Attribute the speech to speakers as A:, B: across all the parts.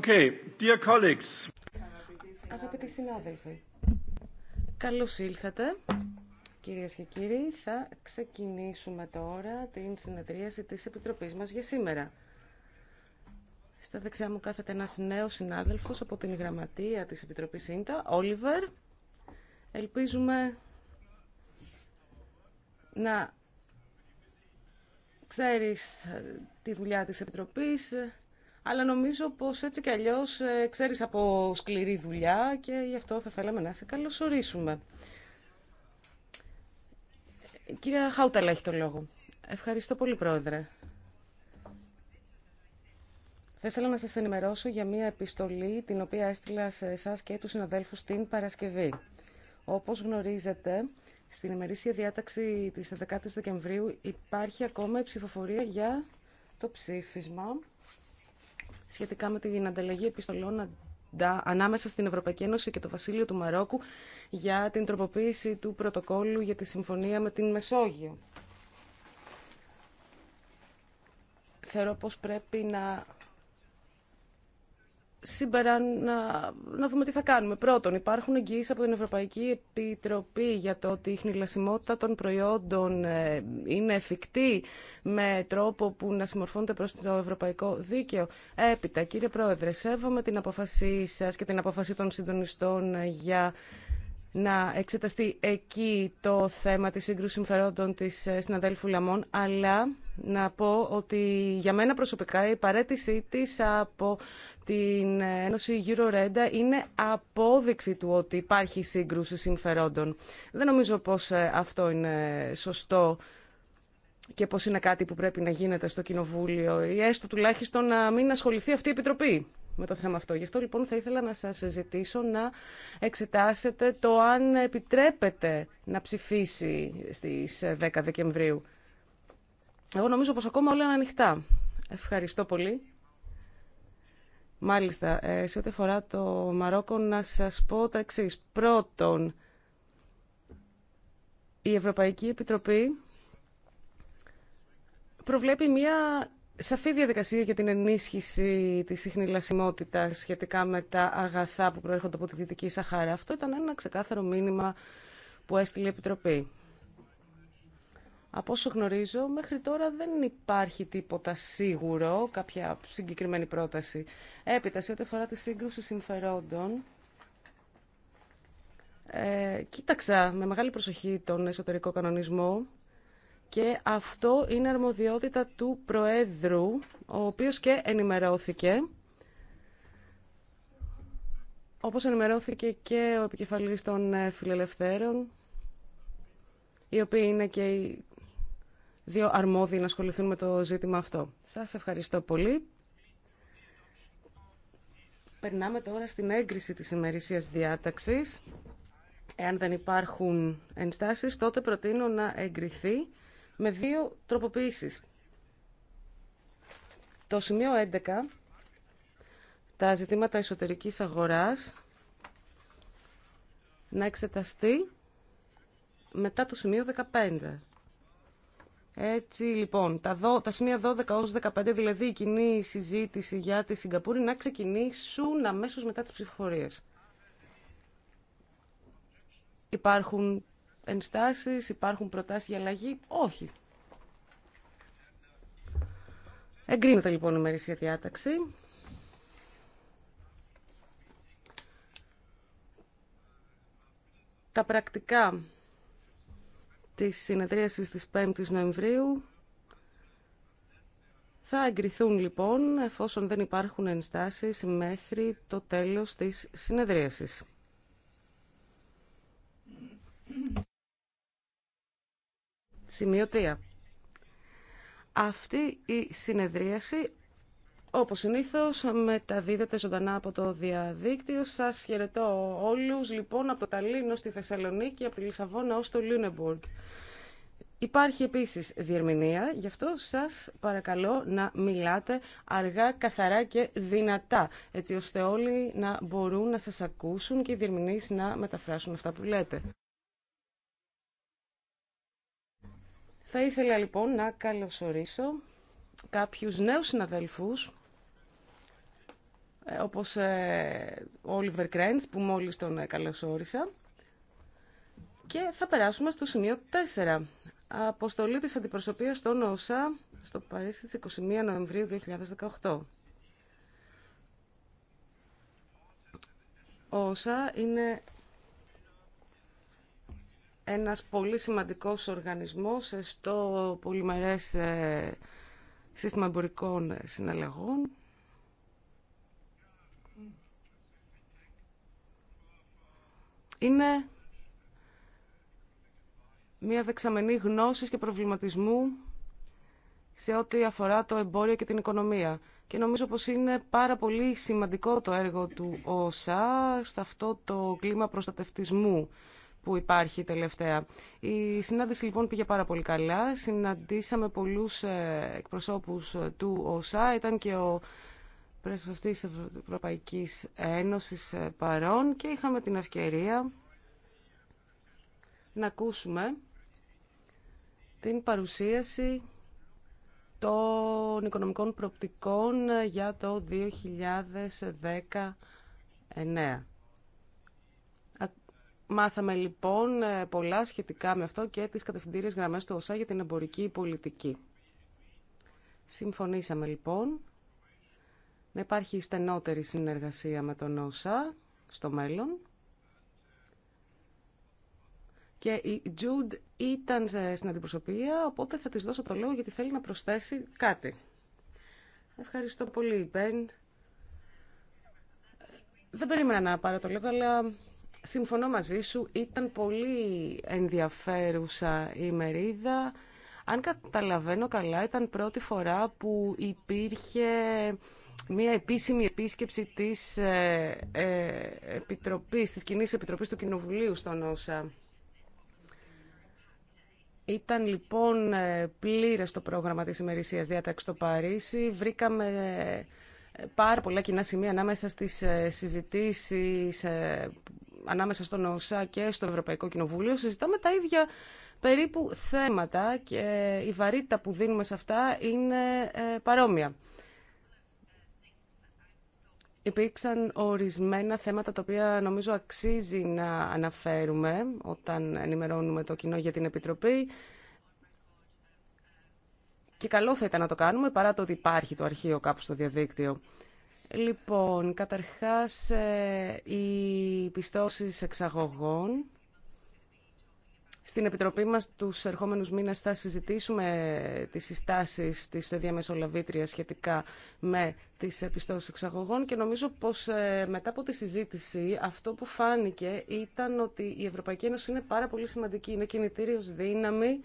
A: Okay, dear colleagues.
B: Αγαπητοί συνάδελφοι, καλώς ήλθατε. Κυρίες και κύριοι, θα ξεκινήσουμε τώρα την συνεδρίαση της Επιτροπής μας για σήμερα. Στα δεξιά μου κάθεται ένας νέος συνάδελφος από την γραμματεία της Επιτροπής Σύντα, Όλιβερ. Ελπίζουμε να ξέρεις ε, τη δουλειά της Επιτροπής, αλλά νομίζω πως έτσι κι αλλιώς ε, ξέρει από σκληρή δουλειά και γι' αυτό θα θέλαμε να σε καλωσορίσουμε. Κυρία Χάουταλα έχει το λόγο. Ευχαριστώ πολύ, Πρόεδρε. Θα ήθελα να σας ενημερώσω για μία επιστολή την οποία έστειλα σε εσάς και τους συναδέλφους την Παρασκευή. Όπως γνωρίζετε, στην ημερήσια διάταξη της 11 Δεκεμβρίου υπάρχει ακόμα ψηφοφορία για το ψήφισμα σχετικά με την ανταλλαγή επιστολών ανάμεσα στην Ευρωπαϊκή Ένωση και το Βασίλειο του Μαρόκου για την τροποποίηση του πρωτοκόλλου για τη συμφωνία με την Μεσόγειο. Θεωρώ πως πρέπει να Σήμερα να, να δούμε τι θα κάνουμε. Πρώτον, υπάρχουν εγγυήσει από την Ευρωπαϊκή Επιτροπή για το ότι η χνηλασιμότητα των προϊόντων ε, είναι εφικτή με τρόπο που να συμμορφώνεται προς το ευρωπαϊκό δίκαιο. Έπειτα, κύριε Πρόεδρε, σέβομαι την αποφασή σα και την αποφασή των συντονιστών για να εξεταστεί εκεί το θέμα της σύγκρουσης συμφερόντων της ε, συναδέλφου Λαμών, αλλά να πω ότι για μένα προσωπικά η παρέτησή της από την ε, Ένωση EuroRenda είναι απόδειξη του ότι υπάρχει σύγκρουση συμφερόντων. Δεν νομίζω πως ε, αυτό είναι σωστό και πως είναι κάτι που πρέπει να γίνεται στο Κοινοβούλιο ή έστω τουλάχιστον να μην ασχοληθεί αυτή η Επιτροπή με το θέμα αυτό. Γι' αυτό λοιπόν θα ήθελα να σας ζητήσω να εξετάσετε το αν επιτρέπετε να ψηφίσει στις 10 ε, Δεκεμβρίου. Εγώ νομίζω πως ακόμα όλα είναι ανοιχτά. Ευχαριστώ πολύ. Μάλιστα, ε, σε ό,τι αφορά το Μαρόκο, να σας πω τα εξή Πρώτον, η Ευρωπαϊκή Επιτροπή προβλέπει μία σαφή διαδικασία για την ενίσχυση της συχνηλασιμότητας σχετικά με τα αγαθά που προέρχονται από τη Δυτική Σαχάρα. Αυτό ήταν ένα ξεκάθαρο μήνυμα που έστειλε η Επιτροπή. Από όσο γνωρίζω, μέχρι τώρα δεν υπάρχει τίποτα σίγουρο, κάποια συγκεκριμένη πρόταση. Έπειτα, σε ό,τι αφορά τη σύγκρουση συμφερόντων, ε, κοίταξα με μεγάλη προσοχή τον εσωτερικό κανονισμό και αυτό είναι αρμοδιότητα του Προέδρου, ο οποίος και ενημερώθηκε, όπως ενημερώθηκε και ο επικεφαλής των ε, φιλελευθέρων, οι οποίοι είναι και οι δύο αρμόδιοι να ασχοληθούν με το ζήτημα αυτό. Σας ευχαριστώ πολύ. Περνάμε τώρα στην έγκριση της ημερησίας διάταξης. Εάν δεν υπάρχουν ενστάσεις, τότε προτείνω να εγκριθεί με δύο τροποποιήσεις. Το σημείο 11, τα ζητήματα εσωτερικής αγοράς, να εξεταστεί μετά το σημείο 15. Έτσι λοιπόν, τα, τα σημεία 12 έως 15, δηλαδή η κοινή συζήτηση για τη Σιγκαπούρη, να ξεκινήσουν αμέσως μετά τις ψηφοφορίες. Υπάρχουν ενστάσεις, υπάρχουν προτάσεις για αλλαγή. Όχι. Εγκρίνεται λοιπόν η μερίσια διάταξη. Τα πρακτικά της συνεδρίασης της 5ης Νοεμβρίου θα εγκριθούν λοιπόν εφόσον δεν υπάρχουν ενστάσεις μέχρι το τέλος της συνεδρίασης. Σημείο 3. Αυτή η συνεδρίαση, όπως συνήθως, μεταδίδεται ζωντανά από το διαδίκτυο. Σας χαιρετώ όλους, λοιπόν, από το Ταλίνο στη Θεσσαλονίκη, από τη Λισαβόνα ως το Λούνεμπουργκ. Υπάρχει επίσης διερμηνία, γι' αυτό σας παρακαλώ να μιλάτε αργά, καθαρά και δυνατά, έτσι ώστε όλοι να μπορούν να σας ακούσουν και οι διερμηνείς να μεταφράσουν αυτά που λέτε. Θα ήθελα λοιπόν να καλωσορίσω κάποιους νέους συναδέλφους, ε, όπως ο ε, Όλιβερ Κρέντς που μόλις τον ε, καλωσόρισα. Και θα περάσουμε στο σημείο 4. Αποστολή της αντιπροσωπείας των ΟΣΑ στο Παρίσι της 21 Νοεμβρίου 2018. ΟΣΑ είναι ένας πολύ σημαντικός οργανισμός στο πολυμερές ε, σύστημα εμπορικών συναλλαγών. Είναι μια δεξαμενή γνώσης και προβληματισμού σε ό,τι αφορά το εμπόριο και την οικονομία. Και νομίζω πως είναι πάρα πολύ σημαντικό το έργο του ΩΣΑ σε αυτό το κλίμα προστατευτισμού που υπάρχει τελευταία. Η συνάντηση λοιπόν πήγε πάρα πολύ καλά. Συναντήσαμε πολλούς ε, εκπροσώπους του ΟΣΑ. Ήταν και ο πρεσβευτής της Ευρωπαϊκής Ένωσης ε, παρών και είχαμε την ευκαιρία να ακούσουμε την παρουσίαση των οικονομικών προπτικών για το 2019. Μάθαμε λοιπόν ε, πολλά σχετικά με αυτό και τις κατευθυντήριες γραμμές του ΟΣΑ για την εμπορική πολιτική. Συμφωνήσαμε λοιπόν να υπάρχει στενότερη συνεργασία με τον ΟΣΑ στο μέλλον. Και η Τζουντ ήταν στην αντιπροσωπεία, οπότε θα της δώσω το λόγο γιατί θέλει να προσθέσει κάτι. Ευχαριστώ πολύ, Μπεν. Δεν περίμενα να πάρω το λόγο, αλλά Συμφωνώ μαζί σου, ήταν πολύ ενδιαφέρουσα η μερίδα. Αν καταλαβαίνω καλά, ήταν πρώτη φορά που υπήρχε μια επίσημη επίσκεψη της ε, ε, επιτροπής, της κοινής επιτροπής του Κοινοβουλίου στον ΩΣΑ. Ήταν λοιπόν ε, πλήρες το πρόγραμμα της ημερησίας διατάξης στο Παρίσι. Βρήκαμε ε, πάρα πολλά κοινά σημεία ανάμεσα στις ε, συζητήσεις ανάμεσα στον ΟΣΑ και στο Ευρωπαϊκό Κοινοβούλιο συζητάμε τα ίδια περίπου θέματα και η βαρύτητα που δίνουμε σε αυτά είναι ε, παρόμοια. Υπήρξαν ορισμένα θέματα τα οποία νομίζω αξίζει να αναφέρουμε όταν ενημερώνουμε το κοινό για την Επιτροπή και καλό θα ήταν να το κάνουμε παρά το ότι υπάρχει το αρχείο κάπου στο διαδίκτυο. Λοιπόν, καταρχάς ε, οι πιστώσεις εξαγωγών. Στην Επιτροπή μας τους ερχόμενους μήνες θα συζητήσουμε τις συστάσεις της διαμεσολαβήτριας σχετικά με τις επιστώσεις εξαγωγών και νομίζω πως ε, μετά από τη συζήτηση αυτό που φάνηκε ήταν ότι η Ευρωπαϊκή Ένωση είναι πάρα πολύ σημαντική, είναι κινητήριος δύναμη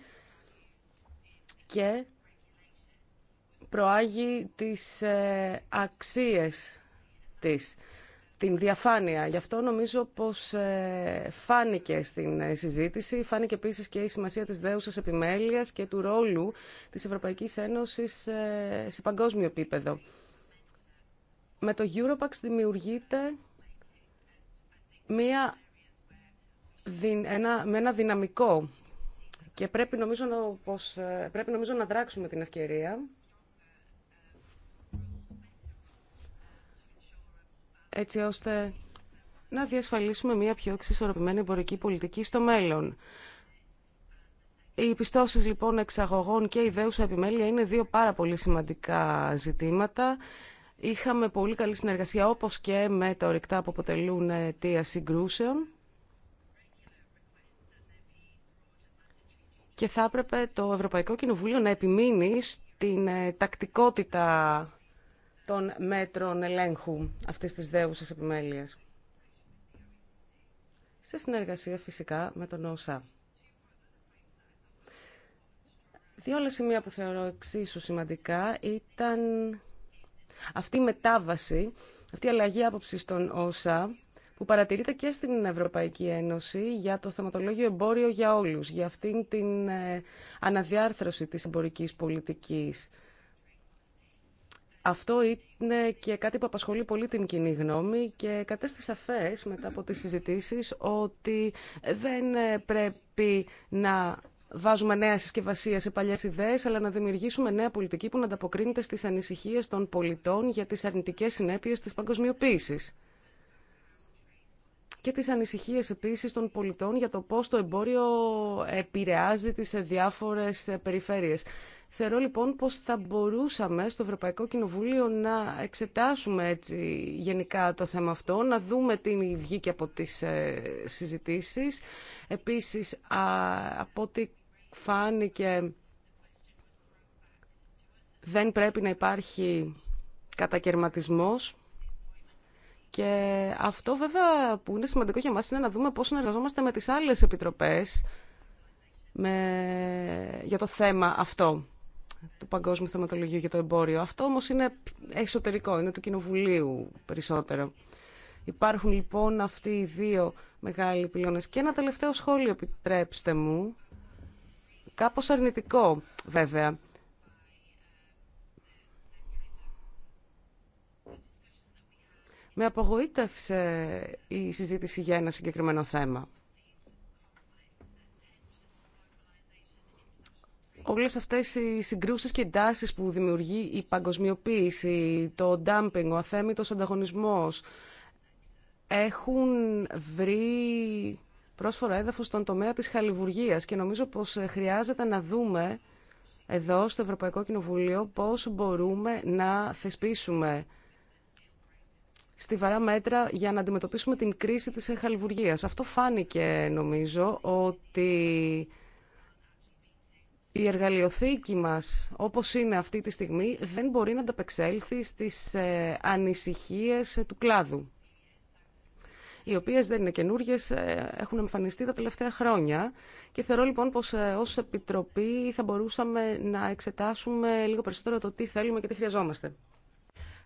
B: και προάγει τις ε, αξίες της, την διαφάνεια. Γι' αυτό νομίζω πως ε, φάνηκε στην ε, συζήτηση, φάνηκε επίσης και η σημασία της δέουσας επιμέλειας και του ρόλου της Ευρωπαϊκής Ένωσης σε παγκόσμιο επίπεδο. Με το Europax δημιουργείται μία, ένα, με ένα δυναμικό και πρέπει νομίζω, πως, πρέπει νομίζω να δράξουμε την ευκαιρία έτσι ώστε να διασφαλίσουμε μια πιο εξισορροπημένη εμπορική πολιτική στο μέλλον. Οι πιστώσεις λοιπόν εξαγωγών και ιδέουσα επιμέλεια είναι δύο πάρα πολύ σημαντικά ζητήματα. Είχαμε πολύ καλή συνεργασία όπως και με τα ορυκτά που αποτελούν αιτία συγκρούσεων. Και θα έπρεπε το Ευρωπαϊκό Κοινοβούλιο να επιμείνει στην τακτικότητα των μέτρων ελέγχου αυτής της δέουσας επιμέλειας. Σε συνεργασία φυσικά με τον Όσα. Δύο άλλα σημεία που θεωρώ εξίσου σημαντικά ήταν αυτή η μετάβαση, αυτή η αλλαγή άποψη των ΩΣΑ που παρατηρείται και στην Ευρωπαϊκή Ένωση για το θεματολόγιο εμπόριο για όλους, για αυτήν την ε, αναδιάρθρωση της εμπορικής πολιτικής αυτό είναι και κάτι που απασχολεί πολύ την κοινή γνώμη και κατέστη σαφέ μετά από τις συζητήσεις ότι δεν πρέπει να βάζουμε νέα συσκευασία σε παλιές ιδέες, αλλά να δημιουργήσουμε νέα πολιτική που να ανταποκρίνεται στις ανησυχίες των πολιτών για τις αρνητικές συνέπειες της παγκοσμιοποίησης και τις ανησυχίες επίσης των πολιτών για το πώς το εμπόριο επηρεάζει τις διάφορες περιφέρειες. Θεωρώ λοιπόν πως θα μπορούσαμε στο Ευρωπαϊκό Κοινοβούλιο να εξετάσουμε έτσι γενικά το θέμα αυτό, να δούμε τι βγήκε από τις ε, συζητήσεις. Επίσης, από ό,τι φάνηκε δεν πρέπει να υπάρχει κατακαιρματισμός και αυτό βέβαια που είναι σημαντικό για μας είναι να δούμε πώς συνεργαζόμαστε με τις άλλες επιτροπές με... για το θέμα αυτό του Παγκόσμιου Θεματολογίου για το Εμπόριο. Αυτό όμως είναι εσωτερικό, είναι του Κοινοβουλίου περισσότερο. Υπάρχουν λοιπόν αυτοί οι δύο μεγάλοι πυλώνες. Και ένα τελευταίο σχόλιο, επιτρέψτε μου, κάπως αρνητικό βέβαια. Με απογοήτευσε η συζήτηση για ένα συγκεκριμένο θέμα. όλες αυτές οι συγκρούσεις και εντάσει που δημιουργεί η παγκοσμιοποίηση, το ντάμπινγκ, ο αθέμητος ανταγωνισμός, έχουν βρει πρόσφορο έδαφος στον τομέα της χαλιβουργίας και νομίζω πως ε, χρειάζεται να δούμε εδώ στο Ευρωπαϊκό Κοινοβουλίο πώς μπορούμε να θεσπίσουμε στιβαρά μέτρα για να αντιμετωπίσουμε την κρίση της ε, χαλιβουργίας. Αυτό φάνηκε νομίζω ότι η εργαλειοθήκη μας, όπως είναι αυτή τη στιγμή, δεν μπορεί να ανταπεξέλθει στις ε, ανησυχίες του κλάδου, οι οποίες δεν είναι καινούριε, ε, έχουν εμφανιστεί τα τελευταία χρόνια και θεωρώ λοιπόν πως ε, ως Επιτροπή θα μπορούσαμε να εξετάσουμε λίγο περισσότερο το τι θέλουμε και τι χρειαζόμαστε.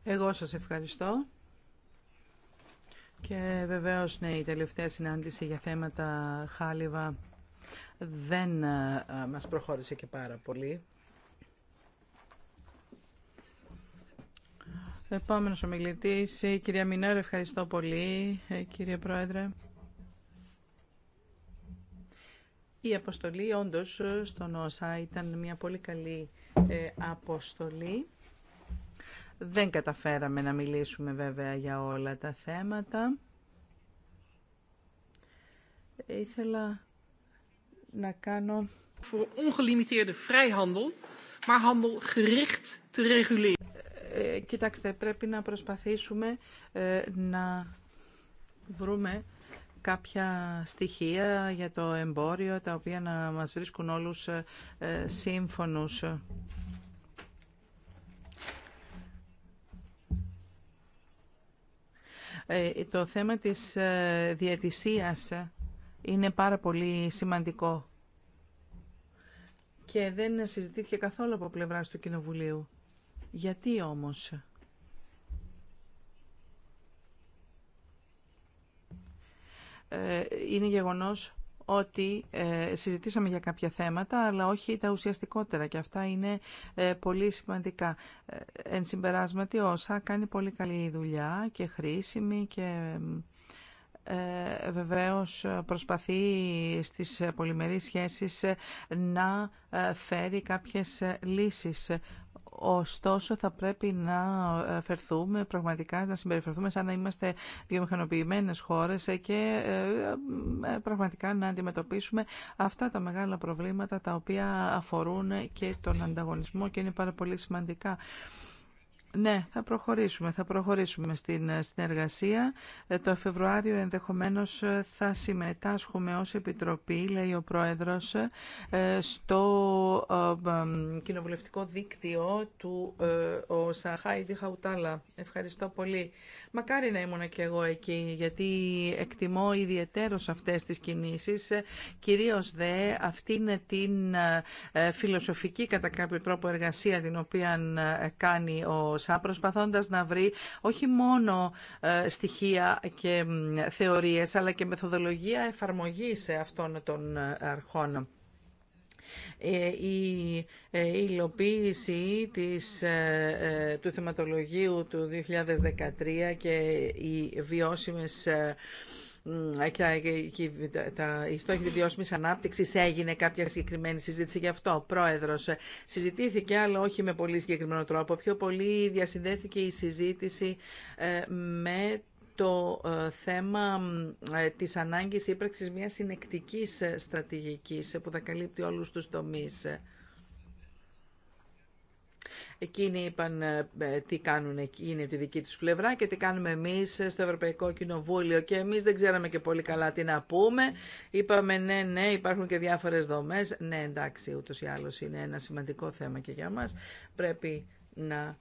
B: Εγώ σας
C: ευχαριστώ. Και βεβαίως, ναι, η τελευταία συνάντηση για θέματα χάλιβα δεν ε, ε, μας προχώρησε και πάρα πολύ. Επόμενος ομιλητής, η κυρία Μινέρ, ευχαριστώ πολύ, ε, κύριε Πρόεδρε. Η αποστολή όντως στον ΩΣΑ ήταν μια πολύ καλή αποστολή. Δεν καταφέραμε να μιλήσουμε βέβαια για όλα τα θέματα. Ήθελα να κάνω... Voor ongelimiteerde vrijhandel, maar handel gericht te reguleren. Ε, κοιτάξτε, πρέπει να προσπαθήσουμε ε, να βρούμε κάποια στοιχεία για το εμπόριο, τα οποία να μας βρίσκουν όλους ε, ε σύμφωνους. Το θέμα της διατησίας είναι πάρα πολύ σημαντικό και δεν συζητήθηκε καθόλου από πλευρά του Κοινοβουλίου. Γιατί όμως... Ε, είναι γεγονός ότι ε, συζητήσαμε για κάποια θέματα, αλλά όχι τα ουσιαστικότερα και αυτά είναι ε, πολύ σημαντικά. Εν συμπεράσματι, όσα κάνει πολύ καλή δουλειά και χρήσιμη και ε, βεβαίως προσπαθεί στις πολυμερείς σχέσεις να ε, φέρει κάποιες λύσεις. Ωστόσο θα πρέπει να ε, φερθούμε πραγματικά, να συμπεριφερθούμε σαν να είμαστε βιομηχανοποιημένες χώρες και πραγματικά να αντιμετωπίσουμε αυτά τα μεγάλα προβλήματα τα οποία αφορούν και τον ανταγωνισμό και είναι πάρα πολύ σημαντικά. Ναι, θα προχωρήσουμε. Θα προχωρήσουμε στην ε, συνεργασία. Ε, το Φεβρουάριο ενδεχομένως ε, θα συμμετάσχουμε ως Επιτροπή, λέει ο Πρόεδρος, στο κοινοβουλευτικό δίκτυο του ο Σαχάιντι Χαουτάλα. Ευχαριστώ πολύ. Μακάρι να ήμουν και εγώ εκεί, γιατί εκτιμώ ιδιαιτέρως αυτές τις κινήσεις, κυρίως δε αυτήν την ε, φιλοσοφική κατά κάποιο τρόπο εργασία την οποία ε, κάνει ο ΣΑ, προσπαθώντας να βρει όχι μόνο ε, στοιχεία και θεωρίες, αλλά και μεθοδολογία εφαρμογής αυτών των αρχών. Ε, ε, η υλοποίηση της, ε, του θεματολογίου του 2013 και οι βιώσιμες και τα, η στόχη τη βιώσιμη ανάπτυξη έγινε κάποια συγκεκριμένη συζήτηση γι' αυτό. Πρόεδρο, συζητήθηκε, αλλά όχι με πολύ συγκεκριμένο τρόπο. Πιο πολύ διασυνδέθηκε η συζήτηση με το ε, θέμα ε, της ανάγκης ύπραξης μιας συνεκτικής ε, στρατηγικής που θα καλύπτει όλους τους τομείς. Εκείνοι είπαν τι κάνουν εκείνοι από τη δική τους πλευρά και τι κάνουμε εμείς στο Ευρωπαϊκό Κοινοβούλιο και εμείς δεν ξέραμε και πολύ καλά τι να πούμε. Είπαμε ναι, ναι, υπάρχουν και διάφορες δομές. Ναι, εντάξει, ούτως ή άλλως είναι ένα σημαντικό θέμα και για μας. Πρέπει να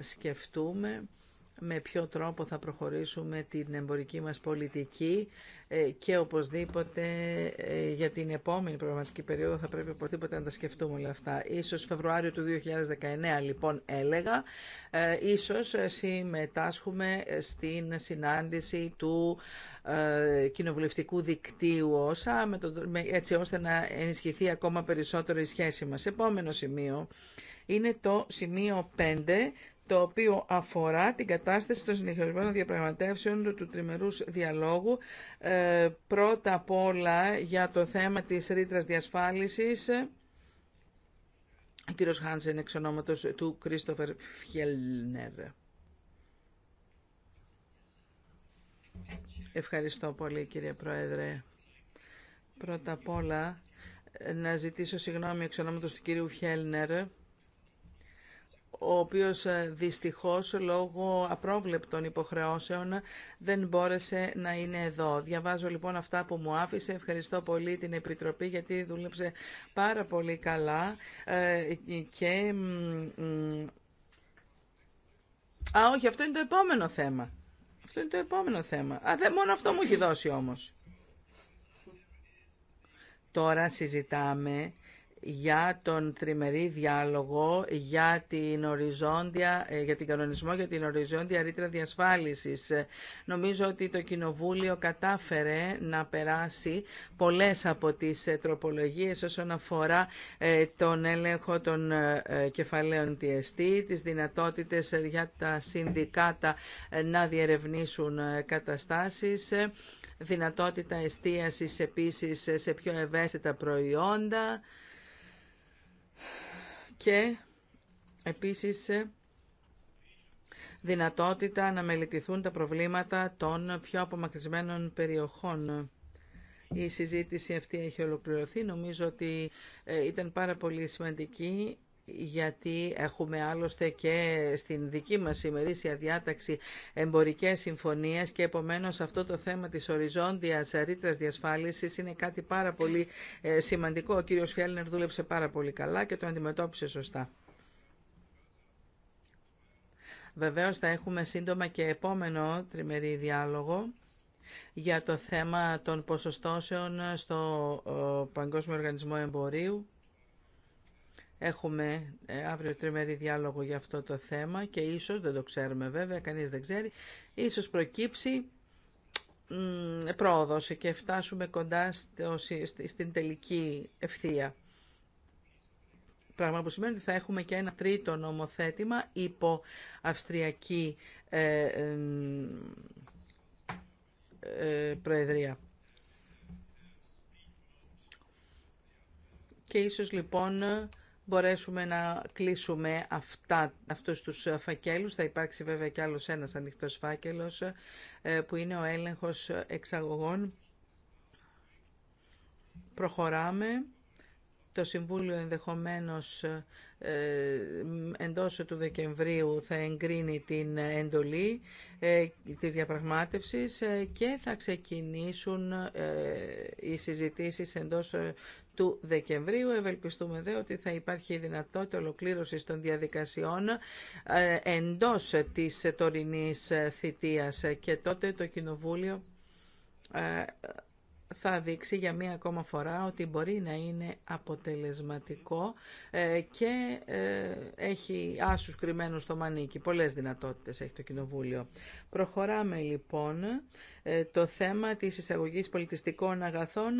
C: σκεφτούμε με ποιο τρόπο θα προχωρήσουμε την εμπορική μας πολιτική ε, και οπωσδήποτε ε, για την επόμενη προγραμματική περίοδο θα πρέπει οπωσδήποτε να τα σκεφτούμε όλα αυτά. Ίσως Φεβρουάριο του 2019 λοιπόν έλεγα, ε, ίσως συμμετάσχουμε στην συνάντηση του κοινοβουλευτικού δικτύου όσα, έτσι ώστε να ενισχυθεί ακόμα περισσότερο η σχέση μας. Επόμενο σημείο είναι το σημείο 5 το οποίο αφορά την κατάσταση των συνεχισμένων διαπραγματεύσεων του τριμερούς διαλόγου. Ε, πρώτα απ' όλα για το θέμα της ρήτρα διασφάλισης, ο κύριος Χάνσεν εξ του Κρίστοφερ Φιέλνερ. Ευχαριστώ πολύ κύριε Πρόεδρε. Πρώτα απ' όλα να ζητήσω συγγνώμη εξ ονόματος του κύριου Φιέλνερ ο οποίος ε, δυστυχώς λόγω απρόβλεπτων υποχρεώσεων δεν μπόρεσε να είναι εδώ. Διαβάζω λοιπόν αυτά που μου άφησε. Ευχαριστώ πολύ την Επιτροπή γιατί δούλεψε πάρα πολύ καλά ε, και... Α, όχι, αυτό είναι το επόμενο θέμα. Αυτό είναι το επόμενο θέμα. Α, δεν, μόνο αυτό μου έχει δώσει όμως. Τώρα συζητάμε για τον τριμερή διάλογο για, την οριζόντια, ε, για την κανονισμό για την οριζόντια ρήτρα διασφάλισης. Νομίζω ότι το Κοινοβούλιο κατάφερε να περάσει πολλές από τις ε, τροπολογίες όσον αφορά ε, τον έλεγχο των κεφαλαίων TST, τις δυνατότητες για τα συνδικάτα να διερευνήσουν καταστάσεις, δυνατότητα εστίασης επίσης σε πιο ευαίσθητα προϊόντα, και επίσης δυνατότητα να μελετηθούν τα προβλήματα των πιο απομακρυσμένων περιοχών. Η συζήτηση αυτή έχει ολοκληρωθεί. Νομίζω ότι ε, ήταν πάρα πολύ σημαντική γιατί έχουμε άλλωστε και στην δική μας ημερήσια διάταξη εμπορικές συμφωνίες και επομένως αυτό το θέμα της οριζόντιας ρήτρας διασφάλισης είναι κάτι πάρα πολύ ε, σημαντικό. Ο κύριος Φιέλνερ δούλεψε πάρα πολύ καλά και το αντιμετώπισε σωστά. Βεβαίως θα έχουμε σύντομα και επόμενο τριμερή διάλογο για το θέμα των ποσοστώσεων στο ε, Παγκόσμιο Οργανισμό Εμπορίου Έχουμε ε, αύριο τριμερή διάλογο για αυτό το θέμα και ίσως, δεν το ξέρουμε βέβαια, κανείς δεν ξέρει, ίσως προκύψει πρόοδος και φτάσουμε κοντά στο, στην τελική ευθεία. Πράγμα που σημαίνει ότι θα έχουμε και ένα τρίτο νομοθέτημα υπό Αυστριακή ε, ε Προεδρία. Και ίσως λοιπόν μπορέσουμε να κλείσουμε αυτά, αυτούς τους φακέλους. Θα υπάρξει βέβαια κι άλλος ένας ανοιχτός φάκελος ε, που είναι ο έλεγχος εξαγωγών. Προχωράμε. Το Συμβούλιο ενδεχομένως ε, εντός του Δεκεμβρίου θα εγκρίνει την εντολή ε, της διαπραγμάτευσης και θα ξεκινήσουν οι συζητήσεις εντός του Δεκεμβρίου. Ευελπιστούμε δε ότι θα υπάρχει δυνατότητα ολοκλήρωση των διαδικασιών ε, εντός της τωρινής θητείας και τότε το Κοινοβούλιο ε, θα δείξει για μία ακόμα φορά ότι μπορεί να είναι αποτελεσματικό ε, και έχει άσους κρυμμένους στο μανίκι. Πολλές δυνατότητες έχει το Κοινοβούλιο. Προχωράμε λοιπόν το θέμα της εισαγωγής πολιτιστικών αγαθών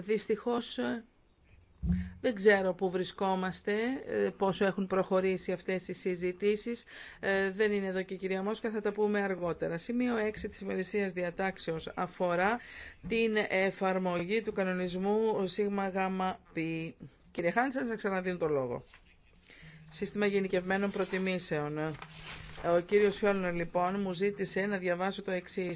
C: Δυστυχώς ε, δεν ξέρω πού βρισκόμαστε, ε, πόσο έχουν προχωρήσει αυτές οι συζητήσεις. Ε, δεν είναι εδώ και η κυρία Μόσκα, θα τα πούμε αργότερα. Σημείο 6 της ημερησίας διατάξεως αφορά την εφαρμογή του κανονισμού σίγμα γάμα πι. Κύριε Χάνη, σας ξαναδίνω το λόγο. Σύστημα γενικευμένων προτιμήσεων. Ο κύριος Φιόλνερ λοιπόν μου ζήτησε να διαβάσω το εξή.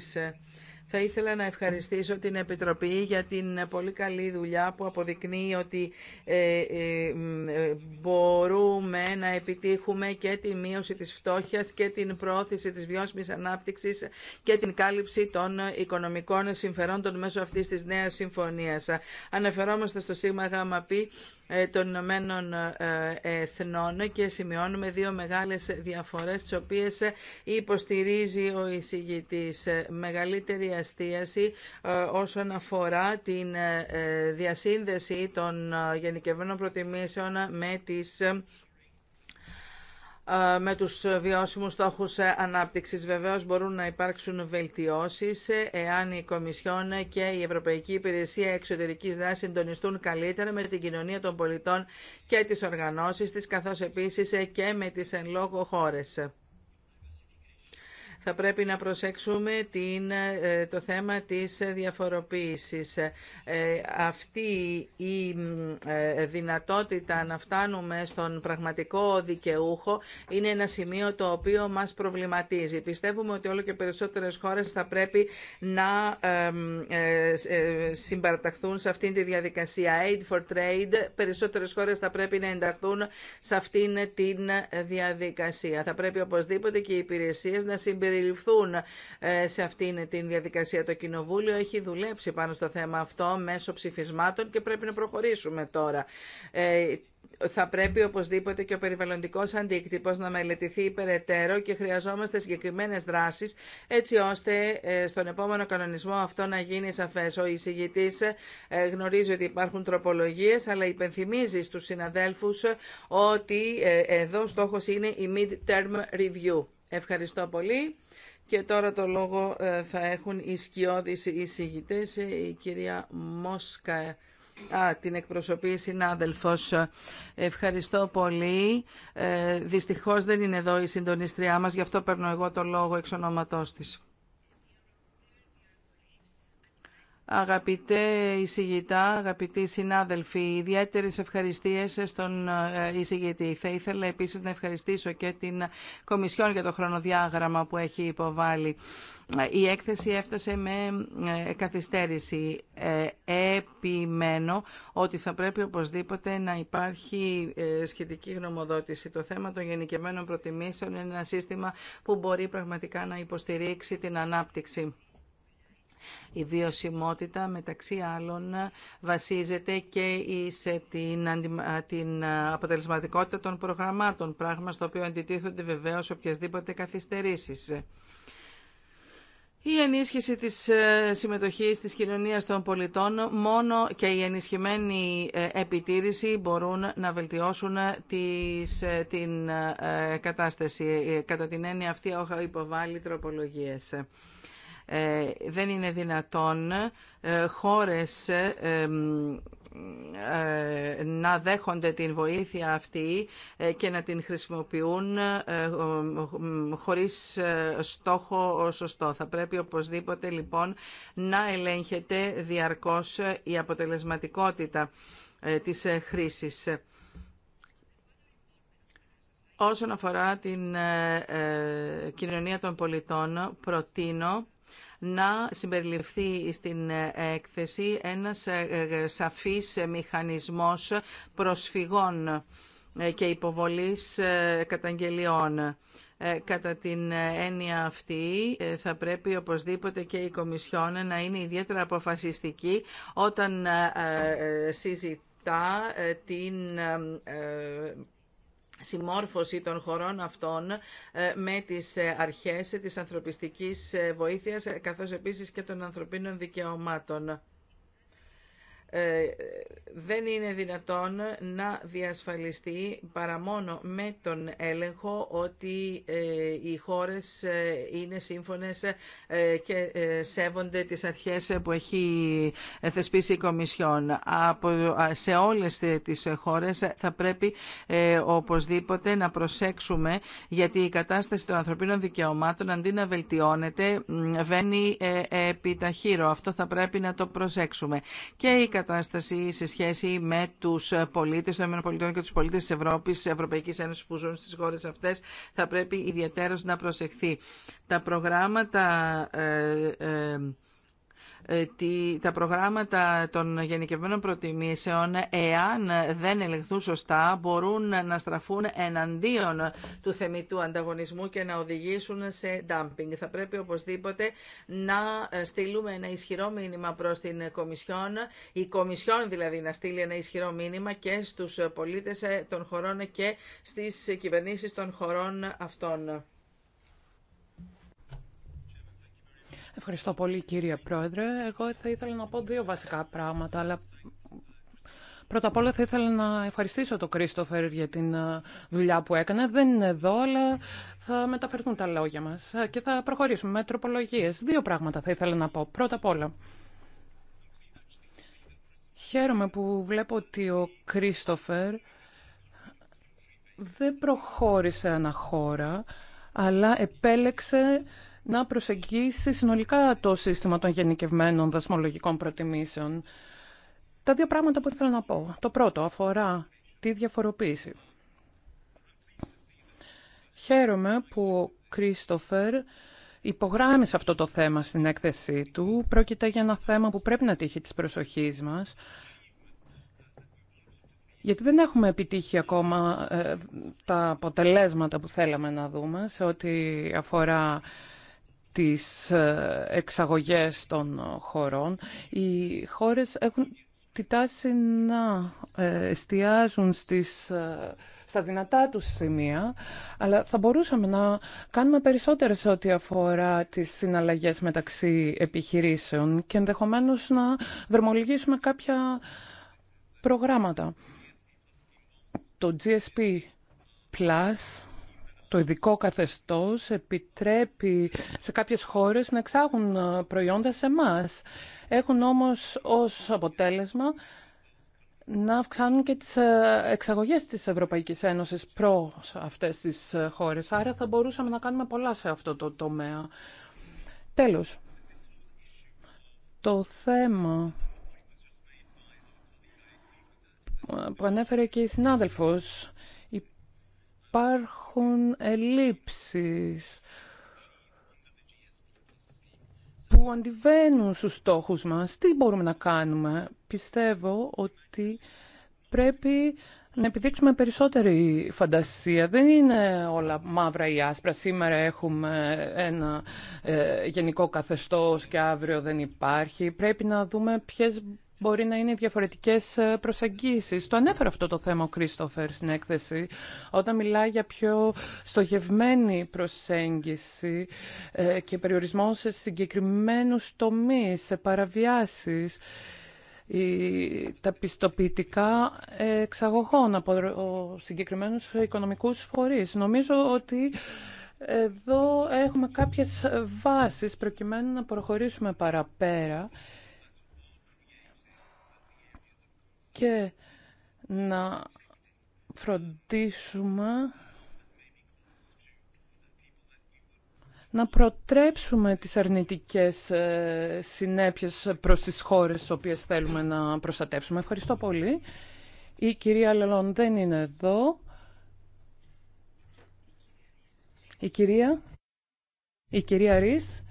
C: Θα ήθελα να ευχαριστήσω την Επιτροπή για την πολύ καλή δουλειά που αποδεικνύει ότι ε, ε, ε, μπορούμε να επιτύχουμε και τη μείωση της φτώχειας και την πρόθεση της βιώσιμης ανάπτυξης και την κάλυψη των οικονομικών συμφερόντων μέσω αυτής της νέας συμφωνίας. Αναφερόμαστε στο σήμα ΓΑΜΑΠΗ ε, των Ηνωμένων ε, Εθνών και σημειώνουμε δύο μεγάλες διαφορές τις οποίες ε, υποστηρίζει ο εισηγητής. Μεγαλύτερη αστίαση όσον αφορά την διασύνδεση των γενικευμένων προτιμήσεων με τις ε, με τους βιώσιμους στόχους ε, ανάπτυξης. Βεβαίως μπορούν να υπάρξουν βελτιώσεις ε, εάν η Κομισιόν και η Ευρωπαϊκή Υπηρεσία Εξωτερικής Δράσης συντονιστούν καλύτερα με την κοινωνία των πολιτών και τις οργανώσεις της, καθώς επίσης και με τις εν λόγω χώρες θα πρέπει να προσέξουμε την, ε, το θέμα της διαφοροποίησης. Ε, αυτή η ε, δυνατότητα να φτάνουμε στον πραγματικό δικαιούχο είναι ένα σημείο το οποίο μας προβληματίζει. Πιστεύουμε ότι όλο και περισσότερες χώρες θα πρέπει να συμπαραταχθούν σε αυτή τη διαδικασία. Aid for Trade, περισσότερες χώρες θα πρέπει να ενταχθούν σε αυτήν την διαδικασία. Θα πρέπει οπωσδήποτε και οι υπηρεσίες να συμπεριληφθούν ε, σε αυτήν την διαδικασία. Το Κοινοβούλιο έχει δουλέψει πάνω στο θέμα αυτό μέσω ψηφισμάτων και πρέπει να προχωρήσουμε τώρα ε, θα πρέπει οπωσδήποτε και ο περιβαλλοντικό αντίκτυπο να μελετηθεί υπεραιτέρω και χρειαζόμαστε συγκεκριμένε δράσει, έτσι ώστε ε, στον επόμενο κανονισμό αυτό να γίνει σαφέ. Ο εισηγητή γνωρίζει ότι υπάρχουν τροπολογίε, αλλά υπενθυμίζει στου συναδέλφου ότι εδώ στόχο είναι η mid-term review. Ευχαριστώ πολύ. Και τώρα το λόγο ε, θα έχουν οι σκιώδεις εισηγητές, ε, η κυρία Μόσκα. Α, την εκπροσωπή συνάδελφος. Ευχαριστώ πολύ. Ε, δυστυχώς δεν είναι εδώ η συντονιστριά μας, γι' αυτό παίρνω εγώ το λόγο εξ ονόματός της. Αγαπητέ εισηγητά, αγαπητοί συνάδελφοι, ιδιαίτερε ευχαριστίες στον ε, εισηγητή. Θα ήθελα επίσης να ευχαριστήσω και την Κομισιόν για το χρονοδιάγραμμα που έχει υποβάλει. Η έκθεση έφτασε με ε, καθυστέρηση. Ε, επιμένω ότι θα πρέπει οπωσδήποτε να υπάρχει σχετική γνωμοδότηση. Το θέμα των γενικευμένων προτιμήσεων είναι ένα σύστημα που μπορεί πραγματικά να υποστηρίξει την ανάπτυξη η βιωσιμότητα μεταξύ άλλων βασίζεται και σε την ε, ε, αποτελεσματικότητα των προγραμμάτων, πράγμα στο οποίο αντιτίθονται βεβαίως οποιασδήποτε καθυστερήσεις. Η ενίσχυση της ε, συμμετοχής της κοινωνίας των πολιτών μόνο και η ενισχυμένη επιτήρηση μπορούν να βελτιώσουν τις, την κατάσταση. Κατά την έννοια αυτή έχω υποβάλει τροπολογίες. Ε, δεν είναι δυνατόν ε, χώρες ε, να δέχονται την βοήθεια αυτή και να την χρησιμοποιούν χωρίς στόχο σωστό. Θα πρέπει οπωσδήποτε λοιπόν να ελέγχεται διαρκώς η αποτελεσματικότητα της χρήσης. Όσον αφορά την κοινωνία των πολιτών, προτείνω να συμπεριληφθεί στην ε, έκθεση ένας ε, ε, σαφής μηχανισμός προσφυγών και υποβολής καταγγελιών. Κατά την έννοια αυτή θα πρέπει οπωσδήποτε και η Κομισιόν να είναι ιδιαίτερα αποφασιστική όταν συζητά την συμμόρφωση των χωρών αυτών ε, με τις ε, αρχές της ανθρωπιστικής ε, βοήθειας καθώς επίσης και των ανθρωπίνων δικαιωμάτων. Ε, δεν είναι δυνατόν να διασφαλιστεί παρά μόνο με τον έλεγχο ότι ε, οι χώρες ε, είναι σύμφωνες και σέβονται τις αρχές που έχει θεσπίσει η Κομισιόν. Από, σε όλες τις χώρες θα πρέπει οπωσδήποτε να προσέξουμε γιατί η κατάσταση των ανθρωπίνων δικαιωμάτων αντί να βελτιώνεται βαίνει επιταχύρω. Αυτό θα πρέπει να το προσέξουμε. Και η κατάσταση σε σχέση με τους πολίτες των ΗΠΑ και τους πολίτες της Ευρώπης, τη Ευρωπαϊκή Ένωση, που ζουν στις χώρες αυτές θα πρέπει ιδιαίτερως να προσεχθεί. Τα προγράμματα ε, ε, ε, τα προγράμματα των γενικευμένων προτιμήσεων, εάν δεν ελεγχθούν σωστά, μπορούν να στραφούν εναντίον του θεμητού ανταγωνισμού και να οδηγήσουν σε dumping. Θα πρέπει οπωσδήποτε να στείλουμε ένα ισχυρό μήνυμα προς την Κομισιόν, η Κομισιόν δηλαδή να στείλει ένα ισχυρό μήνυμα και στους πολίτες ε, των χωρών και στις κυβερνήσεις των χωρών αυτών.
D: Ευχαριστώ πολύ κύριε Πρόεδρε. Εγώ θα ήθελα να πω δύο βασικά πράγματα, αλλά Πρώτα απ' όλα θα ήθελα να ευχαριστήσω τον Κρίστοφερ για την ε, δουλειά που έκανε. Δεν είναι εδώ, αλλά θα μεταφερθούν τα λόγια μας ε, και θα προχωρήσουμε με τροπολογίες. Δύο πράγματα θα ήθελα να πω. Πρώτα απ' όλα, χαίρομαι που βλέπω ότι ο Κρίστοφερ δεν προχώρησε αναχώρα, αλλά επέλεξε να προσεγγίσει συνολικά το σύστημα των γενικευμένων δασμολογικών προτιμήσεων. Τα δύο πράγματα που ήθελα να πω. Το πρώτο αφορά τη διαφοροποίηση. Χαίρομαι που ο Κρίστοφερ υπογράμμισε αυτό το θέμα στην έκθεσή του. Πρόκειται για ένα θέμα που πρέπει να τύχει της προσοχής μας. Γιατί δεν έχουμε επιτύχει ακόμα ε, τα αποτελέσματα που θέλαμε να δούμε σε ό,τι αφορά τις ε, εξαγωγές των χωρών. Οι χώρες έχουν τη τάση να ε, εστιάζουν στις, ε, στα δυνατά τους σημεία, αλλά θα μπορούσαμε να κάνουμε περισσότερες ό,τι αφορά τις συναλλαγές μεταξύ επιχειρήσεων και ενδεχομένως να δρομολογήσουμε κάποια προγράμματα. Το GSP Plus το ειδικό καθεστώς επιτρέπει σε κάποιες χώρες να εξάγουν ε, προϊόντα σε εμά. Έχουν όμως ως αποτέλεσμα να αυξάνουν και τις ε, εξαγωγές της Ευρωπαϊκής Ένωσης προς αυτές τις ε, χώρες. Άρα θα μπορούσαμε να κάνουμε πολλά σε αυτό το τομέα. Τέλος, το θέμα που ανέφερε και η συνάδελφος υπάρχουν ελλείψεις που αντιβαίνουν στους στόχους μας. Τι μπορούμε να κάνουμε. Πιστεύω ότι πρέπει να επιδείξουμε περισσότερη φαντασία. Δεν είναι όλα μαύρα ή άσπρα. Σήμερα έχουμε ένα ε, γενικό καθεστώς και αύριο δεν υπάρχει. Πρέπει να δούμε ποιες μπορεί να είναι διαφορετικές ε, προσεγγίσεις. Το ανέφερε αυτό το θέμα ο Κρίστοφερ στην έκθεση, όταν μιλάει για πιο στοχευμένη προσέγγιση ε, και περιορισμό σε συγκεκριμένους τομείς, σε παραβιάσεις τα πιστοποιητικά εξαγωγών από συγκεκριμένους οικονομικούς φορείς. Νομίζω ότι εδώ έχουμε κάποιες βάσεις προκειμένου να προχωρήσουμε παραπέρα και να φροντίσουμε να προτρέψουμε τις αρνητικές ε, συνέπειες προς τις χώρες τις οποίες θέλουμε να προστατεύσουμε. Ευχαριστώ πολύ. Η κυρία Λελόν δεν είναι εδώ. Η κυρία, η κυρία Ρης.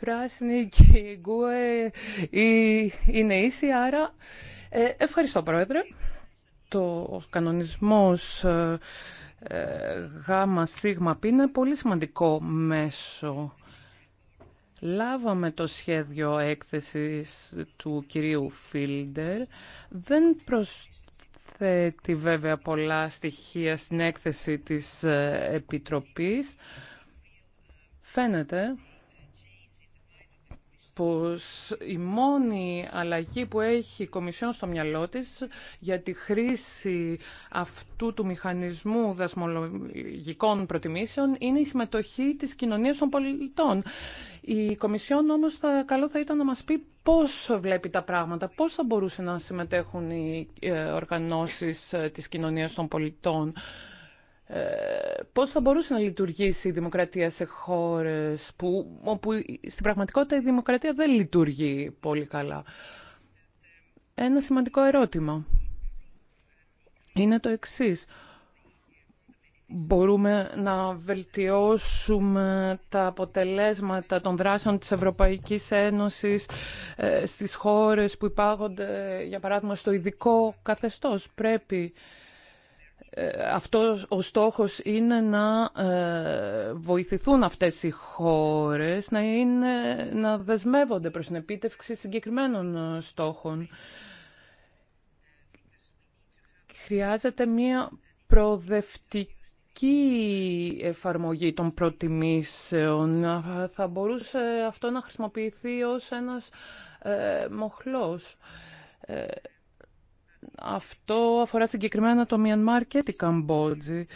D: πράσινη και η γκουε είναι ίση, άρα ε, ευχαριστώ πρόεδρε. Το κανονισμός ε, ε γάμα σίγμα π είναι πολύ σημαντικό μέσο. Λάβαμε το σχέδιο έκθεσης του κυρίου Φίλντερ. Δεν προσθέτει βέβαια πολλά στοιχεία στην έκθεση της ε, Επιτροπής. Φαίνεται πως η μόνη αλλαγή που έχει η Κομισιόν στο μυαλό της για τη χρήση αυτού του μηχανισμού δασμολογικών προτιμήσεων είναι η συμμετοχή της κοινωνίας των πολιτών. Η Κομισιόν όμως θα, καλό θα ήταν να μας πει πώς βλέπει τα πράγματα, πώς θα μπορούσε να συμμετέχουν οι ε, οργανώσεις ε, της κοινωνίας των πολιτών. Ε, πώς θα μπορούσε να λειτουργήσει η δημοκρατία σε χώρες που, όπου στην πραγματικότητα η δημοκρατία δεν λειτουργεί πολύ καλά. Ένα σημαντικό ερώτημα είναι το εξής. Μπορούμε να βελτιώσουμε τα αποτελέσματα των δράσεων της Ευρωπαϊκής Ένωσης ε, στις χώρες που υπάγονται, για παράδειγμα, στο ειδικό καθεστώς. Πρέπει ε, αυτός ο στόχος είναι να ε, βοηθηθούν αυτές οι χώρες να, είναι, να δεσμεύονται προς την επίτευξη συγκεκριμένων ε, στόχων. Χρειάζεται μία προοδευτική εφαρμογή των προτιμήσεων θα μπορούσε αυτό να χρησιμοποιηθεί ως ένας ε, μοχλός. Αυτό αφορά συγκεκριμένα το Μιανμάρ και την Καμπότζη.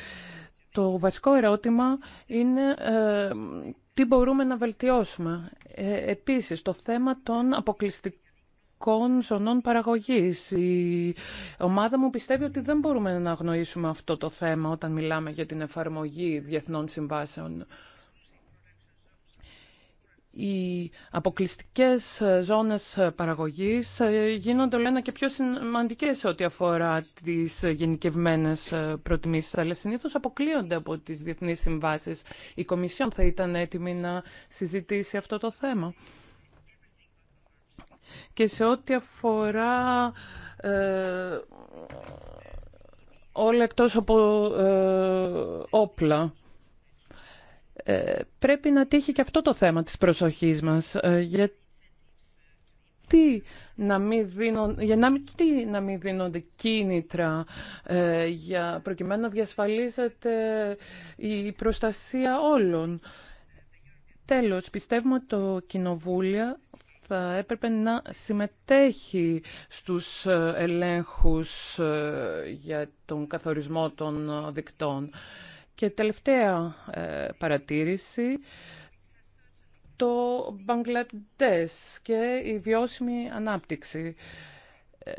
D: Το βασικό ερώτημα είναι ε, τι μπορούμε να βελτιώσουμε. Ε, επίσης, το θέμα των αποκλειστικών ζωνών παραγωγής. Η ομάδα μου πιστεύει ότι δεν μπορούμε να αγνοήσουμε αυτό το θέμα όταν μιλάμε για την εφαρμογή διεθνών συμβάσεων οι αποκλειστικές ζώνες παραγωγής ε, γίνονται όλο και πιο σημαντικές σε ό,τι αφορά τις γενικευμένες ε, προτιμήσεις, αλλά συνήθως αποκλείονται από τις διεθνείς συμβάσεις. Η Κομισιόν θα ήταν έτοιμη να συζητήσει αυτό το θέμα. Και σε ό,τι αφορά ε, όλα εκτός από όπλα, ε, πρέπει να τύχει και αυτό το θέμα της προσοχής μας. Ε, γιατί να μην, για να, τι να μην δίνονται κίνητρα ε, για, προκειμένου να διασφαλίζεται η προστασία όλων. Τέλος, πιστεύουμε ότι το Κοινοβούλιο θα έπρεπε να συμμετέχει στους ελέγχους για τον καθορισμό των δικτών. Και τελευταία ε, παρατήρηση, το Μπαγκλαντές και η βιώσιμη ανάπτυξη ε,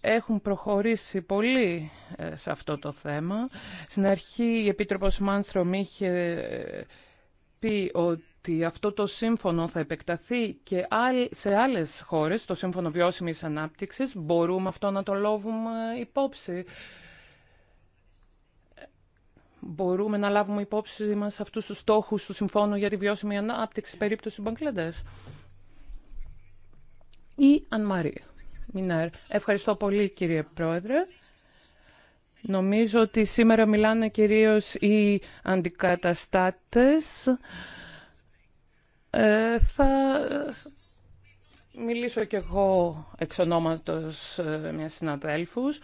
D: έχουν προχωρήσει πολύ ε, σε αυτό το θέμα. Στην αρχή η Επίτροπος Μάνστρομ είχε πει ότι αυτό το σύμφωνο θα επεκταθεί και σε άλλες χώρες, το Σύμφωνο Βιώσιμης Ανάπτυξης. Μπορούμε αυτό να το λόβουμε υπόψη Μπορούμε να λάβουμε υπόψη μα αυτού του στόχου του Συμφώνου για τη Βιώσιμη Ανάπτυξη περίπτωση Μπαγκλαντέ. Η Ανμαρή Μινέρ. Ευχαριστώ πολύ κύριε Πρόεδρε. Νομίζω ότι σήμερα μιλάνε κυρίως οι αντικαταστάτες. Ε, μιλήσω κι εγώ εξ ονόματος ε, μιας συναδέλφους.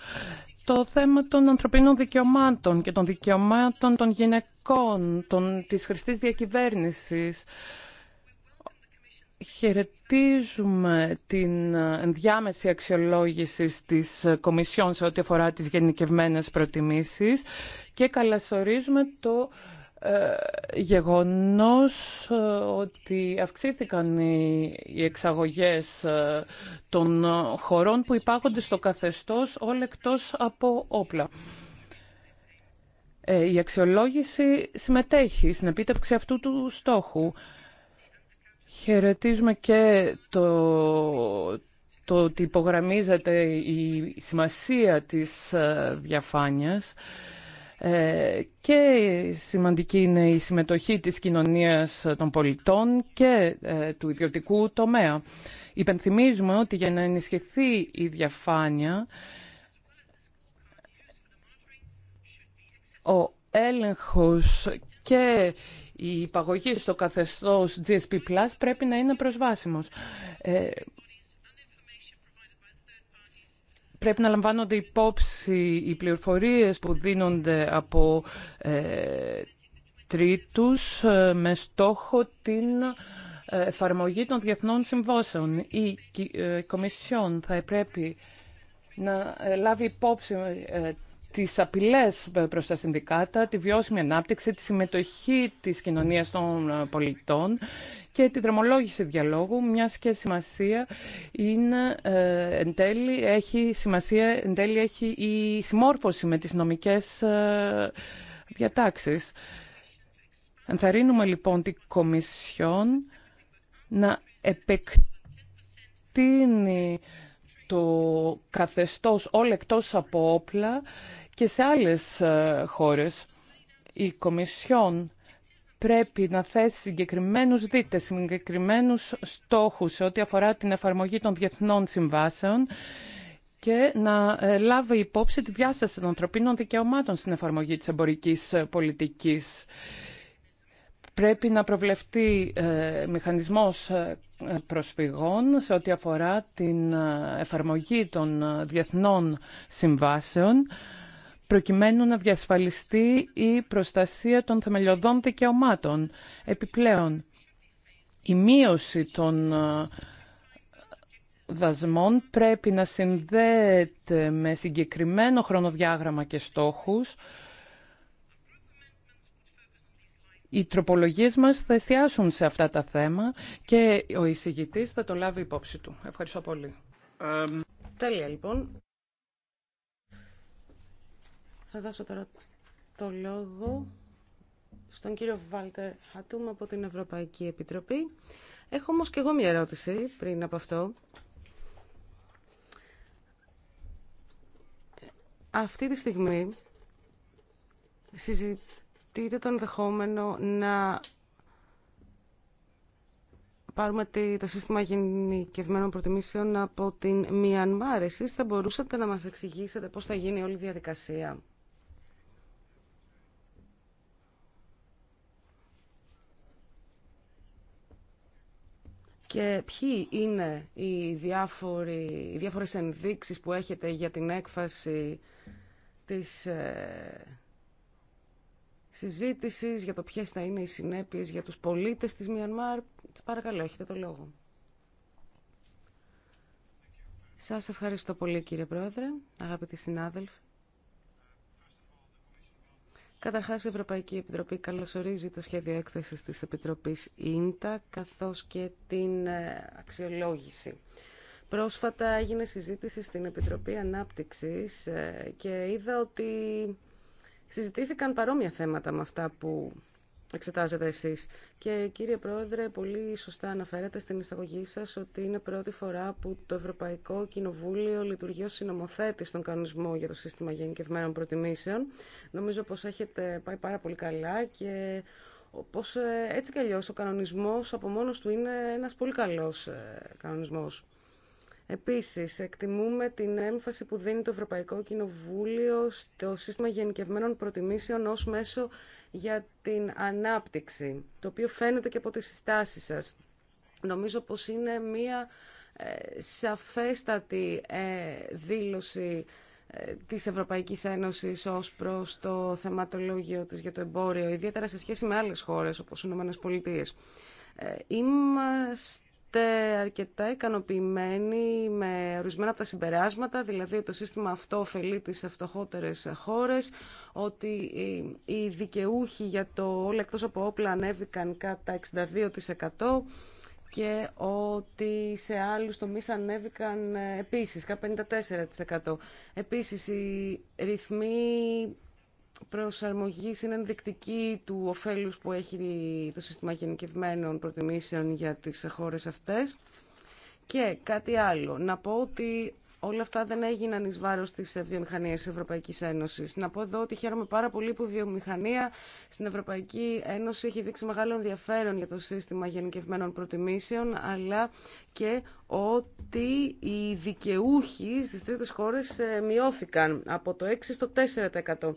D: Το θέμα των ανθρωπίνων δικαιωμάτων και των δικαιωμάτων των γυναικών, των, της χρηστής διακυβέρνησης. Χαιρετίζουμε την διάμεση αξιολόγηση της Κομισιόν σε ό,τι αφορά τις γενικευμένες προτιμήσεις και καλασορίζουμε το ε, γεγονός ε, ότι αυξήθηκαν οι εξαγωγές ε, των χωρών που υπάγονται στο καθεστώς όλεκτος εκτός από όπλα. Η αξιολόγηση συμμετέχει στην επίτευξη αυτού του στόχου. Χαιρετίζουμε και το, το ότι υπογραμμίζεται η σημασία της διαφάνειας. Ε, και σημαντική είναι η συμμετοχή της κοινωνίας των πολιτών και ε, του ιδιωτικού τομέα. Υπενθυμίζουμε ότι για να ενισχυθεί η διαφάνεια, ο έλεγχος και η υπαγωγή στο καθεστώς GSP Plus πρέπει να είναι προσβάσιμος. Ε, πρέπει να λαμβάνονται υπόψη οι πληροφορίες που δίνονται από ε, τρίτους ε, με στόχο την ε, εφαρμογή των διεθνών συμβόσεων. Η Κομισιόν θα πρέπει να λάβει υπόψη τι απειλέ ε, προς τα συνδικάτα, τη βιώσιμη ανάπτυξη, τη συμμετοχή της κοινωνίας των ε, πολιτών και τη δρομολόγηση διαλόγου, Μια και σημασία είναι, ε, εν τέλει, έχει, σημασία εν έχει η συμμόρφωση με τις νομικές ε, διατάξεις. Ενθαρρύνουμε λοιπόν την Κομισιόν να επεκτείνει το καθεστώς όλο εκτός από όπλα και σε άλλες ε, χώρες. Η Κομισιόν πρέπει να θέσει συγκεκριμένους δίτες, συγκεκριμένους στόχους σε ό,τι αφορά την εφαρμογή των διεθνών συμβάσεων και να ε, λάβει υπόψη τη διάσταση των ανθρωπίνων δικαιωμάτων στην εφαρμογή της εμπορικής ε, πολιτικής. Πρέπει να προβλεφτεί μηχανισμός προσφυγών σε ό,τι αφορά την εφαρμογή των διεθνών συμβάσεων προκειμένου να διασφαλιστεί η προστασία των θεμελιωδών δικαιωμάτων. Επιπλέον, η μείωση των ε, δασμών πρέπει να συνδέεται με συγκεκριμένο χρονοδιάγραμμα και στόχους. Οι τροπολογίες μας θα εστιάσουν σε αυτά τα θέματα και ο εισηγητής θα το λάβει υπόψη του. Ευχαριστώ πολύ. Τέλεια λοιπόν. Θα δώσω
B: τώρα το λόγο στον κύριο Βάλτερ Χατούμ από την Ευρωπαϊκή Επιτροπή. Έχω όμως και εγώ μια ερώτηση πριν από αυτό. Αυτή τη στιγμή συζητείτε το ενδεχόμενο να πάρουμε το σύστημα γενικευμένων προτιμήσεων από την Μιανμάρ. Εσείς θα μπορούσατε να μας εξηγήσετε πώς θα γίνει όλη η διαδικασία. και ποιοι είναι οι, διάφοροι, οι διάφορες ενδείξεις που έχετε για την έκφαση της ε, συζήτησης για το ποιες θα είναι οι συνέπειες για τους πολίτες της Μιανμάρ. Παρακαλώ, έχετε το λόγο. Σας ευχαριστώ πολύ κύριε Πρόεδρε, αγαπητοί συνάδελφοι. Καταρχά η Ευρωπαϊκή Επιτροπή καλωσορίζει το σχέδιο έκθεσης της Επιτροπής ΙΝΤΑ, καθώς και την ε, αξιολόγηση. Πρόσφατα έγινε συζήτηση στην Επιτροπή Ανάπτυξης ε, και είδα ότι συζητήθηκαν παρόμοια θέματα με αυτά που εξετάζετε εσείς. Και κύριε Πρόεδρε, πολύ σωστά αναφέρατε στην εισαγωγή σας ότι είναι πρώτη φορά που το Ευρωπαϊκό Κοινοβούλιο λειτουργεί ως συνομοθέτη στον κανονισμό για το σύστημα γενικευμένων προτιμήσεων. Νομίζω πως έχετε πάει πάρα πολύ καλά και πως ε, έτσι κι αλλιώς ο κανονισμός από μόνος του είναι ένας πολύ καλός ε, κανονισμός. Επίσης, εκτιμούμε την έμφαση που δίνει το Ευρωπαϊκό Κοινοβούλιο στο σύστημα γενικευμένων προτιμήσεων ω μέσο για την ανάπτυξη, το οποίο φαίνεται και από τις συστάσεις σας. Νομίζω πως είναι μία ε, σαφέστατη ε, δήλωση ε, της Ευρωπαϊκής Ένωσης ως προς το θεματολόγιο της για το εμπόριο, ιδιαίτερα σε σχέση με άλλες χώρες όπως οι Ηνωμένες Πολιτείες. Είμαστε αρκετά ικανοποιημένοι με ορισμένα από τα συμπεράσματα, δηλαδή ότι το σύστημα αυτό ωφελεί τις φτωχότερες χώρες, ότι οι δικαιούχοι για το όλα εκτός από όπλα ανέβηκαν κατά 62% και ότι σε άλλους τομείς ανέβηκαν επίσης, κατά 54%. Επίσης, οι ρυθμοί προσαρμογής είναι ενδεικτική του ωφέλους που έχει το σύστημα γενικευμένων προτιμήσεων για τις χώρες αυτές. Και κάτι άλλο, να πω ότι όλα αυτά δεν έγιναν εις βάρος της βιομηχανίας της Ευρωπαϊκής Ένωσης. Να πω εδώ ότι χαίρομαι πάρα πολύ που η βιομηχανία στην Ευρωπαϊκή Ένωση έχει δείξει μεγάλο ενδιαφέρον για το σύστημα γενικευμένων προτιμήσεων, αλλά και ότι οι δικαιούχοι στις τρίτες χώρες ε, μειώθηκαν από το 6% στο 4%.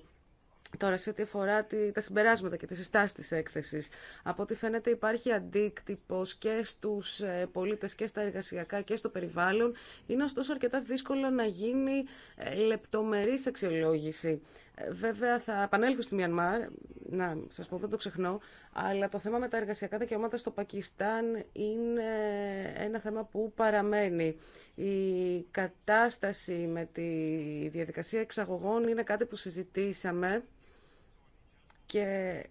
B: Τώρα, σε ό,τι αφορά τα συμπεράσματα και τις συστάσεις της έκθεσης, από ό,τι φαίνεται υπάρχει αντίκτυπος και στους ε, πολίτες και στα εργασιακά και στο περιβάλλον. Είναι ωστόσο αρκετά δύσκολο να γίνει ε, λεπτομερής αξιολόγηση. Ε, βέβαια, θα επανέλθω στη Μιανμάρ, να σας πω, δεν το ξεχνώ, αλλά το θέμα με τα εργασιακά δικαιώματα στο Πακιστάν είναι ένα θέμα που παραμένει. Η κατάσταση με τη διαδικασία εξαγωγών είναι κάτι που συζητήσαμε και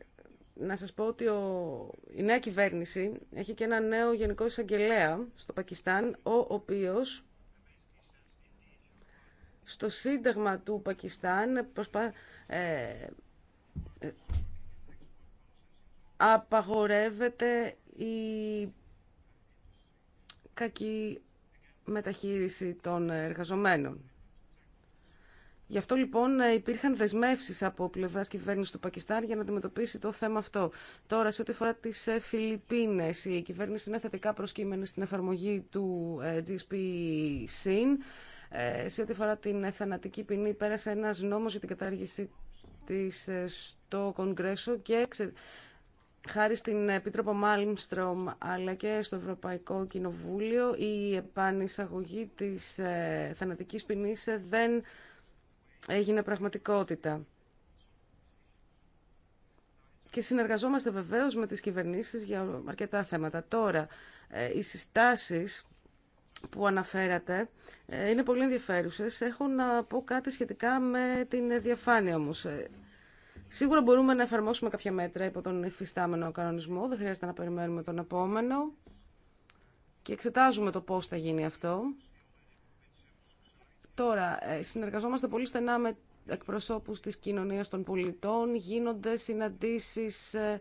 B: να σας πω ότι ο, η νέα κυβέρνηση έχει και ένα νέο γενικό εισαγγελέα στο Πακιστάν, ο οποίος στο σύνταγμα του Πακιστάν ε, απαγορεύεται η κακή μεταχείριση των εργαζομένων. Γι' αυτό λοιπόν ε, υπήρχαν δεσμεύσει από πλευρά κυβέρνηση του Πακιστάν για να αντιμετωπίσει το θέμα αυτό. Τώρα σε ό,τι αφορά τι ε, Φιλιππίνες, η κυβέρνηση είναι θετικά προσκύμενη στην εφαρμογή του ε, GSP-SYN. Σε ό,τι αφορά την θανατική ποινή πέρασε ένα νόμο για την κατάργηση τη στο Κογκρέσο και χάρη στην Επίτροπο Μάλμστρομ αλλά και στο Ευρωπαϊκό Κοινοβούλιο η επανεισαγωγή τη θανατική ποινή δεν έγινε πραγματικότητα. Και συνεργαζόμαστε βεβαίως με τις κυβερνήσεις για αρκετά θέματα. Τώρα, ε, οι συστάσεις που αναφέρατε ε, είναι πολύ ενδιαφέρουσες. Έχω να πω κάτι σχετικά με την διαφάνεια όμως. Ε, σίγουρα μπορούμε να εφαρμόσουμε κάποια μέτρα υπό τον υφιστάμενο κανονισμό, δεν χρειάζεται να περιμένουμε τον επόμενο και εξετάζουμε το πώς θα γίνει αυτό. Τώρα, ε, συνεργαζόμαστε πολύ στενά με εκπροσώπους της κοινωνίας των πολιτών, γίνονται συναντήσεις ε,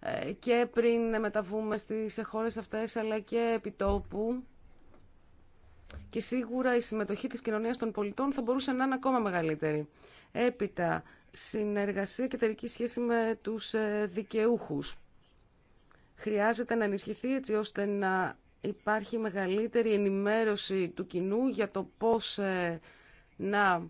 B: ε, και πριν μεταβούμε στις χώρες αυτές, αλλά και επιτόπου. Και σίγουρα η συμμετοχή της κοινωνίας των πολιτών θα μπορούσε να είναι ακόμα μεγαλύτερη. Έπειτα, συνεργασία και εταιρική σχέση με τους δικαιούχους. Χρειάζεται να ενισχυθεί έτσι ώστε να υπάρχει μεγαλύτερη ενημέρωση του κοινού για το πώς ε, να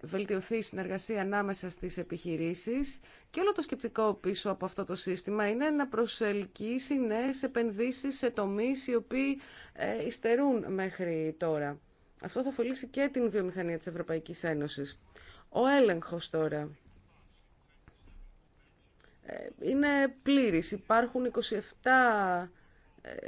B: βελτιωθεί η συνεργασία ανάμεσα στις επιχειρήσεις και όλο το σκεπτικό πίσω από αυτό το σύστημα είναι να προσελκύσει νέες επενδύσεις σε τομείς οι οποίοι ε, υστερούν μέχρι τώρα. Αυτό θα ωφελήσει και την βιομηχανία της Ευρωπαϊκής Ένωσης. Ο έλεγχος τώρα ε, είναι πλήρης. Υπάρχουν 27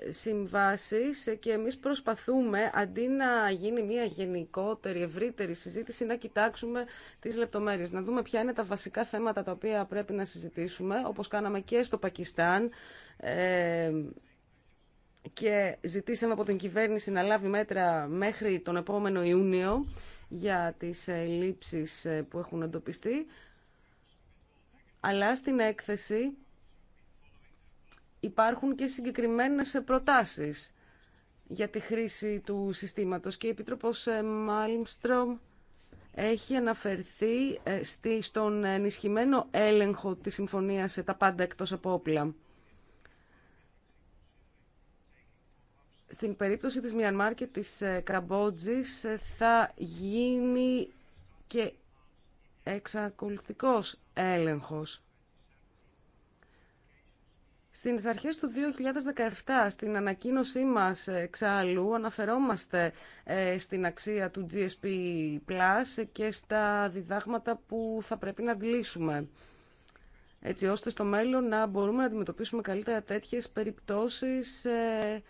B: συμβάσεις και εμείς προσπαθούμε αντί να γίνει μια γενικότερη, ευρύτερη συζήτηση να κοιτάξουμε τις λεπτομέρειες, να δούμε ποια είναι τα βασικά θέματα τα οποία πρέπει να συζητήσουμε όπως κάναμε και στο Πακιστάν ε, και ζητήσαμε από την κυβέρνηση να λάβει μέτρα μέχρι τον επόμενο Ιούνιο για τις ε, λήψεις ε, που έχουν εντοπιστεί αλλά στην έκθεση υπάρχουν και συγκεκριμένες προτάσεις για τη χρήση του συστήματος και η Επίτροπος ε, Μάλμστρομ έχει αναφερθεί ε, στον ενισχυμένο έλεγχο της συμφωνίας σε τα πάντα εκτός από όπλα. Στην περίπτωση της Μιανμάρ και της ε, Καμπότζης θα γίνει και εξακολουθικός έλεγχος. Στις αρχές του 2017, στην ανακοίνωσή μας ε, εξάλλου, αναφερόμαστε ε, στην αξία του GSP Plus και στα διδάγματα που θα πρέπει να αντλήσουμε έτσι ώστε στο μέλλον να μπορούμε να αντιμετωπίσουμε καλύτερα τέτοιες περιπτώσεις ε,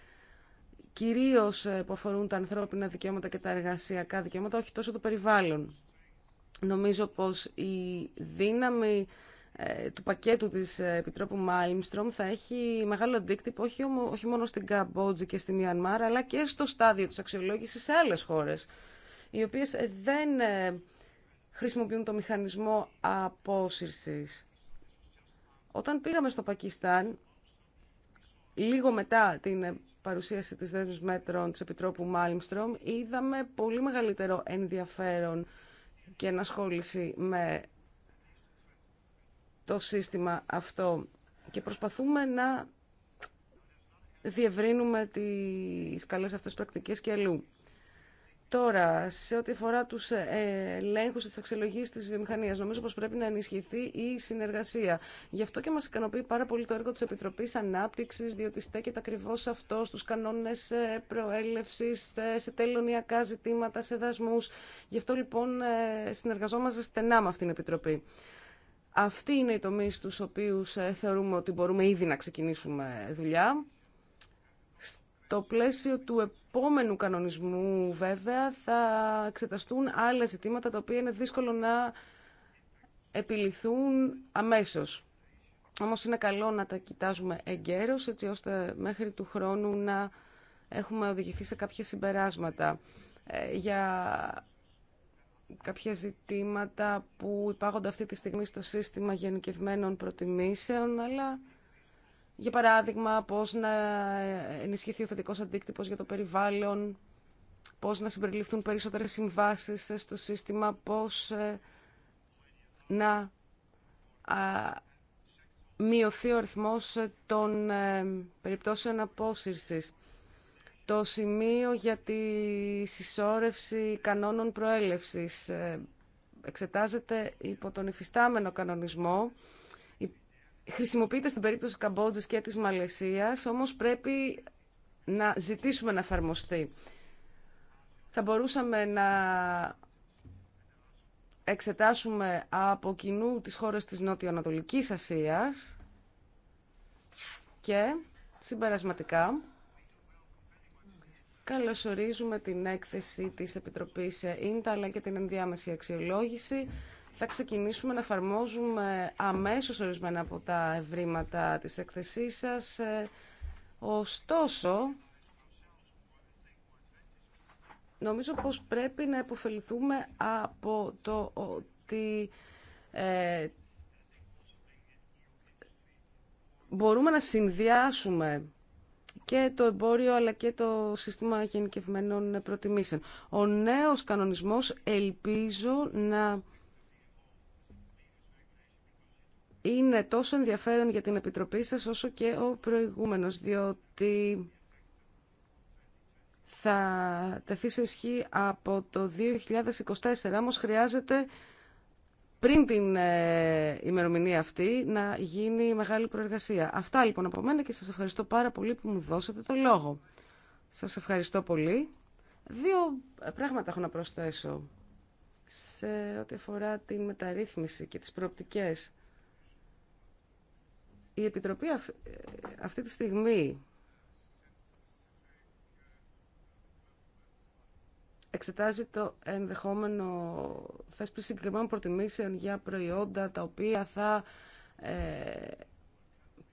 B: κυρίως που αφορούν τα ανθρώπινα δικαιώματα και τα εργασιακά δικαιώματα, όχι τόσο το περιβάλλον. Νομίζω πως η δύναμη ε, του πακέτου της ε, Επιτρόπου Μάλιμστρομ θα έχει μεγάλο αντίκτυπο όχι, όχι μόνο στην Καμπότζη και στη Μιανμάρα αλλά και στο στάδιο της αξιολόγησης σε άλλες χώρες οι οποίες δεν ε, χρησιμοποιούν το μηχανισμό απόσυρσης. Όταν πήγαμε στο Πακιστάν, λίγο μετά την παρουσίαση της δέσμης μέτρων της Επιτρόπου Μάλιμστρομ, είδαμε πολύ μεγαλύτερο ενδιαφέρον και ενασχόληση με το σύστημα αυτό και προσπαθούμε να διευρύνουμε τις καλές αυτές πρακτικές και αλλού. Τώρα, σε ό,τι αφορά του ε, ελέγχου τη αξιολογή τη βιομηχανία, νομίζω πω πρέπει να ενισχυθεί η συνεργασία. Γι' αυτό και μα ικανοποιεί πάρα πολύ το έργο τη Επιτροπή Ανάπτυξη, διότι στέκεται ακριβώ αυτό στου κανόνε προέλευση, ε, σε τελωνιακά ζητήματα, σε δασμού. Γι' αυτό λοιπόν ε, συνεργαζόμαστε στενά με αυτήν την Επιτροπή. Αυτοί είναι οι τομεί στους οποίους ε, θεωρούμε ότι μπορούμε ήδη να ξεκινήσουμε δουλειά. Στο πλαίσιο του επόμενου κανονισμού, βέβαια, θα εξεταστούν άλλα ζητήματα τα οποία είναι δύσκολο να επιληθούν αμέσως. Όμως είναι καλό να τα κοιτάζουμε εγκαίρως, έτσι ώστε μέχρι του χρόνου να έχουμε οδηγηθεί σε κάποια συμπεράσματα. Ε, για κάποια ζητήματα που υπάγονται αυτή τη στιγμή στο σύστημα γενικευμένων προτιμήσεων, αλλά για παράδειγμα πώς να ενισχυθεί ο θετικός αντίκτυπος για το περιβάλλον, πώς να συμπεριληφθούν περισσότερες συμβάσεις στο σύστημα, πώς ε, να μειωθεί ο αριθμός των ε, περιπτώσεων απόσυρσης το σημείο για τη συσσόρευση κανόνων προέλευσης ε, εξετάζεται υπό τον υφιστάμενο κανονισμό. Χρησιμοποιείται στην περίπτωση Καμπότζης και της Μαλαισίας, όμως πρέπει να ζητήσουμε να εφαρμοστεί. Θα μπορούσαμε να εξετάσουμε από κοινού τις χώρες της Νότιο-Ανατολικής Ασίας και συμπερασματικά Καλωσορίζουμε την έκθεση της Επιτροπής ΙΝΤΑ αλλά και την ενδιάμεση αξιολόγηση. Θα ξεκινήσουμε να εφαρμόζουμε αμέσως ορισμένα από τα ευρήματα της έκθεσής σας. Ε, ωστόσο, νομίζω πως πρέπει να υποφεληθούμε από το ότι ε, μπορούμε να συνδυάσουμε και το εμπόριο αλλά και το σύστημα γενικευμένων προτιμήσεων. Ο νέος κανονισμός ελπίζω να είναι τόσο ενδιαφέρον για την Επιτροπή σας όσο και ο προηγούμενος, διότι θα τεθεί σε ισχύ από το 2024, όμως χρειάζεται πριν την ε, ημερομηνία αυτή να γίνει μεγάλη προεργασία. Αυτά λοιπόν από μένα και σας ευχαριστώ πάρα πολύ που μου δώσατε το λόγο. Σας ευχαριστώ πολύ. Δύο πράγματα έχω να προσθέσω σε ό,τι αφορά την μεταρρύθμιση και τις προοπτικές. Η Επιτροπή ε, αυτή τη στιγμή εξετάζει το ενδεχόμενο θέσπιση συγκεκριμένων προτιμήσεων για προϊόντα τα οποία θα ε,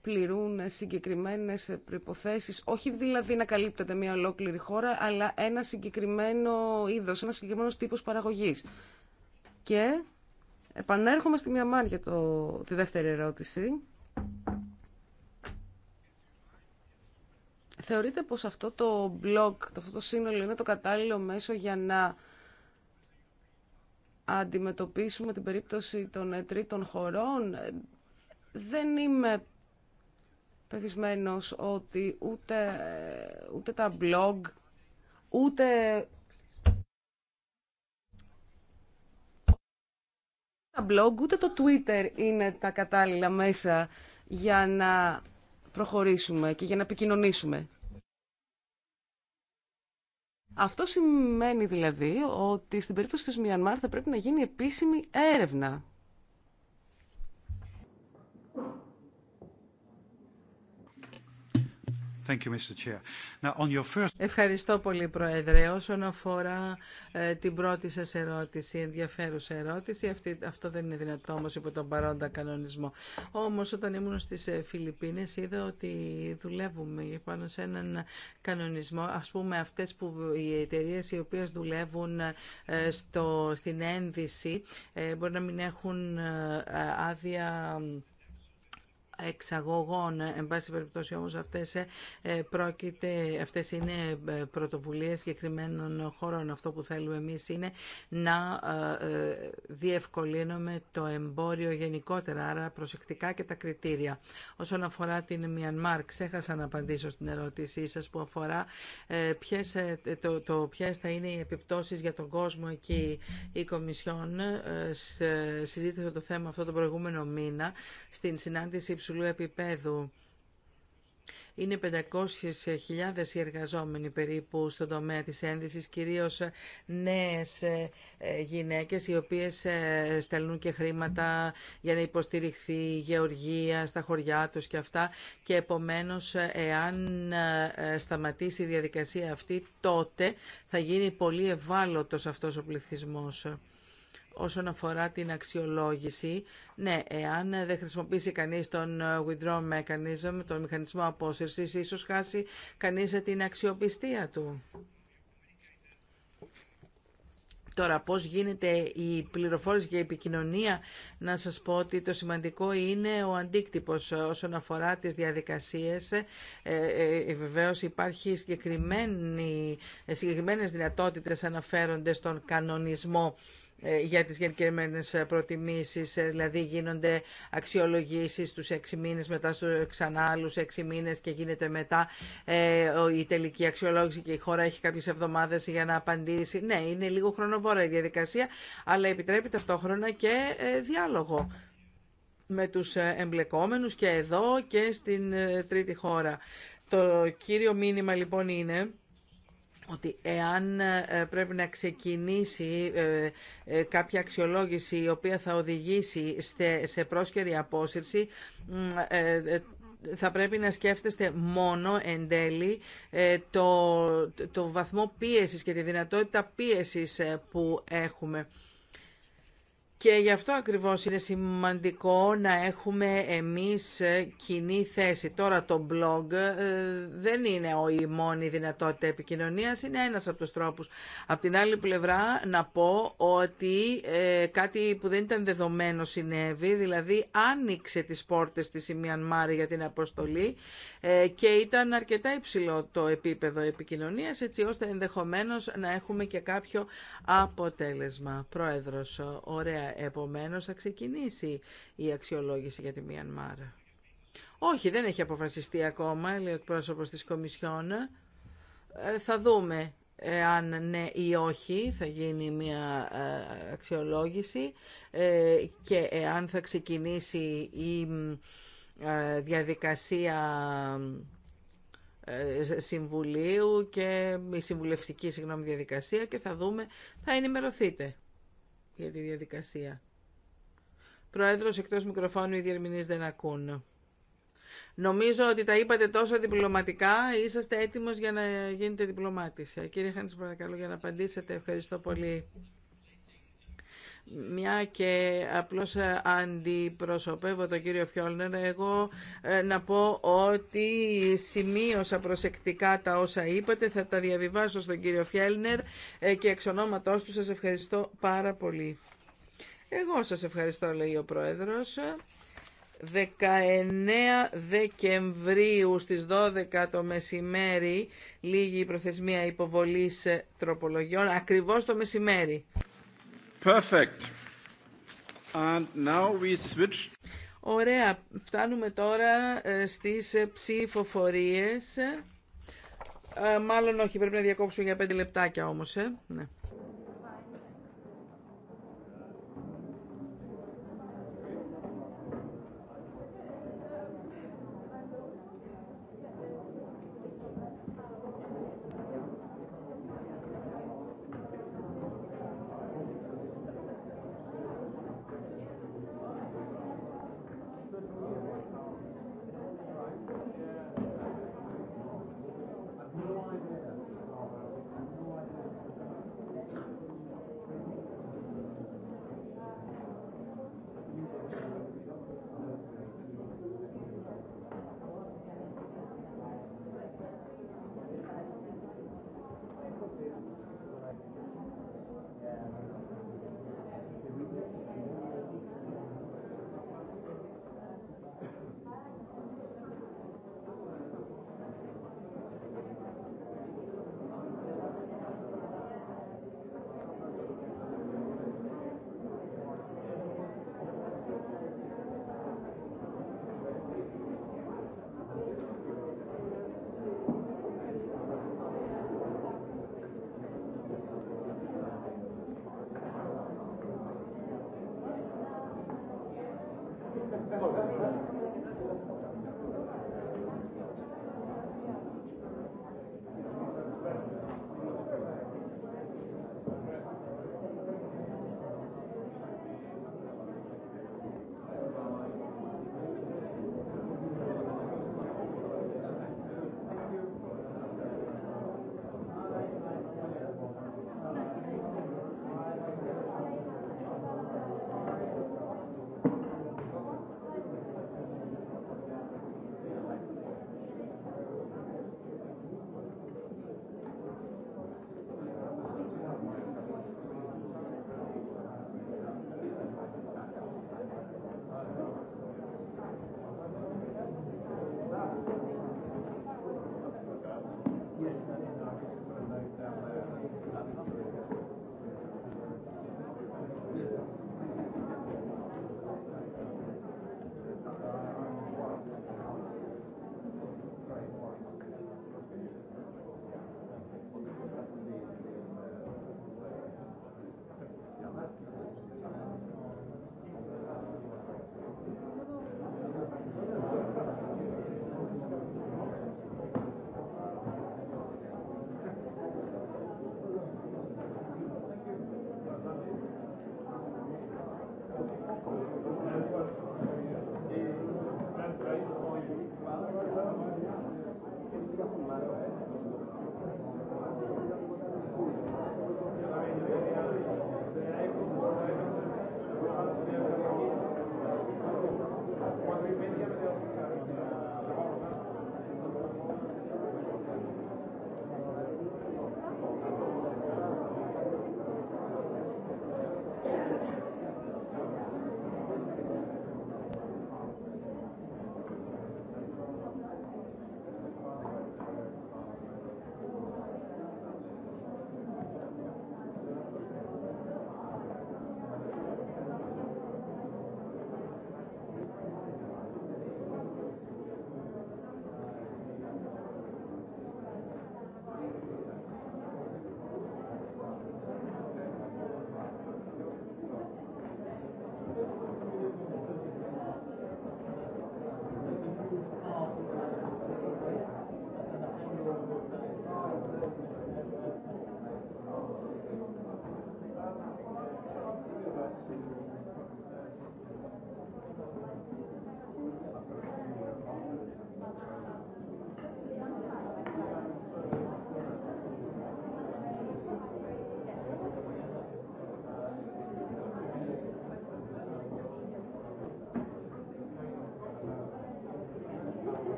B: πληρούν συγκεκριμένες προϋποθέσεις, όχι δηλαδή να καλύπτεται μια ολόκληρη χώρα, αλλά ένα συγκεκριμένο είδος, ένα συγκεκριμένο τύπος παραγωγής. Και επανέρχομαι στη μια για το, τη δεύτερη ερώτηση. Θεωρείτε πως αυτό το blog, αυτό το σύνολο είναι το κατάλληλο μέσο για να αντιμετωπίσουμε την περίπτωση των ε, τρίτων χωρών. Ε, δεν είμαι πεπισμένος ότι ούτε, ε, ούτε τα blog, ούτε... Τα blog, ούτε το Twitter είναι τα κατάλληλα μέσα για να προχωρήσουμε και για να επικοινωνήσουμε. Αυτό σημαίνει δηλαδή ότι στην περίπτωση της Μιανμάρ θα πρέπει να γίνει επίσημη έρευνα
C: Ευχαριστώ πολύ, Πρόεδρε. Όσον αφορά ε, την πρώτη σας ερώτηση, ενδιαφέρουσα ερώτηση, αυτή, αυτό δεν είναι δυνατό όμως υπό τον παρόντα κανονισμό. Όμως, όταν ήμουν στις ε, Φιλιππίνες, είδα ότι δουλεύουμε πάνω σε έναν κανονισμό. Ας πούμε, αυτές που οι εταιρείε οι οποίες δουλεύουν ε, στο, στην ένδυση μπορεί να μην έχουν άδεια εξαγωγών. Εν πάση περιπτώσει όμως αυτές, ε, ε, πρόκειται, αυτές είναι ε, πρωτοβουλίες συγκεκριμένων χωρών. Αυτό που θέλουμε εμείς είναι να διευκολύνουμε το εμπόριο γενικότερα, άρα προσεκτικά και τα κριτήρια. Όσον αφορά την Μιανμάρ, ξέχασα να απαντήσω στην ερώτησή σας που αφορά ποιες, το, το θα είναι οι επιπτώσεις για τον κόσμο εκεί η Κομισιόν. Συζήτησε το θέμα αυτό τον προηγούμενο μήνα στην συνάντηση υψηλού επίπεδου. Είναι 500.000 οι εργαζόμενοι περίπου στον τομέα της ένδυσης, κυρίως νέες ε, γυναίκες οι οποίες ε, στέλνουν και χρήματα για να υποστηριχθεί η γεωργία στα χωριά τους και αυτά και επομένως ε, εάν σταματήσει η διαδικασία αυτή τότε θα γίνει πολύ ευάλωτος αυτός ο πληθυσμός όσον αφορά την αξιολόγηση, ναι, εάν δεν χρησιμοποιήσει κανείς τον withdrawal mechanism, τον μηχανισμό απόσυρσης, ίσως χάσει κανείς την αξιοπιστία του. Τώρα, πώς γίνεται η πληροφόρηση και η επικοινωνία, να σας πω ότι το σημαντικό είναι ο αντίκτυπος όσον αφορά τις διαδικασίες. Ε, ε, ε βεβαίως υπάρχει συγκεκριμένες δυνατότητες αναφέρονται στον κανονισμό ε, για τις γενικευμένες ε, προτιμήσεις, ε, δηλαδή γίνονται αξιολογήσεις τους έξι μήνες, μετά στους ξανά άλλους έξι μήνες και γίνεται μετά η τελική αξιολόγηση και η χώρα έχει κάποιες εβδομάδες για να απαντήσει. Ναι, είναι λίγο χρονοβόρα η διαδικασία, αλλά επιτρέπει ταυτόχρονα και διάλογο με τους εμπλεκόμενους και εδώ και στην τρίτη χώρα. Το κύριο μήνυμα λοιπόν είναι ότι εάν ε, πρέπει να ξεκινήσει ε, ε, κάποια αξιολόγηση η οποία θα οδηγήσει σε πρόσκαιρη απόσυρση, θα πρέπει να σκέφτεστε μόνο εν τέλει το, το βαθμό πίεσης και τη δυνατότητα πίεσης που έχουμε. Και γι' αυτό ακριβώς είναι σημαντικό να έχουμε εμείς κοινή θέση. Τώρα το blog ε, δεν είναι η μόνη δυνατότητα επικοινωνίας, είναι ένας από τους τρόπους. Απ' την άλλη πλευρά να πω ότι ε, κάτι που δεν ήταν δεδομένο συνέβη, δηλαδή άνοιξε τις πόρτες της η για την αποστολή ε, και ήταν αρκετά υψηλό το επίπεδο επικοινωνίας, έτσι ώστε ενδεχομένως να έχουμε και κάποιο αποτέλεσμα. Πρόεδρος, ωραία. Επομένως θα ξεκινήσει η αξιολόγηση για τη Μιανμάρα. Όχι, δεν έχει αποφασιστεί ακόμα, λέει ο εκπρόσωπος της Κομισιόν. Ε, θα δούμε αν ναι ή όχι θα γίνει μια ε, αξιολόγηση ε, και εάν θα ξεκινήσει η διαδικασία αν θα ξεκινησει η διαδικασια συμβουλιου και η συμβουλευτική συγγνώμη διαδικασία και θα δούμε, θα ενημερωθείτε για τη διαδικασία. Πρόεδρος, εκτός μικροφώνου οι διερμηνείς δεν ακούν. Νομίζω ότι τα είπατε τόσο διπλωματικά, είσαστε έτοιμος για να γίνετε διπλωμάτης. Ε, κύριε Χάνης, παρακαλώ για να απαντήσετε. Ευχαριστώ πολύ. Μια και απλώς αντιπροσωπεύω τον κύριο Φιόλνερ, εγώ ε, να πω ότι σημείωσα προσεκτικά τα όσα είπατε, θα τα διαβιβάσω στον κύριο Φιόλνερ ε, και εξ ονόματός του σας ευχαριστώ πάρα πολύ. Εγώ σας ευχαριστώ, λέει ο Πρόεδρος. 19 Δεκεμβρίου στις 12 το μεσημέρι λίγη προθεσμία υποβολής τροπολογιών, ακριβώς το μεσημέρι. Perfect. Ωραία. Φτάνουμε τώρα ε, στις ε, ψηφοφορίες. Ε, μάλλον όχι, πρέπει να διακόψουμε για πέντε λεπτάκια όμως. Ε. Ναι.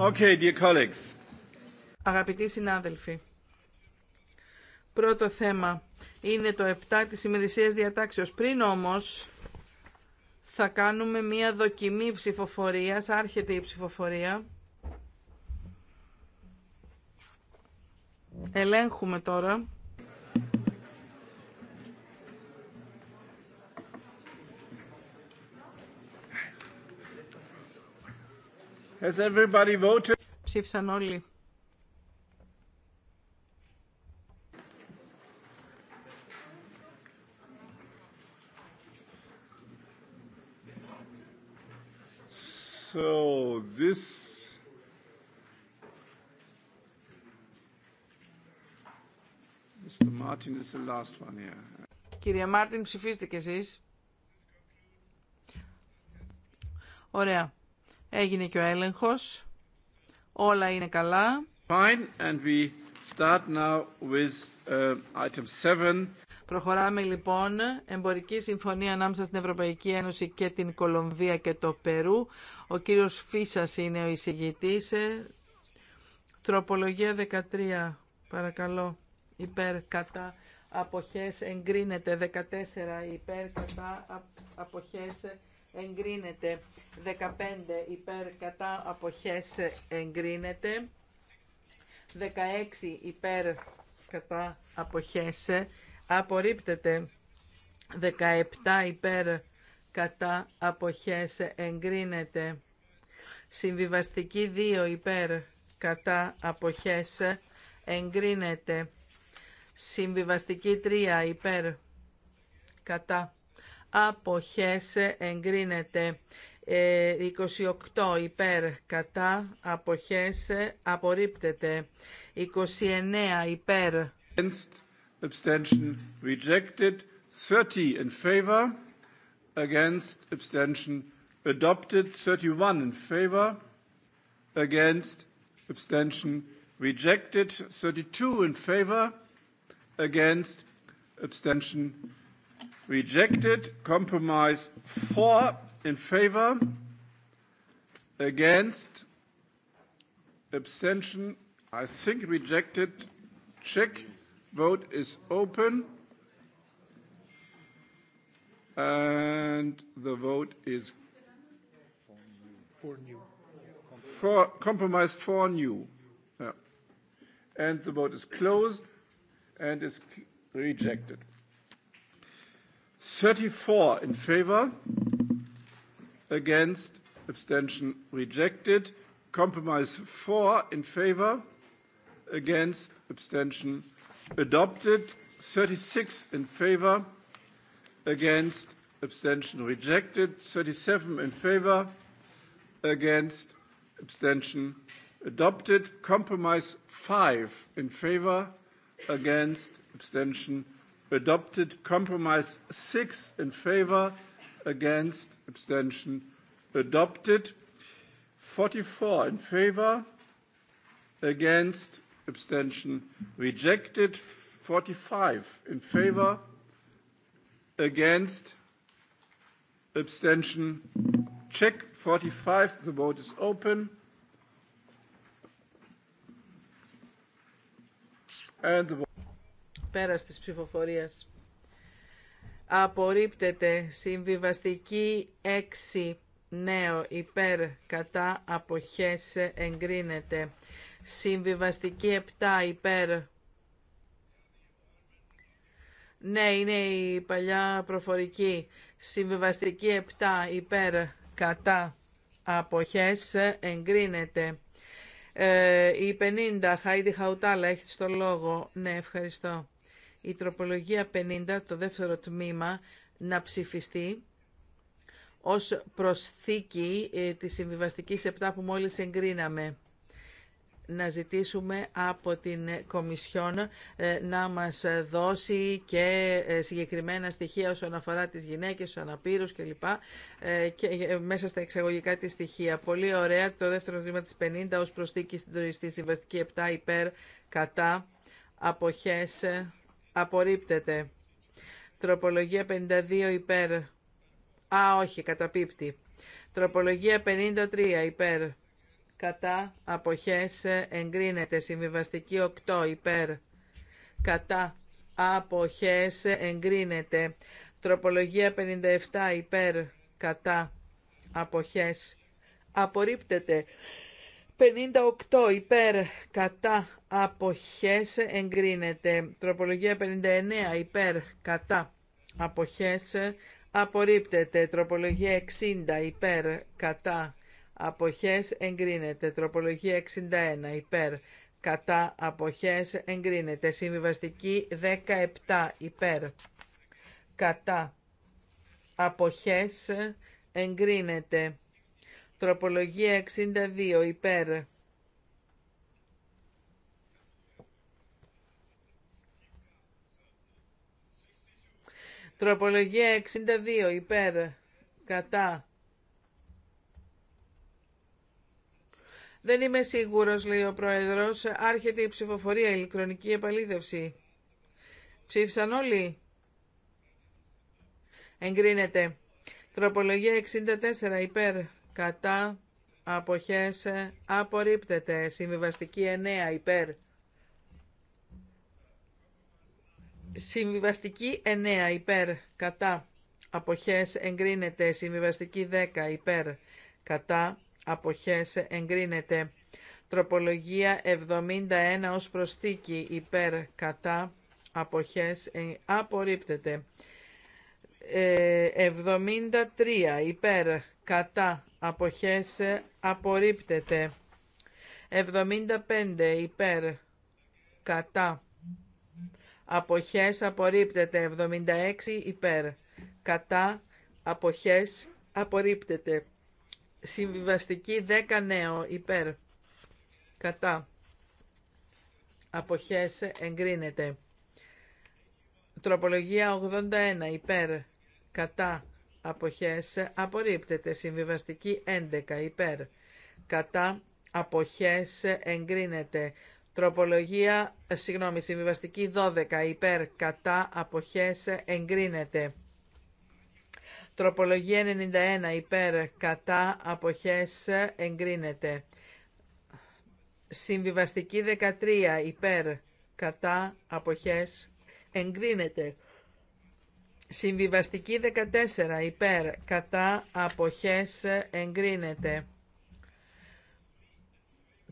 A: Okay, dear colleagues.
C: Αγαπητοί συνάδελφοι, πρώτο θέμα είναι το 7 της ημερησίας διατάξεως. Πριν όμως θα κάνουμε μία δοκιμή ψηφοφορίας, άρχεται η ψηφοφορία. Ελέγχουμε τώρα.
A: Has everybody voted? Ψήφισαν όλοι. So this Mr. Martin is the last one here.
C: Κύριε Μάρτιν, ψηφίστε κι εσείς. Ωραία. Έγινε και ο έλεγχος. Όλα είναι καλά.
A: Fine. And we start now with, uh, item seven.
C: Προχωράμε λοιπόν εμπορική συμφωνία ανάμεσα στην Ευρωπαϊκή Ένωση και την Κολομβία και το Περού. Ο κύριος Φίσας είναι ο εισηγητής. Ε, τροπολογία 13, παρακαλώ, υπέρ κατά αποχές εγκρίνεται 14 υπέρ κατά αποχές εγκρίνεται 15 υπέρ κατά αποχές εγκρίνεται 16 υπέρ κατά αποχές απορρίπτεται 17 υπέρ κατά αποχές εγκρίνεται συμβιβαστική 2 υπέρ κατά αποχές εγκρίνεται συμβιβαστική 3 υπέρ κατά αποχέσε εγκρίνεται. 28 υπέρ κατά αποχέσε απορρίπτεται. 29 υπέρ.
A: Against, abstention rejected. 30 in favor. Against, abstention adopted. 31 in favor. Against, abstention rejected. 32 in favor. Against, abstention rejected. Compromise four in favor, against, abstention, I think rejected. Check. Vote is open. And the vote is for new. compromise for new. And the vote is closed and is rejected. 34 in favor, against, abstention rejected. Compromise 4 in favor, against, abstention adopted. 36 in favor, against, abstention rejected. 37 in favor, against, abstention adopted. Compromise 5 in favor, against, abstention adopted. Compromise six in favor, against, abstention adopted. 44 in favor, against, abstention rejected. 45 in favor, against, abstention check. 45, the vote is open. And the
C: Πέρας της ψηφοφορίας. Απορρίπτεται συμβιβαστική έξι νέο υπέρ κατά αποχέσε εγκρίνεται. Συμβιβαστική 7 υπέρ ναι, είναι η παλιά προφορική. Συμβιβαστική 7 υπέρ κατά αποχές εγκρίνεται. Ε, η 50, Χάιντι Χαουτάλα, έχει το λόγο. Ναι, ευχαριστώ η τροπολογία 50, το δεύτερο τμήμα, να ψηφιστεί ως προσθήκη ε, της συμβιβαστικής 7 που μόλις εγκρίναμε. Να ζητήσουμε από την Κομισιόν ε, να μας δώσει και ε, συγκεκριμένα στοιχεία όσον αφορά τις γυναίκες, τους αναπήρους κλπ. Και μέσα στα εξαγωγικά της στοιχεία. Πολύ ωραία το δεύτερο τμήμα της 50 ως προσθήκη στην συμβαστική 7 υπέρ κατά αποχές απορρίπτεται. Τροπολογία 52 υπέρ. Α, όχι, καταπίπτει. Τροπολογία 53 υπέρ. Κατά αποχές εγκρίνεται. Συμβιβαστική 8 υπέρ. Κατά αποχές εγκρίνεται. Τροπολογία 57 υπέρ. Κατά αποχές απορρίπτεται. 58 υπέρ κατά αποχές εγκρίνεται. Τροπολογία 59 υπέρ κατά αποχές απορρίπτεται. Τροπολογία 60 υπέρ κατά αποχές εγκρίνεται. Τροπολογία 61 υπέρ κατά αποχές εγκρίνεται. Συμβιβαστική 17 υπέρ κατά αποχές εγκρίνεται. Τροπολογία 62 υπέρ. Τροπολογία 62 υπέρ. Κατά. Δεν είμαι σίγουρος, λέει ο Πρόεδρος. Άρχεται η ψηφοφορία, ηλεκτρονική επαλήθευση. Ψήφισαν όλοι. Εγκρίνεται. Τροπολογία 64 υπέρ κατά αποχές απορρίπτεται. Συμβιβαστική 9 υπέρ. Συμβιβαστική 9 υπέρ κατά αποχές εγκρίνεται. Συμβιβαστική 10 υπέρ κατά αποχές εγκρίνεται. Τροπολογία 71 ως προσθήκη υπέρ κατά αποχές ε, απορρίπτεται. 73 ε, υπέρ κατά αποχές ε, απορρίπτεται. 75 υπέρ κατά αποχές απορρίπτεται. 76 υπέρ κατά αποχές απορρίπτεται. Συμβιβαστική 10 νέο υπέρ κατά αποχές εγκρίνεται. Τροπολογία 81 υπέρ κατά αποχές απορρίπτεται. Συμβιβαστική 11 υπέρ κατά αποχές εγκρίνεται. Τροπολογία, ε, συγγνώμη, συμβιβαστική 12 υπέρ κατά αποχές εγκρίνεται. Τροπολογία 91 υπέρ κατά αποχές εγκρίνεται. Συμβιβαστική 13 υπέρ κατά αποχές εγκρίνεται. Συμβιβαστική 14 υπέρ κατά αποχές εγκρίνεται.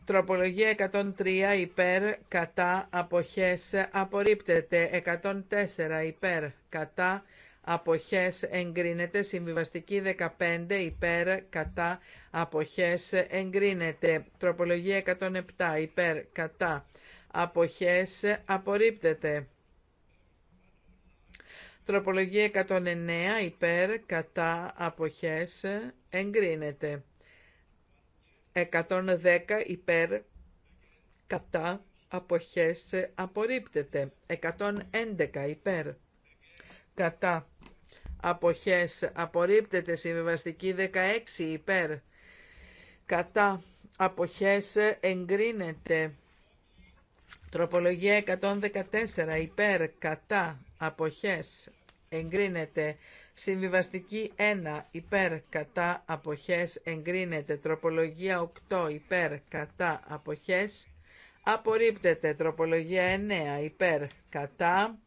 C: Τροπολογία 103 υπέρ κατά αποχές απορρίπτεται. 104 υπέρ κατά αποχές εγκρίνεται. Συμβιβαστική 15 υπέρ κατά αποχές εγκρίνεται. Τροπολογία 107 υπέρ κατά αποχές απορρίπτεται. Τροπολογία 109 υπέρ κατά αποχές εγκρίνεται. 110 υπέρ κατά αποχές απορρίπτεται. 111 υπέρ κατά αποχές απορρίπτεται. Συμβιβαστική 16 υπέρ κατά αποχές εγκρίνεται. Τροπολογία 114 υπέρ κατά αποχές εγκρίνεται. Συμβιβαστική 1 υπέρ κατά αποχές εγκρίνεται. Τροπολογία 8 υπέρ κατά αποχές απορρίπτεται. Τροπολογία 9 υπέρ κατά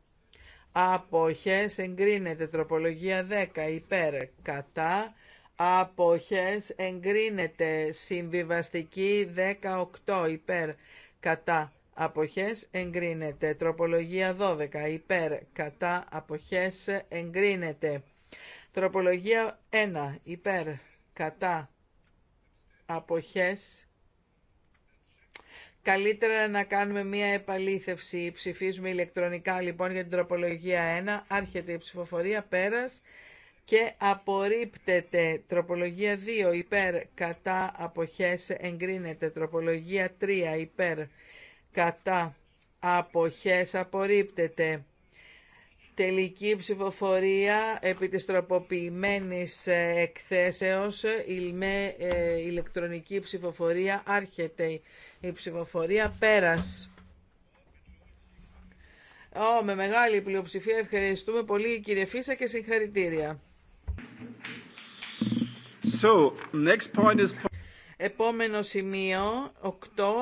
C: αποχές εγκρίνεται. Τροπολογία 10 υπέρ κατά αποχές εγκρίνεται. Συμβιβαστική 18 υπέρ κατά αποχές εγκρίνεται. Τροπολογία 12 υπέρ κατά αποχές εγκρίνεται. Τροπολογία 1 υπέρ κατά αποχές Καλύτερα να κάνουμε μία επαλήθευση. Ψηφίζουμε ηλεκτρονικά λοιπόν για την τροπολογία 1. Άρχεται η ψηφοφορία πέρας και απορρίπτεται τροπολογία 2 υπέρ κατά αποχές εγκρίνεται. Τροπολογία 3 υπέρ κατά αποχές απορρίπτεται. Τελική ψηφοφορία επί της τροποποιημένης ε, εκθέσεως με ηλεκτρονική ψηφοφορία άρχεται η ψηφοφορία πέρας. Ω, με μεγάλη πλειοψηφία ευχαριστούμε πολύ κύριε Φίσα και συγχαρητήρια.
A: So, next point is...
C: Επόμενο σημείο, 8,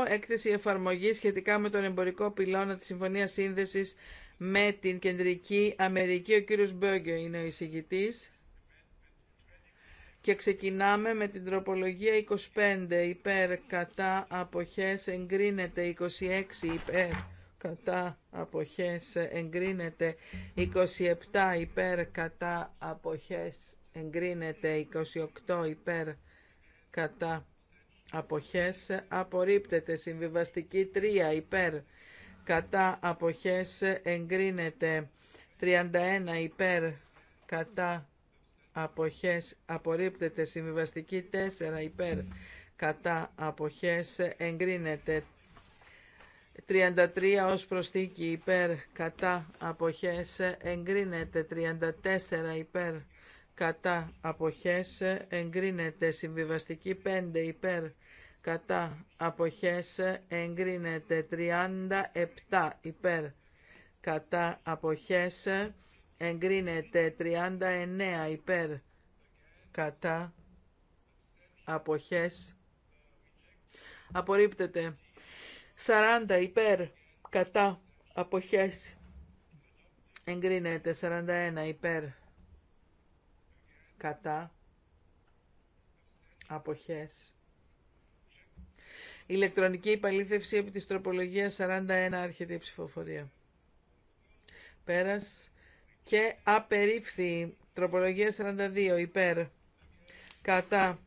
C: έκθεση εφαρμογής σχετικά με τον εμπορικό πυλώνα της συμφωνία Σύνδεσης με την Κεντρική Αμερική. Ο κύριος Μπέγκε είναι ο εισηγητή. Και ξεκινάμε με την τροπολογία 25 υπέρ κατά αποχές εγκρίνεται 26 υπέρ κατά αποχές εγκρίνεται 27 υπέρ κατά αποχές εγκρίνεται 28 υπέρ κατά αποχές απορρίπτεται. Συμβιβαστική 3 υπέρ κατά αποχές εγκρίνεται. 31 υπέρ κατά αποχές απορρίπτεται. Συμβιβαστική 4 υπέρ κατά αποχές εγκρίνεται. 33 ως προσθήκη υπέρ κατά αποχές εγκρίνεται. 34 υπέρ κατά αποχές ε, εγκρίνεται συμβιβαστική 5 ε, ε, υπέρ κατά αποχές εγκρίνεται 37 υπέρ κατά αποχές εγκρίνεται 39 υπέρ κατά αποχές απορρίπτεται 40 υπέρ κατά αποχές εγκρίνεται 41 υπέρ κατά αποχές. Ηλεκτρονική υπαλλήθευση επί της τροπολογίας 41 άρχεται η ψηφοφορία. Πέρας και απερίφθη τροπολογία 42 υπέρ κατά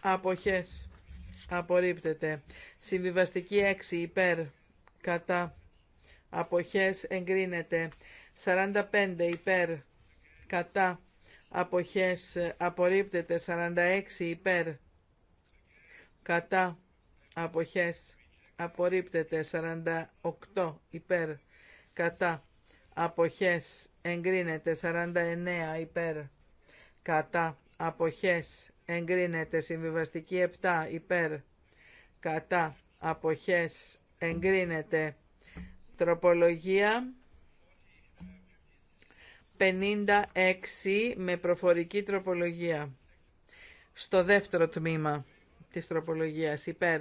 C: αποχές απορρίπτεται. Συμβιβαστική 6 υπέρ κατά αποχές εγκρίνεται. 45 υπέρ κατά αποχές ε, απορρίπτεται 46 υπέρ κατά αποχές απορρίπτεται 48 υπέρ κατά αποχές εγκρίνεται 49 υπέρ κατά αποχές εγκρίνεται συμβιβαστική 7 υπέρ κατά αποχές εγκρίνεται τροπολογία 56 με προφορική τροπολογία. Στο δεύτερο τμήμα της τροπολογίας υπέρ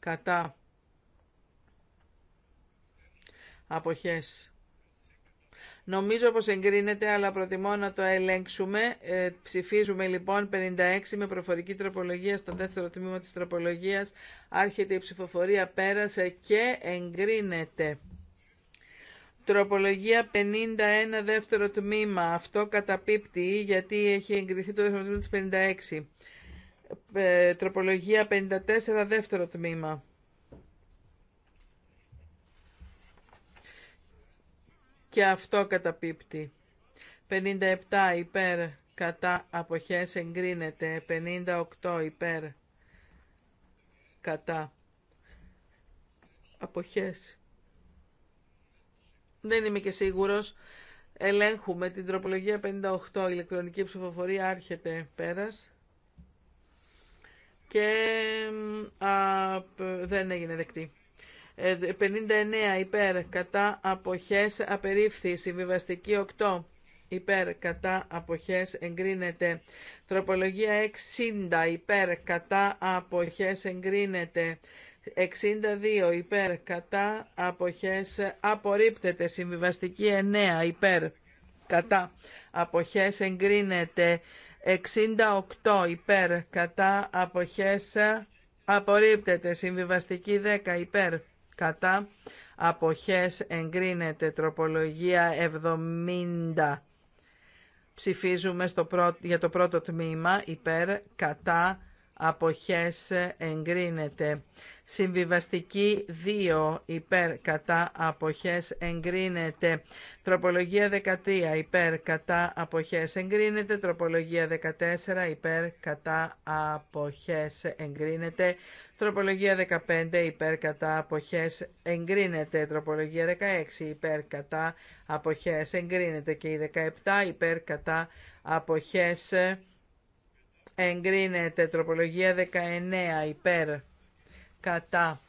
C: κατά αποχές. Νομίζω πως εγκρίνεται, αλλά προτιμώ να το ελέγξουμε. Ε, ψηφίζουμε λοιπόν 56 με προφορική τροπολογία στο δεύτερο τμήμα της τροπολογίας. Άρχεται η ψηφοφορία πέρασε και εγκρίνεται. Τροπολογία 51 δεύτερο τμήμα. Αυτό καταπίπτει γιατί έχει εγκριθεί το δεύτερο τμήμα της 56. Ε, τροπολογία 54 δεύτερο τμήμα. Και αυτό καταπίπτει. 57 υπέρ κατά αποχές εγκρίνεται. 58 υπέρ κατά αποχές δεν είμαι και σίγουρος. Ελέγχουμε την τροπολογία 58. Ηλεκτρονική ψηφοφορία άρχεται πέρας. Και α, δεν έγινε δεκτή. 59 ε, υπέρ κατά αποχές απερίφθη. Συμβιβαστική 8 υπέρ κατά αποχές εγκρίνεται. Τροπολογία 60 υπέρ κατά αποχές εγκρίνεται. 62 υπέρ κατά αποχές απορρίπτεται. Συμβιβαστική 9 υπέρ κατά αποχές εγκρίνεται. 68 υπέρ κατά αποχές απορρίπτεται. Συμβιβαστική 10 υπέρ κατά αποχές εγκρίνεται. Τροπολογία 70. Ψηφίζουμε στο πρώτο, για το πρώτο τμήμα υπέρ κατά αποχές εγκρίνεται. Συμβιβαστική 2 υπέρ κατά αποχές εγκρίνεται. Τροπολογία 13 υπέρ κατά αποχές εγκρίνεται. Τροπολογία 14 υπέρ κατά αποχές εγκρίνεται. Τροπολογία 15 υπέρ κατά αποχές εγκρίνεται. Τροπολογία 16 υπέρ κατά αποχές εγκρίνεται. Και η 17 υπέρ κατά αποχές εγκρίνεται εγκρίνεται τροπολογία 19 υπέρ κατά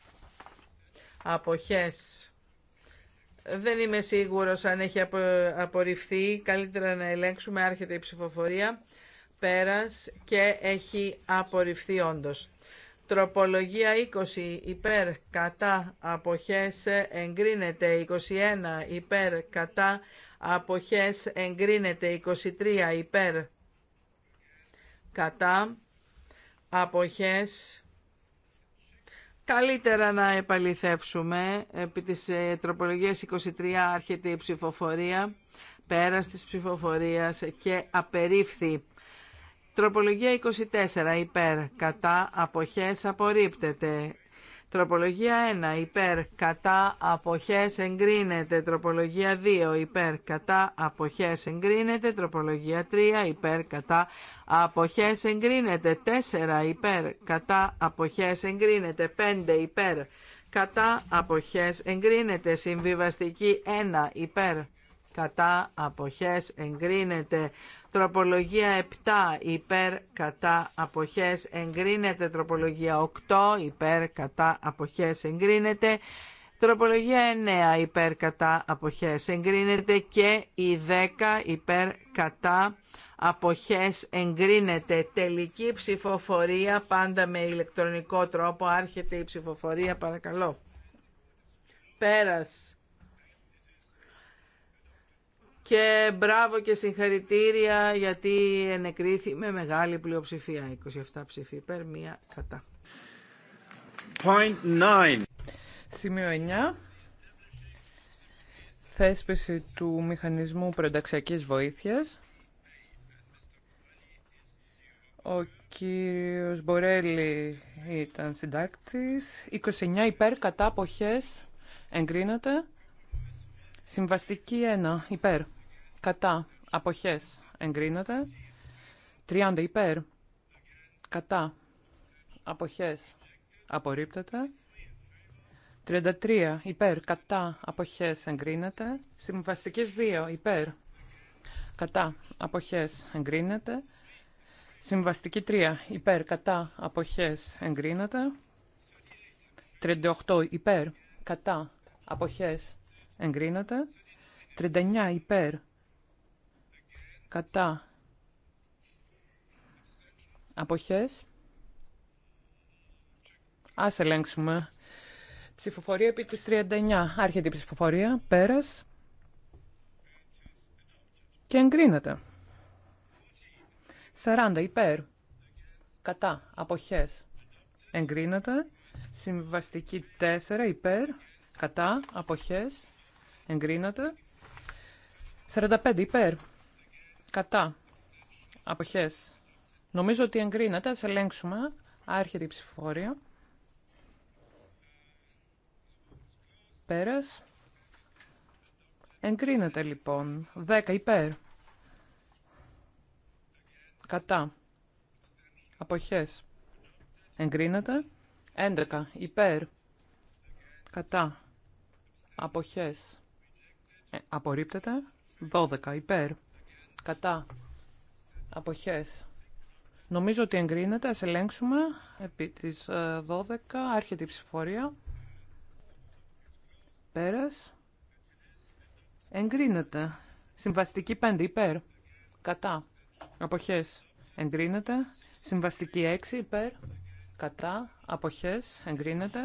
C: αποχές δεν είμαι σίγουρος αν έχει απορριφθεί καλύτερα να ελέγξουμε άρχεται η ψηφοφορία πέρας και έχει απορριφθεί όντως Τροπολογία 20 υπέρ κατά αποχές εγκρίνεται 21 υπέρ κατά αποχές εγκρίνεται 23 υπέρ κατά, αποχές. Καλύτερα να επαληθεύσουμε επί της ε, τροπολογίας 23 άρχεται η ψηφοφορία, πέρας της ψηφοφορίας και απερίφθη. Τροπολογία 24 υπέρ, κατά, αποχές απορρίπτεται. Τροπολογία 1. Υπέρ κατά αποχές εγκρίνεται. Τροπολογία 2. Υπέρ κατά αποχές εγκρίνεται. Τροπολογία 3. Υπέρ κατά αποχές εγκρίνεται. 4. Υπέρ κατά αποχές εγκρίνεται. 5. Υπέρ κατά αποχές εγκρίνεται. Συμβιβαστική 1. Υπέρ κατά αποχές εγκρίνεται. Τροπολογία 7 υπέρ κατά αποχές εγκρίνεται. Τροπολογία 8 υπέρ κατά αποχές εγκρίνεται. Τροπολογία 9 υπέρ κατά αποχές εγκρίνεται και η 10 υπέρ κατά αποχές εγκρίνεται. Τελική ψηφοφορία πάντα με ηλεκτρονικό τρόπο. Άρχεται η ψηφοφορία παρακαλώ. Πέρας και μπράβο και συγχαρητήρια γιατί ενεκρίθη με μεγάλη πλειοψηφία. 27 ψηφί υπέρ, μία κατά.
D: Point nine. Σημείο 9. Θέσπιση του μηχανισμού προενταξιακής βοήθειας. Ο κύριος Μπορέλη ήταν συντάκτης. 29 υπέρ κατά αποχές εγκρίνεται. Συμβαστική 1 υπέρ κατά αποχές εγκρίνεται. 30 υπέρ κατά αποχές απορρίπτεται. 33 υπέρ κατά αποχές εγκρίνεται. Συμβαστική 2 υπέρ κατά αποχές εγκρίνεται. Συμβαστική 3 υπέρ κατά αποχές εγκρίνεται. 38 υπέρ κατά αποχές εγκρίνεται. 39 υπέρ κατά αποχές. Ας ελέγξουμε. Ψηφοφορία επί της 39. Άρχεται η ψηφοφορία. Πέρας. Και εγκρίνεται. 40 υπέρ. Κατά. Αποχές. Εγκρίνεται. Συμβαστική 4 υπέρ. Κατά. Αποχές. Εγκρίνεται. 45 υπέρ. Κατά. Αποχές. Νομίζω ότι εγκρίνεται. Ας ελέγξουμε. Άρχεται η ψηφοφορία. Πέρας. Εγκρίνεται λοιπόν. 10 υπέρ. Κατά. Αποχές. Εγκρίνεται. 11 υπέρ. Κατά. Αποχές. Ε, απορρίπτεται. 12 υπέρ. Κατά. Αποχές. Νομίζω ότι εγκρίνεται. Ας ελέγξουμε. Επί τις 12. Ε, άρχεται η ψηφορία. Πέρας. Εγκρίνεται. Συμβαστική 5. Υπέρ. Κατά. Αποχές. Εγκρίνεται. Συμβαστική 6. Υπέρ. Κατά. Αποχές. Εγκρίνεται.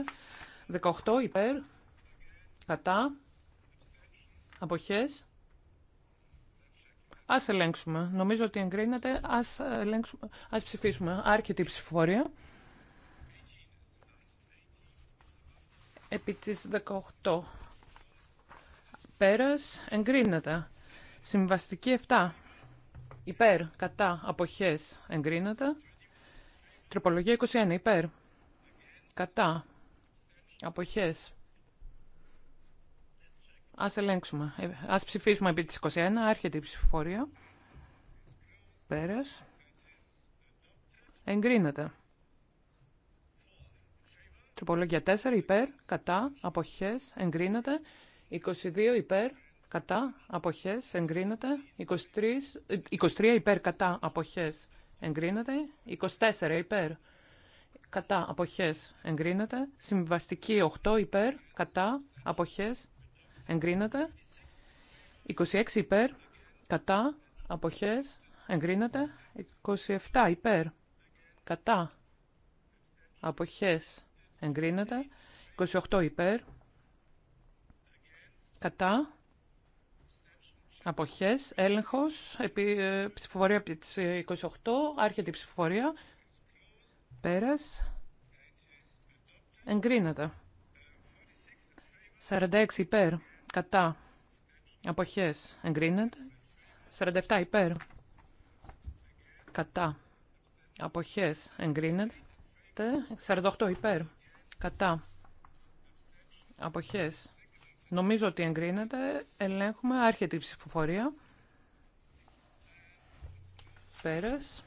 D: 18. Υπέρ. Κατά. Αποχές. Ας ελέγξουμε. Νομίζω ότι εγκρίνεται. Ας, ελέγξουμε. Ας ψηφίσουμε. Άρκετη ψηφορία. ψηφοφορία. Επί της 18. Πέρας. Εγκρίνεται. Συμβαστική 7. Υπέρ. Κατά. Αποχές. Εγκρίνεται. Τροπολογία 21. Υπέρ. Κατά. Αποχές. Ας ελέγξουμε. Ε, ας ψηφίσουμε επί της 21. Άρχεται η ψηφοφορία. Πέρας. Εγκρίνεται. Τροπολογία 4 υπέρ, κατά, αποχές, εγκρίνεται. 22 υπέρ, κατά, αποχές, εγκρίνεται. 23, 23 ε, υπέρ, κατά, αποχές, εγκρίνεται. 24 υπέρ, κατά, αποχές, εγκρίνεται. Συμβαστική 8 υπέρ, κατά, αποχές, εγκρίνεται. 26 υπέρ, κατά, αποχές, εγκρίνεται. 27 υπέρ, κατά, αποχές, εγκρίνεται. 28 υπέρ, κατά, αποχές, έλεγχος, ε, επί, ψηφοφορία από 28, άρχεται η ψηφοφορία, πέρας, εγκρίνεται. 46 υπέρ, κατά αποχές εγκρίνεται 47 υπέρ κατά αποχές εγκρίνεται 48 υπέρ κατά αποχές νομίζω ότι εγκρίνεται ελέγχουμε άρχεται η ψηφοφορία Πέρες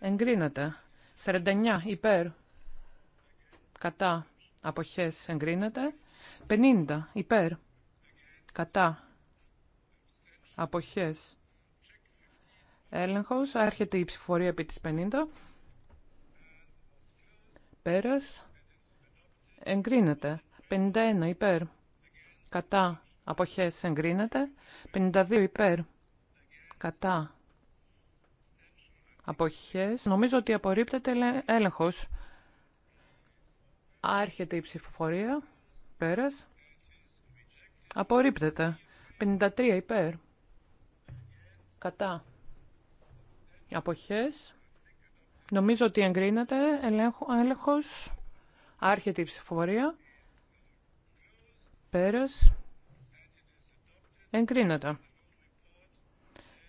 D: εγκρίνεται 49 υπέρ κατά αποχές εγκρίνεται 50 υπέρ. Κατά. Αποχές. Έλεγχος. Άρχεται η ψηφορία επί της 50. Πέρας. Εγκρίνεται. 51 υπέρ. Κατά. Αποχές εγκρίνεται. 52 υπέρ. Κατά. Αποχές. Νομίζω ότι απορρίπτεται έλεγχος. Άρχεται η ψηφοφορία. Πέρας. Απορρίπτεται. 53 υπέρ. Κατά. Αποχές. Νομίζω ότι εγκρίνεται. Ελέγχο, έλεγχος. Άρχεται η ψηφοφορία. Πέρας. Εγκρίνεται.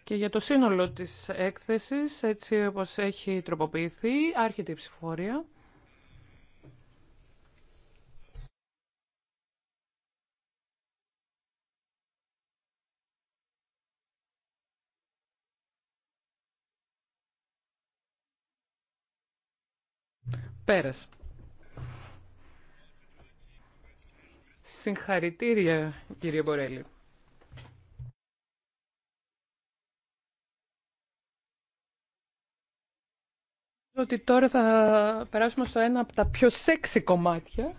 D: Και για το σύνολο της έκθεσης, έτσι όπως έχει τροποποιηθεί, άρχεται η ψηφοφορία. Πέρας. Συγχαρητήρια, κύριε Μπορέλη. ότι τώρα θα περάσουμε στο ένα από τα πιο σεξι κομμάτια.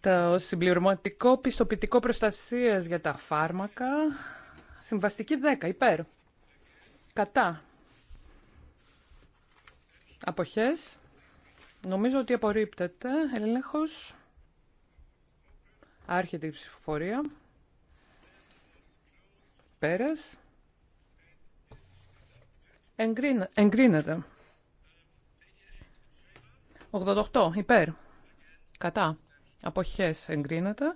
D: Το συμπληρωματικό πιστοποιητικό προστασίας για τα φάρμακα. Συμβαστική 10, υπέρ. Κατά. Αποχές. Νομίζω ότι απορρίπτεται. Έλεγχος. Άρχεται η ψηφοφορία. Πέρας. εγκρίνεται. 88. Υπέρ. Κατά. Αποχές. Εγκρίνεται.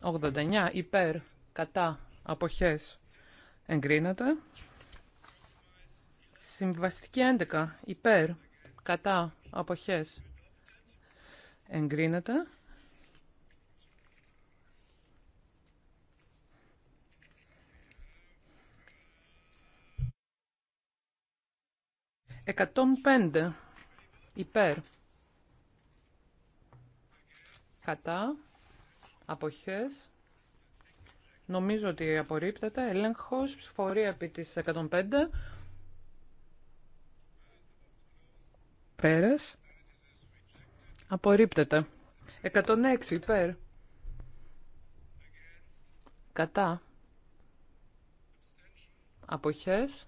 D: 89. Υπέρ. Κατά. Αποχές. Εγκρίνεται. Συμβαστική 11. Υπέρ. Κατά. Αποχές. Εγκρίνεται. Εκατόν Υπέρ. Κατά. Αποχές. Νομίζω ότι απορρίπτεται. Έλεγχος. φορεί επί της 105. Πέρας. Απορρίπτεται. 106 υπέρ. Κατά. Αποχές.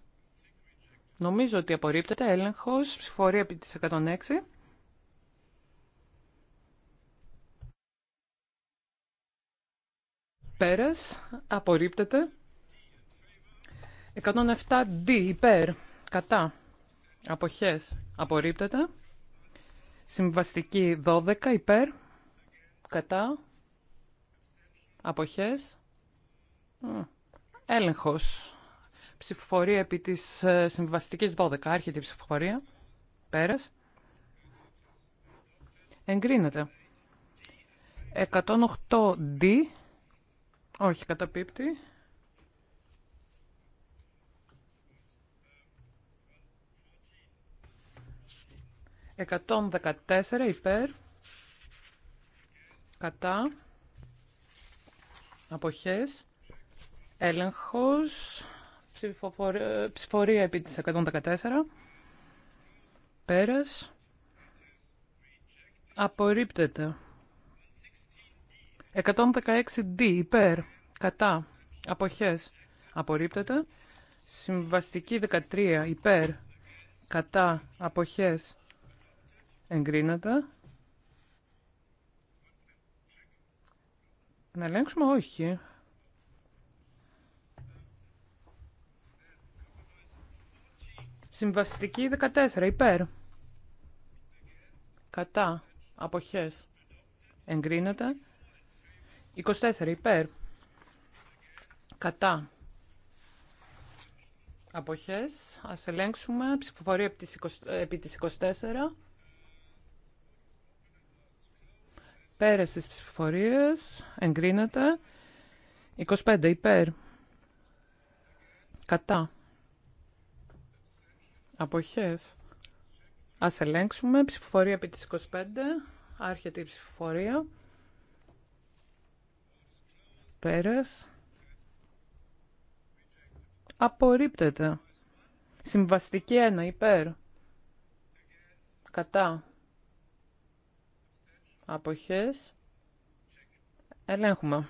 D: Νομίζω ότι απορρίπτεται. Έλεγχος. Ψηφορία επί της 106. Πέρας. Απορρίπτεται. 107 D υπέρ. Κατά. Αποχές. Απορρίπτεται. Συμβαστική 12 υπέρ. Κατά. Αποχές. Έλεγχος. Ψηφοφορία επί της ε, συμβαστικής 12. Άρχεται η ψηφοφορία. Πέρας. Εγκρίνεται. 108D. Όχι, καταπίπτει. 114 υπέρ, κατά, αποχές, έλεγχος, ψηφοφορία, ε, ψηφορία επί της 114, πέρας, απορρίπτεται. 116D υπέρ, κατά, αποχές, απορρίπτεται. Συμβαστική 13 υπέρ, κατά, αποχές, Εγκρίνεται. Να ελέγξουμε όχι. Συμβαστική 14. Υπέρ. Κατά. Αποχές. Εγκρίνεται. 24. Υπέρ. Κατά. Αποχές. Ας ελέγξουμε. Ψηφοφορία επί της 24. Πέρες τις ψηφοφορίες, εγκρίνεται 25 υπέρ. Κατά. Αποχές. Ας ελέγξουμε. Ψηφοφορία επί της 25. Άρχεται η ψηφοφορία. Πέρας. Απορρίπτεται. Συμβαστική 1 υπέρ. Κατά αποχές ελέγχουμε.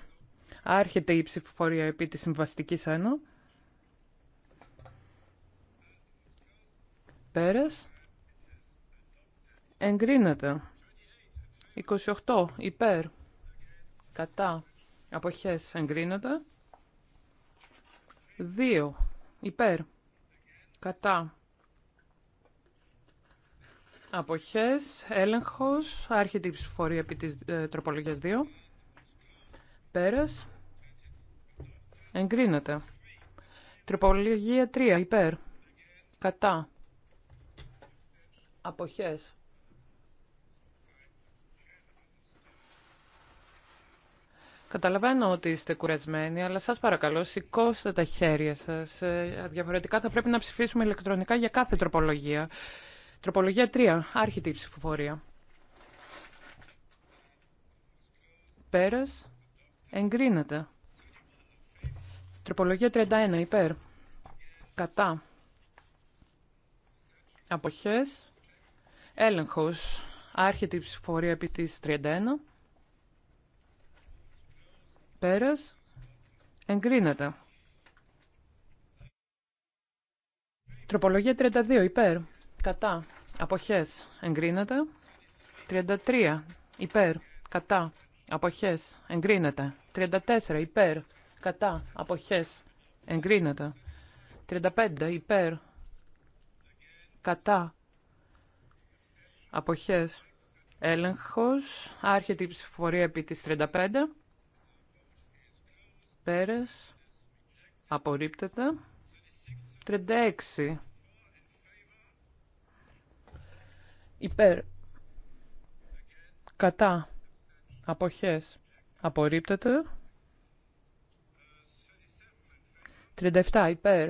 D: Άρχεται η ψηφοφορία επί της συμβαστικής 1. Πέρας. Εγκρίνεται. 28. Υπέρ. Κατά. Αποχές. Εγκρίνεται. 2. Υπέρ. Κατά. Αποχές, έλεγχος, άρχεται η ψηφορία επί της ε, τροπολογίας 2. Πέρας. Εγκρίνεται. Τροπολογία 3, υπέρ. Κατά. Αποχές. Καταλαβαίνω ότι είστε κουρασμένοι, αλλά σας παρακαλώ σηκώστε τα χέρια σας. Ε, διαφορετικά θα πρέπει να ψηφίσουμε ηλεκτρονικά για κάθε τροπολογία. Τροπολογία 3. Άρχιτη ψηφοφορία. Πέρας. Εγκρίνεται. Τροπολογία 31. Υπέρ. Κατά. Αποχές. Έλεγχος. Άρχιτη ψηφοφορία επί της 31. Πέρας. Εγκρίνεται. Τροπολογία 32. Υπέρ κατά, αποχές, εγκρίνεται. 33, υπέρ, κατά, αποχές, εγκρίνεται. 34, υπέρ, κατά, αποχές, εγκρίνεται. 35, υπέρ, κατά, αποχές, έλεγχος, άρχεται η ψηφοφορία επί της 35, πέρες, απορρίπτεται. 36, υπέρ κατά αποχές απορρίπτεται 37 υπέρ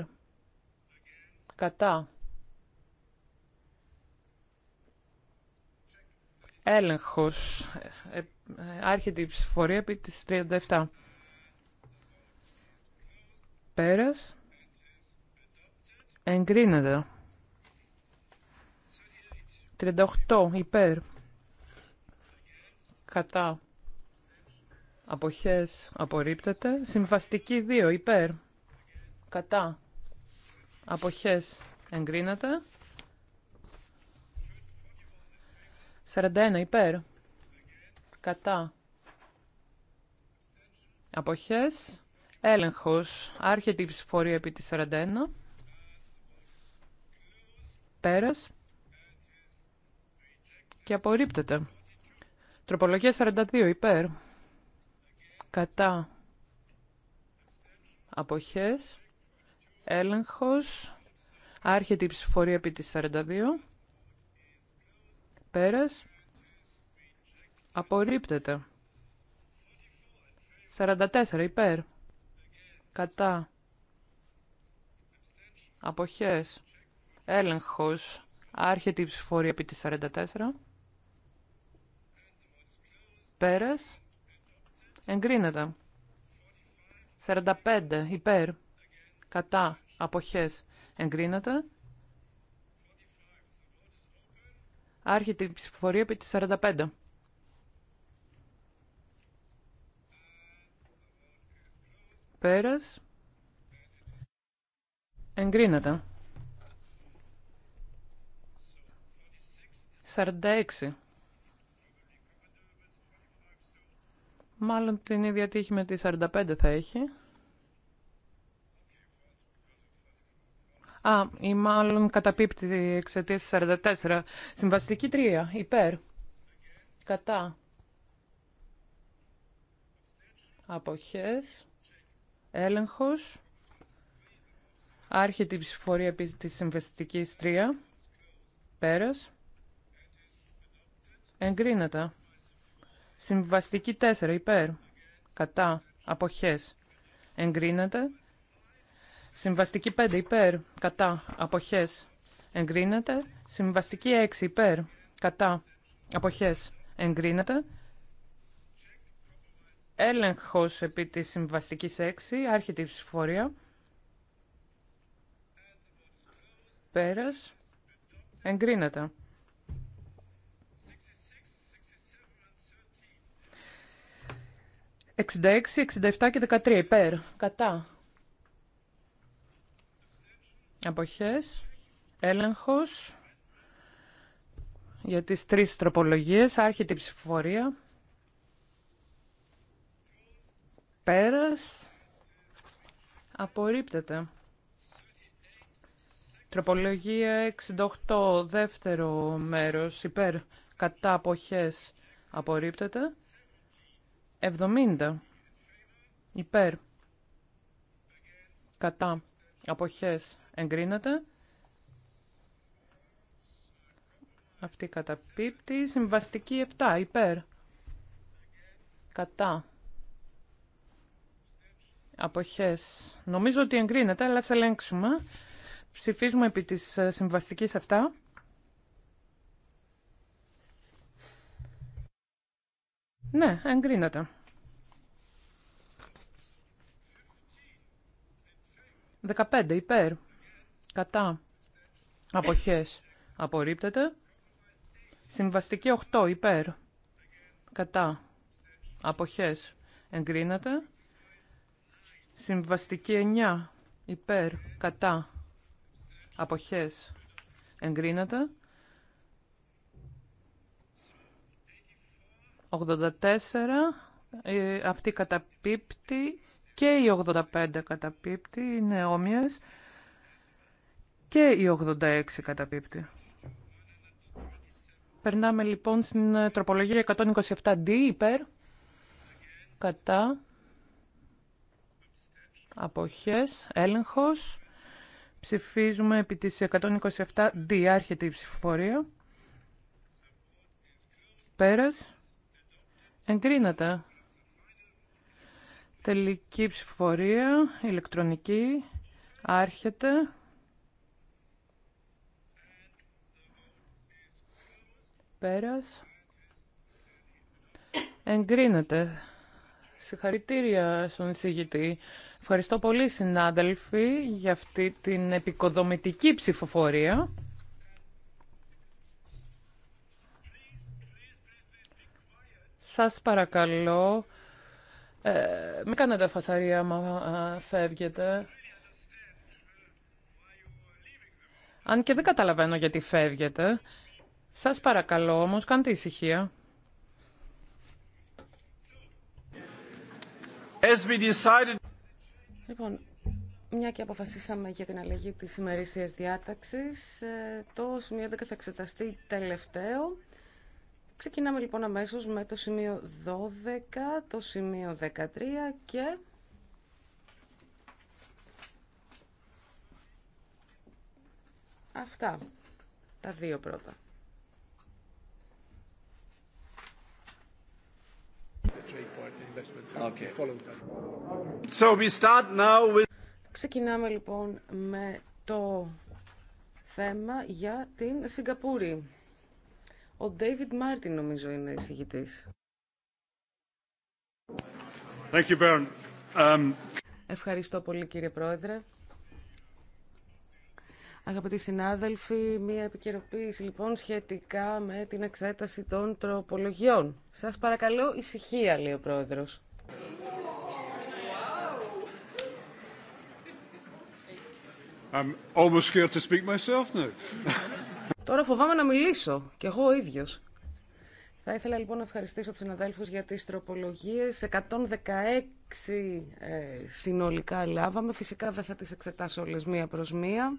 D: κατά έλεγχος ε, ε, άρχεται η ψηφορία επί της 37 πέρας εγκρίνεται 38 υπέρ. Κατά. Αποχές απορρίπτεται. Συμβαστική 2 υπέρ. Κατά. Αποχές εγκρίνεται. 41 υπέρ. Κατά. Αποχές. Έλεγχος. Άρχεται η ψηφορία επί της 41. Πέρας και απορρίπτεται. Τροπολογία 42 υπέρ. Κατά. Αποχές. Έλεγχος. Άρχεται η ψηφορία επί της 42. Πέρας. Απορρίπτεται. 44 υπέρ. Κατά. Αποχές. Έλεγχος. Άρχεται η ψηφορία επί της 44. Πέρας. Εγκρίνεται. 45 υπέρ. Κατά. Αποχές. Εγκρίνεται. Άρχεται η ψηφοφορία επί της 45. Πέρας. Εγκρίνεται. 46 Μάλλον την ίδια τύχη με τη 45 θα έχει. Α, ή μάλλον καταπίπτει εξαιτία τη 44. Συμβαστική 3. Υπέρ. Κατά. Αποχές. Έλεγχος. Άρχεται η ψηφορία της συμβαστικής 3. Πέρας. Εγκρίνεται. Συμβαστική 4 υπέρ. Κατά. Αποχές. Εγκρίνεται. Συμβαστική 5 υπέρ. Κατά. Αποχές. Εγκρίνεται. Συμβαστική 6 υπέρ. Κατά. Αποχές. Εγκρίνεται. Έλεγχος επί της συμβαστικής 6. Άρχεται η ψηφορία. Πέρας. Εγκρίνεται. 66, 67 και 13 υπέρ. Κατά. Αποχές. Έλεγχος. Για τις τρεις τροπολογίες. Άρχεται η ψηφοφορία. Πέρας. Απορρίπτεται. Τροπολογία 68, δεύτερο μέρος, υπέρ, κατά αποχές, απορρίπτεται. 70 υπέρ κατά αποχές εγκρίνεται. Αυτή καταπίπτει. Συμβαστική 7 υπέρ κατά αποχές. Νομίζω ότι εγκρίνεται, αλλά σε ελέγξουμε. Ψηφίζουμε επί της ε, συμβαστικής 7. Ναι, εγκρίνεται. 15 υπέρ. Κατά. Αποχές. Απορρίπτεται. Συμβαστική 8 υπέρ. Κατά. Αποχές. Εγκρίνεται. Συμβαστική 9 υπέρ. Κατά. Αποχές. Εγκρίνεται. 84, ε, αυτή καταπίπτει και η 85 καταπίπτει, είναι όμοιες και η 86 καταπίπτει. Περνάμε λοιπόν στην ε, τροπολογία 127D υπέρ, κατά, αποχές, έλεγχος. Ψηφίζουμε επί της 127D, άρχεται η ψηφοφορία. Πέρας. Εγκρίνεται. Τελική ψηφοφορία, ηλεκτρονική, άρχεται. Πέρας. Εγκρίνεται. Συγχαρητήρια στον εισηγητή. Ευχαριστώ πολύ συνάδελφοι για αυτή την επικοδομητική ψηφοφορία. Σας παρακαλώ, ε, μην κάνετε φασαρία άμα ε, φεύγετε. Αν και δεν καταλαβαίνω γιατί φεύγετε, σας παρακαλώ όμως, κάντε ησυχία. Λοιπόν,
B: μια και αποφασίσαμε για την αλλαγή της ημερήσιας διάταξης, ε, το σημείο 11 θα εξεταστεί τελευταίο. Ξεκινάμε λοιπόν αμέσως με το σημείο 12, το σημείο 13 και... Αυτά, τα δύο
A: πρώτα. Okay.
B: Ξεκινάμε λοιπόν με το θέμα για την Σιγκαπούρη. Ο David Μάρτιν νομίζω είναι εισηγητής.
A: Thank you, Baron. Um,
B: Ευχαριστώ πολύ κύριε Πρόεδρε. Αγαπητοί συνάδελφοι, μία επικαιροποίηση λοιπόν σχετικά με την εξέταση των τροπολογιών. Σας παρακαλώ ησυχία, λέει ο Πρόεδρος. I'm almost scared to speak myself now. Τώρα φοβάμαι να μιλήσω, κι εγώ ο ίδιος. Θα ήθελα λοιπόν να ευχαριστήσω τους συναδέλφους για τις τροπολογίες. 116 ε, συνολικά λάβαμε. Φυσικά δεν θα τις εξετάσω όλες μία προς μία.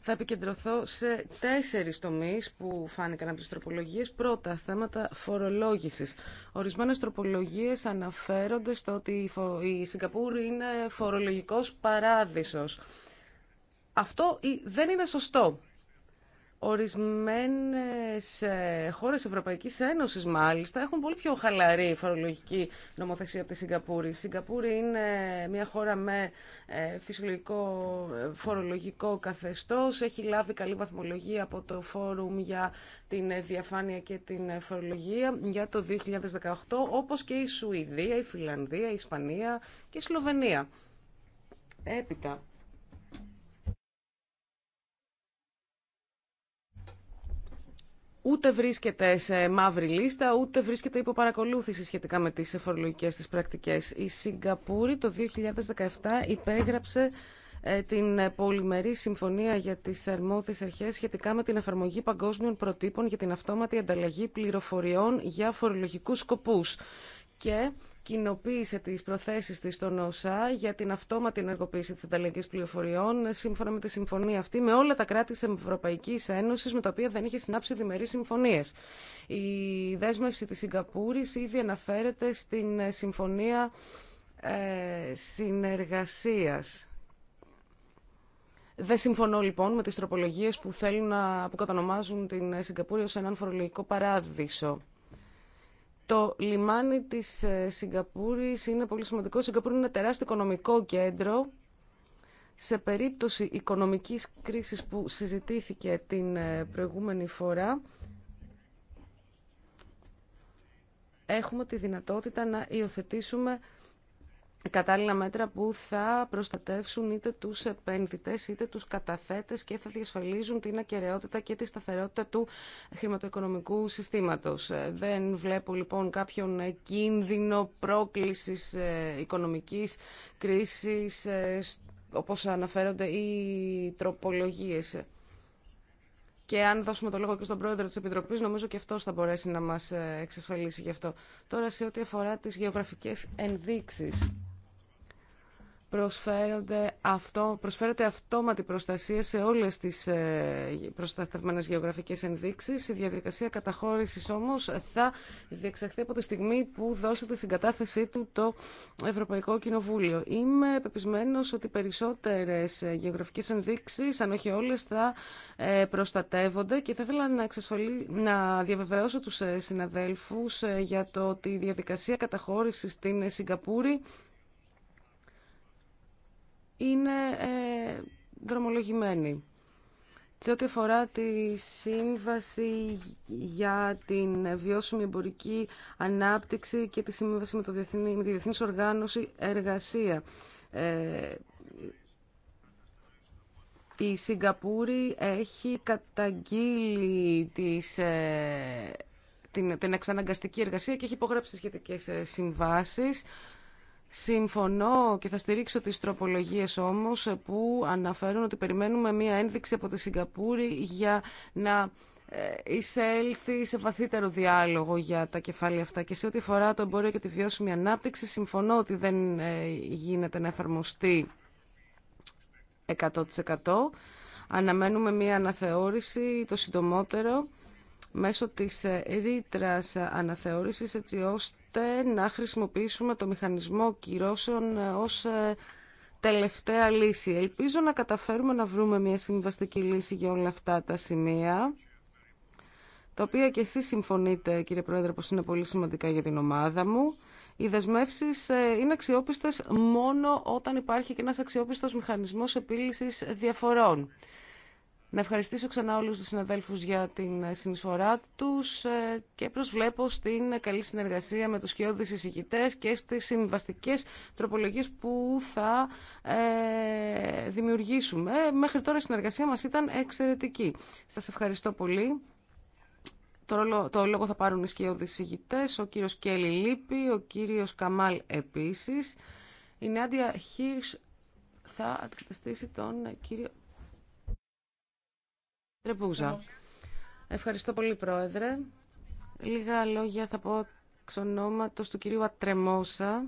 B: Θα επικεντρωθώ σε τέσσερις τομείς που φάνηκαν από τις τροπολογίες. Πρώτα, θέματα φορολόγησης. Ορισμένες τροπολογίες αναφέρονται στο ότι η Σιγκαπούρη είναι φορολογικός παράδεισος. Αυτό δεν είναι σωστό. Ορισμένες ε, χώρες Ευρωπαϊκής Ένωσης μάλιστα έχουν πολύ πιο χαλαρή φορολογική νομοθεσία από τη Σιγκαπούρη. Η Σιγκαπούρη είναι μια χώρα με ε, φυσιολογικό ε, φορολογικό καθεστώς. Έχει λάβει καλή βαθμολογία από το Φόρουμ για την διαφάνεια και την φορολογία για το 2018, όπως και η Σουηδία, η Φιλανδία, η Ισπανία και η Σλοβενία. Έπειτα, ούτε βρίσκεται σε μαύρη λίστα, ούτε βρίσκεται υπό παρακολούθηση σχετικά με τις εφορολογικές της πρακτικές. Η Σιγκαπούρη το 2017 υπέγραψε ε, την Πολυμερή Συμφωνία για τις Αρμόδιες Αρχές σχετικά με την εφαρμογή παγκόσμιων προτύπων για την αυτόματη ανταλλαγή πληροφοριών για φορολογικούς σκοπούς και κοινοποίησε τις προθέσεις της στον ΩΣΑ για την αυτόματη ενεργοποίηση της ανταλλαγής πληροφοριών σύμφωνα με τη συμφωνία αυτή με όλα τα κράτη της Ευρωπαϊκής Ένωσης με τα οποία δεν είχε συνάψει διμερείς συμφωνίες. Η δέσμευση της Σιγκαπούρης ήδη αναφέρεται στην συμφωνία ε, συνεργασίας. Δεν συμφωνώ λοιπόν με τις τροπολογίες που θέλουν να, που κατανομάζουν την Σιγκαπούρη ως έναν φορολογικό παράδεισο. Το λιμάνι της ε, Σιγκαπούρης είναι πολύ σημαντικό. Η Σιγκαπούρη είναι ένα τεράστιο οικονομικό κέντρο. Σε περίπτωση οικονομικής κρίσης που συζητήθηκε την ε, προηγούμενη φορά, έχουμε τη δυνατότητα να υιοθετήσουμε κατάλληλα μέτρα που θα προστατεύσουν είτε τους επενδυτές είτε τους καταθέτες και θα διασφαλίζουν την ακαιρεότητα και τη σταθερότητα του χρηματοοικονομικού συστήματος. Ε, δεν βλέπω λοιπόν κάποιον κίνδυνο πρόκλησης ε, οικονομικής κρίσης ε, όπως αναφέρονται οι τροπολογίες. Και αν δώσουμε το λόγο και στον πρόεδρο τη Επιτροπή, νομίζω και αυτό θα μπορέσει να μα εξασφαλίσει γι' αυτό. Τώρα, σε ό,τι αφορά τι γεωγραφικέ ενδείξει προσφέρονται αυτό, προσφέρεται αυτόματη προστασία σε όλες τις ε, προστατευμένες γεωγραφικές ενδείξεις. Η διαδικασία καταχώρησης όμως θα διεξαχθεί από τη στιγμή που δώσετε στην κατάθεσή του το Ευρωπαϊκό Κοινοβούλιο. Είμαι πεπισμένος ότι περισσότερες γεωγραφικές ενδείξεις, αν όχι όλες, θα ε, προστατεύονται και θα ήθελα να, εξασφαλί... να διαβεβαιώσω τους ε, συναδέλφους για το ότι η διαδικασία καταχώρησης στην Σιγκαπούρη είναι ε, δρομολογημένη. Σε ό,τι αφορά τη σύμβαση για την βιώσιμη εμπορική ανάπτυξη και τη σύμβαση με, το διεθνή, τη Διεθνής Οργάνωση Εργασία. Ε, η Σιγκαπούρη έχει καταγγείλει τις, ε, την, την εξαναγκαστική εργασία και έχει υπογράψει σχετικές συμβάσεις Συμφωνώ και θα στηρίξω τις τροπολογίες όμως που αναφέρουν ότι περιμένουμε μία ένδειξη από τη Σιγκαπούρη για να ε, εισέλθει σε βαθύτερο διάλογο για τα κεφάλαια αυτά και σε ό,τι αφορά το εμπόριο και τη βιώσιμη ανάπτυξη συμφωνώ ότι δεν ε, γίνεται να εφαρμοστεί 100%. Αναμένουμε μία αναθεώρηση το συντομότερο μέσω της ε, ρήτρα αναθεώρησης έτσι ώστε να χρησιμοποιήσουμε το μηχανισμό κυρώσεων ε, ως ε, τελευταία λύση. Ελπίζω να καταφέρουμε να βρούμε μια συμβαστική λύση για όλα αυτά τα σημεία, τα οποία και εσείς συμφωνείτε κύριε Πρόεδρε πως είναι πολύ σημαντικά για την ομάδα μου. Οι δεσμεύσει είναι αξιόπιστες μόνο όταν υπάρχει και ένας αξιόπιστος μηχανισμός επίλυσης διαφορών. Να ευχαριστήσω ξανά όλους τους συναδέλφους για την συνεισφορά τους ε, και προσβλέπω στην καλή συνεργασία με τους σκιώδεις εισηγητές και στις συμβαστικές τροπολογίες που θα ε, δημιουργήσουμε. Μέχρι τώρα η συνεργασία μας ήταν εξαιρετική. Σας ευχαριστώ πολύ. Το, το λόγο θα πάρουν οι σκιώδεις εισηγητές, ο κύριος Κέλλη Λίπη, ο κύριος Καμάλ επίσης. Η Νάντια Χίρς θα αντικαταστήσει τον κύριο Ευχαριστώ πολύ, Πρόεδρε. Λίγα λόγια θα πω εξ ονόματος του κυρίου Ατρεμόσα,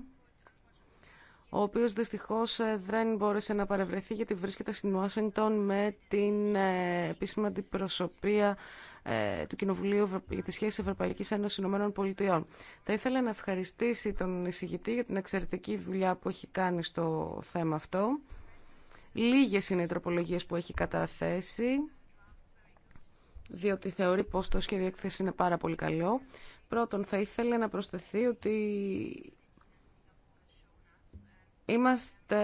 B: ο οποίος δυστυχώς ε, δεν μπόρεσε να παρευρεθεί γιατί βρίσκεται στην Ουάσιγκτον με την ε, επίσημα αντιπροσωπεία ε, του Κοινοβουλίου για τις σχέσεις Ευρωπαϊκής Ένωσης Ηνωμένων Πολιτειών. Θα ήθελα να ευχαριστήσει τον εισηγητή για την εξαιρετική δουλειά που έχει κάνει στο θέμα αυτό. Λίγες είναι οι τροπολογίες που έχει καταθέσει διότι θεωρεί πως το σχέδιο έκθεση είναι πάρα πολύ καλό. Πρώτον, θα ήθελε να προσθεθεί ότι είμαστε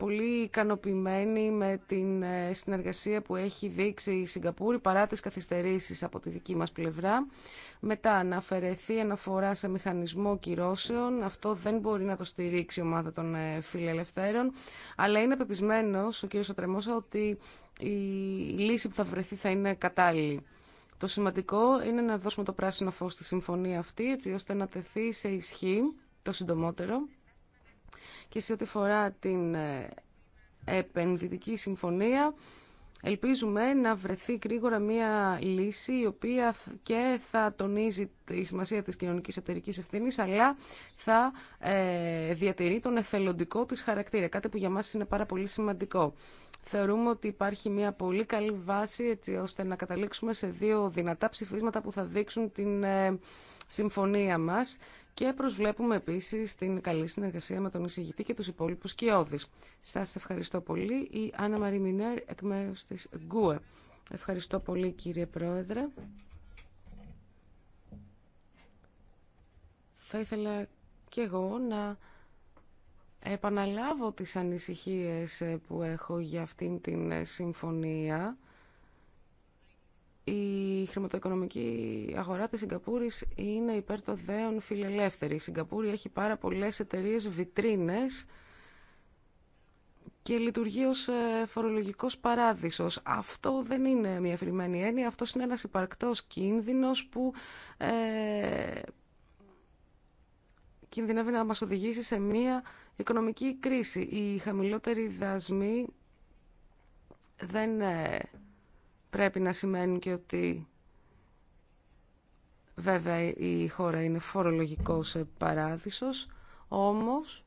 B: πολύ ικανοποιημένη με την ε, συνεργασία που έχει δείξει η Σιγκαπούρη παρά τις καθυστερήσεις από τη δική μας πλευρά. Μετά να αφαιρεθεί αναφορά σε μηχανισμό κυρώσεων. Αυτό δεν μπορεί να το στηρίξει η ομάδα των ε, φιλελευθέρων. Αλλά είναι πεπισμένος ο κ. Σοτρεμόσα ότι η λύση που θα βρεθεί θα είναι κατάλληλη. Το σημαντικό είναι να δώσουμε το πράσινο φως στη συμφωνία αυτή έτσι ώστε να τεθεί σε ισχύ το συντομότερο και σε ό,τι φορά την ε, επενδυτική συμφωνία ελπίζουμε να βρεθεί γρήγορα μια λύση η οποία και θα τονίζει τη σημασία της κοινωνικής εταιρικής ευθύνης αλλά θα ε, διατηρεί τον εθελοντικό της χαρακτήρα, κάτι που για μας είναι πάρα πολύ σημαντικό. Θεωρούμε ότι υπάρχει μια πολύ καλή βάση έτσι ώστε να καταλήξουμε σε δύο δυνατά ψηφίσματα που θα δείξουν την ε, συμφωνία μας και προσβλέπουμε επίσης την καλή συνεργασία με τον εισηγητή και τους υπόλοιπου κοιόδης. Σας ευχαριστώ πολύ. Η Άννα Μινέρ, εκ μέρους της ΓΚΟΕ. Ευχαριστώ πολύ κύριε Πρόεδρε. Θα ήθελα και εγώ να επαναλάβω τις ανησυχίες που έχω για αυτήν την συμφωνία η χρηματοοικονομική αγορά της Σιγκαπούρης είναι υπέρ των δέων φιλελεύθερη. Η Σιγκαπούρη έχει πάρα πολλές εταιρείες βιτρίνες και λειτουργεί ως ε, φορολογικός παράδεισος. Αυτό δεν είναι μια φρημένη έννοια, αυτό είναι ένας υπαρκτός κίνδυνος που ε, κινδυνεύει να μας οδηγήσει σε μια οικονομική κρίση. Οι χαμηλότεροι δασμοί δεν... Ε, πρέπει να σημαίνει και ότι βέβαια η χώρα είναι φορολογικός παράδεισος, όμως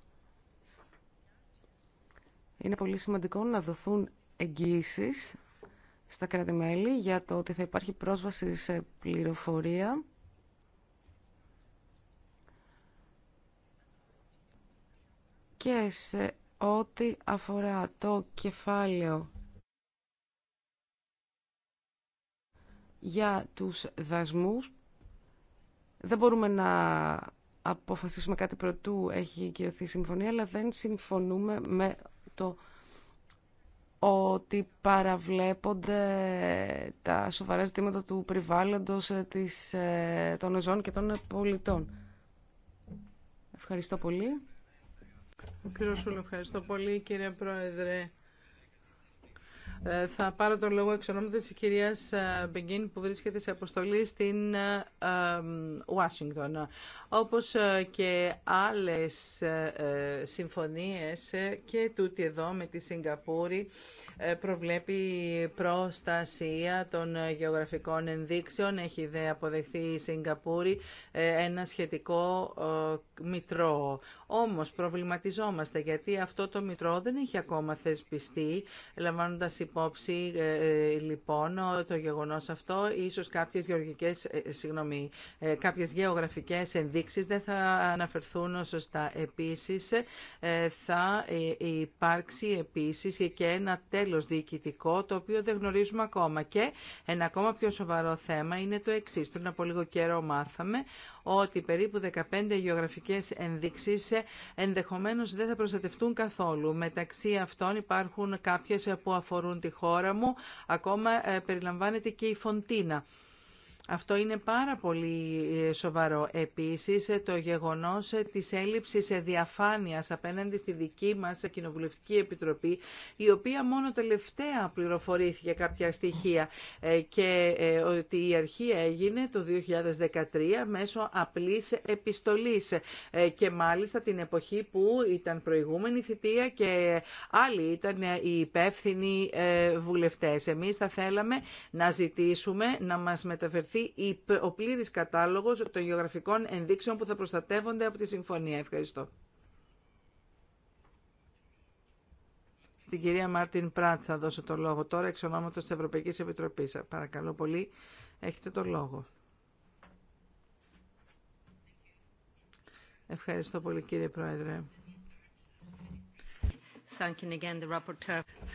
B: είναι πολύ σημαντικό να δοθούν εγγύησει στα κράτη-μέλη για το ότι θα υπάρχει πρόσβαση σε πληροφορία και σε ό,τι αφορά το κεφάλαιο για τους δασμούς. Δεν μπορούμε να αποφασίσουμε κάτι πρωτού έχει κυρωθεί η συμφωνία, αλλά δεν συμφωνούμε με το ότι παραβλέπονται τα σοβαρά ζητήματα του περιβάλλοντος ε, της, ε, των ζώων και των πολιτών. Ευχαριστώ πολύ.
C: Ο κύριος Σούλου, ευχαριστώ πολύ κύριε Πρόεδρε. Ε, θα πάρω τον λόγο εξ ονόματος της κυρίας ε, Μπεγκίν που βρίσκεται σε αποστολή στην ε, Ουάσιγκτον. Όπως και άλλες συμφωνίες και τούτη εδώ με τη Σιγκαπούρη ε, προβλέπει προστασία των γεωγραφικών ενδείξεων. Έχει δε αποδεχθεί η Σιγκαπούρη ε, ένα σχετικό ε, μητρό. Όμως προβληματιζόμαστε γιατί αυτό το μητρό δεν έχει ακόμα θεσπιστεί, λαμβάνοντας υπόψη λοιπόν το γεγονός αυτό, ίσως κάποιες, γεωργικές, συγγνώμη, κάποιες γεωγραφικές ενδείξεις δεν θα αναφερθούν σωστά. Επίσης θα υπάρξει επίσης και ένα τέτοιο σκέλος διοικητικό το οποίο δεν γνωρίζουμε ακόμα. Και ένα ακόμα πιο σοβαρό θέμα είναι το εξή. Πριν από λίγο καιρό μάθαμε ότι περίπου 15 γεωγραφικές ενδείξεις ενδεχομένως δεν θα προστατευτούν καθόλου. Μεταξύ αυτών υπάρχουν κάποιες που αφορούν τη χώρα μου, ακόμα ε, περιλαμβάνεται και η Φοντίνα. Αυτό είναι πάρα πολύ ε, σοβαρό. Επίσης, ε, το γεγονός ε, της έλλειψης διαφάνειας απέναντι στη δική μας Κοινοβουλευτική Επιτροπή, η οποία μόνο τελευταία πληροφορήθηκε κάποια στοιχεία και ότι η αρχή έγινε το 2013 μέσω απλής επιστολής και μάλιστα την εποχή που ήταν προηγούμενη θητεία και άλλοι ήταν οι υπεύθυνοι βουλευτές. Εμείς θα θέλαμε να ζητήσουμε να μας μεταφερθεί ο πλήρης κατάλογος των γεωγραφικών ενδείξεων που θα προστατεύονται από τη Συμφωνία. Ευχαριστώ. Στην κυρία Μάρτιν Πράτ θα δώσω το λόγο τώρα εξ ονόματος της Ευρωπαϊκής Επιτροπής. Παρακαλώ πολύ, έχετε το λόγο. Ευχαριστώ πολύ κύριε Πρόεδρε.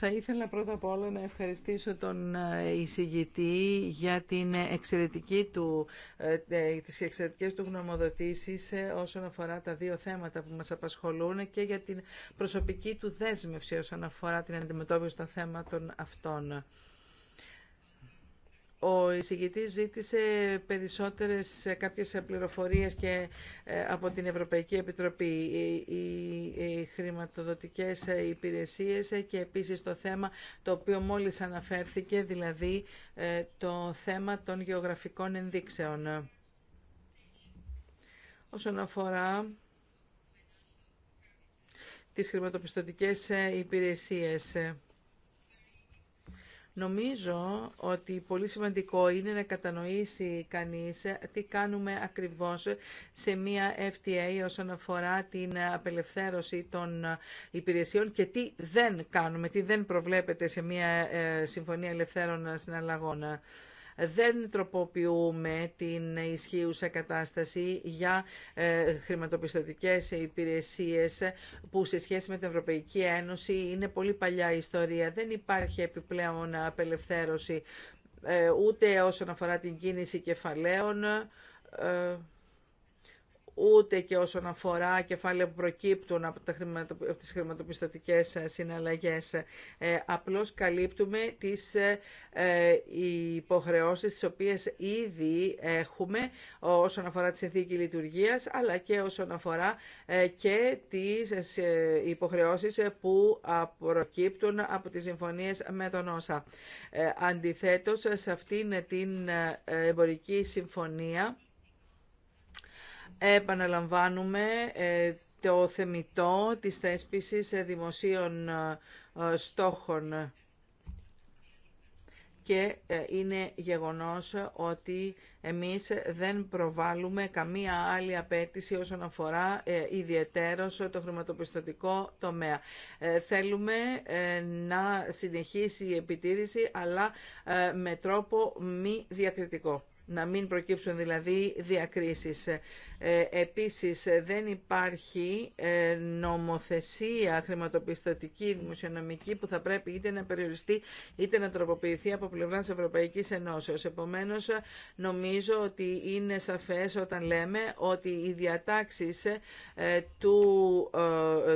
C: Θα ήθελα πρώτα απ' όλα να ευχαριστήσω τον ε, εισηγητή για την εξαιρετική του, ε, ε, τις εξαιρετικές του γνωμοδοτήσεις όσον αφορά τα δύο θέματα που μας απασχολούν και για την προσωπική του δέσμευση όσον αφορά την αντιμετώπιση των θέματων αυτών. Ο εισηγητής ζήτησε περισσότερες ε, κάποιες ε, πληροφορίες και ε, από την Ευρωπαϊκή Επιτροπή. Οι χρηματοδοτικές υπηρεσίες και επίσης το θέμα το οποίο μόλις αναφέρθηκε, δηλαδή το θέμα των γεωγραφικών ενδείξεων. Όσον αφορά τις χρηματοπιστωτικές υπηρεσίες Νομίζω ότι πολύ σημαντικό είναι να κατανοήσει κανείς τι κάνουμε ακριβώς σε μια FTA όσον αφορά την απελευθέρωση των υπηρεσιών και τι δεν κάνουμε, τι δεν προβλέπεται σε μια ε, συμφωνία ελευθέρων συναλλαγών δεν τροποποιούμε την ισχύουσα κατάσταση για ε, χρηματοπιστωτικές υπηρεσίες που σε σχέση με την Ευρωπαϊκή Ένωση είναι πολύ παλιά ιστορία. Δεν υπάρχει επιπλέον απελευθέρωση ε, ούτε όσον αφορά την κίνηση κεφαλαίων ε, ούτε και όσον αφορά κεφάλαια που προκύπτουν από, τα τις χρηματοπιστωτικές ε, συναλλαγές. Ε, απλώς καλύπτουμε τις ε, ε, υποχρεώσεις τις οποίες ήδη έχουμε όσον αφορά τη συνθήκη λειτουργίας αλλά και όσον αφορά και τις υποχρεώσεις που προκύπτουν από τις συμφωνίες με τον ΩΣΑ. Αντιθέτως, σε αυτήν την εμπορική συμφωνία επαναλαμβάνουμε ε, το θεμητό της θέσπισης ε, δημοσίων ε, στόχων. Και είναι γεγονός ότι εμείς δεν προβάλλουμε καμία άλλη απέτηση όσον αφορά ιδιαιτέρως το χρηματοπιστωτικό τομέα. Θέλουμε να συνεχίσει η επιτήρηση, αλλά με τρόπο μη διακριτικό να μην προκύψουν δηλαδή διακρίσεις. Ε, επίσης δεν υπάρχει ε, νομοθεσία χρηματοπιστωτική, δημοσιονομική που θα πρέπει είτε να περιοριστεί είτε να τροποποιηθεί από πλευρά της Ευρωπαϊκής Ενώσεως. Επομένως νομίζω ότι είναι σαφές όταν λέμε ότι οι διατάξεις ε, του,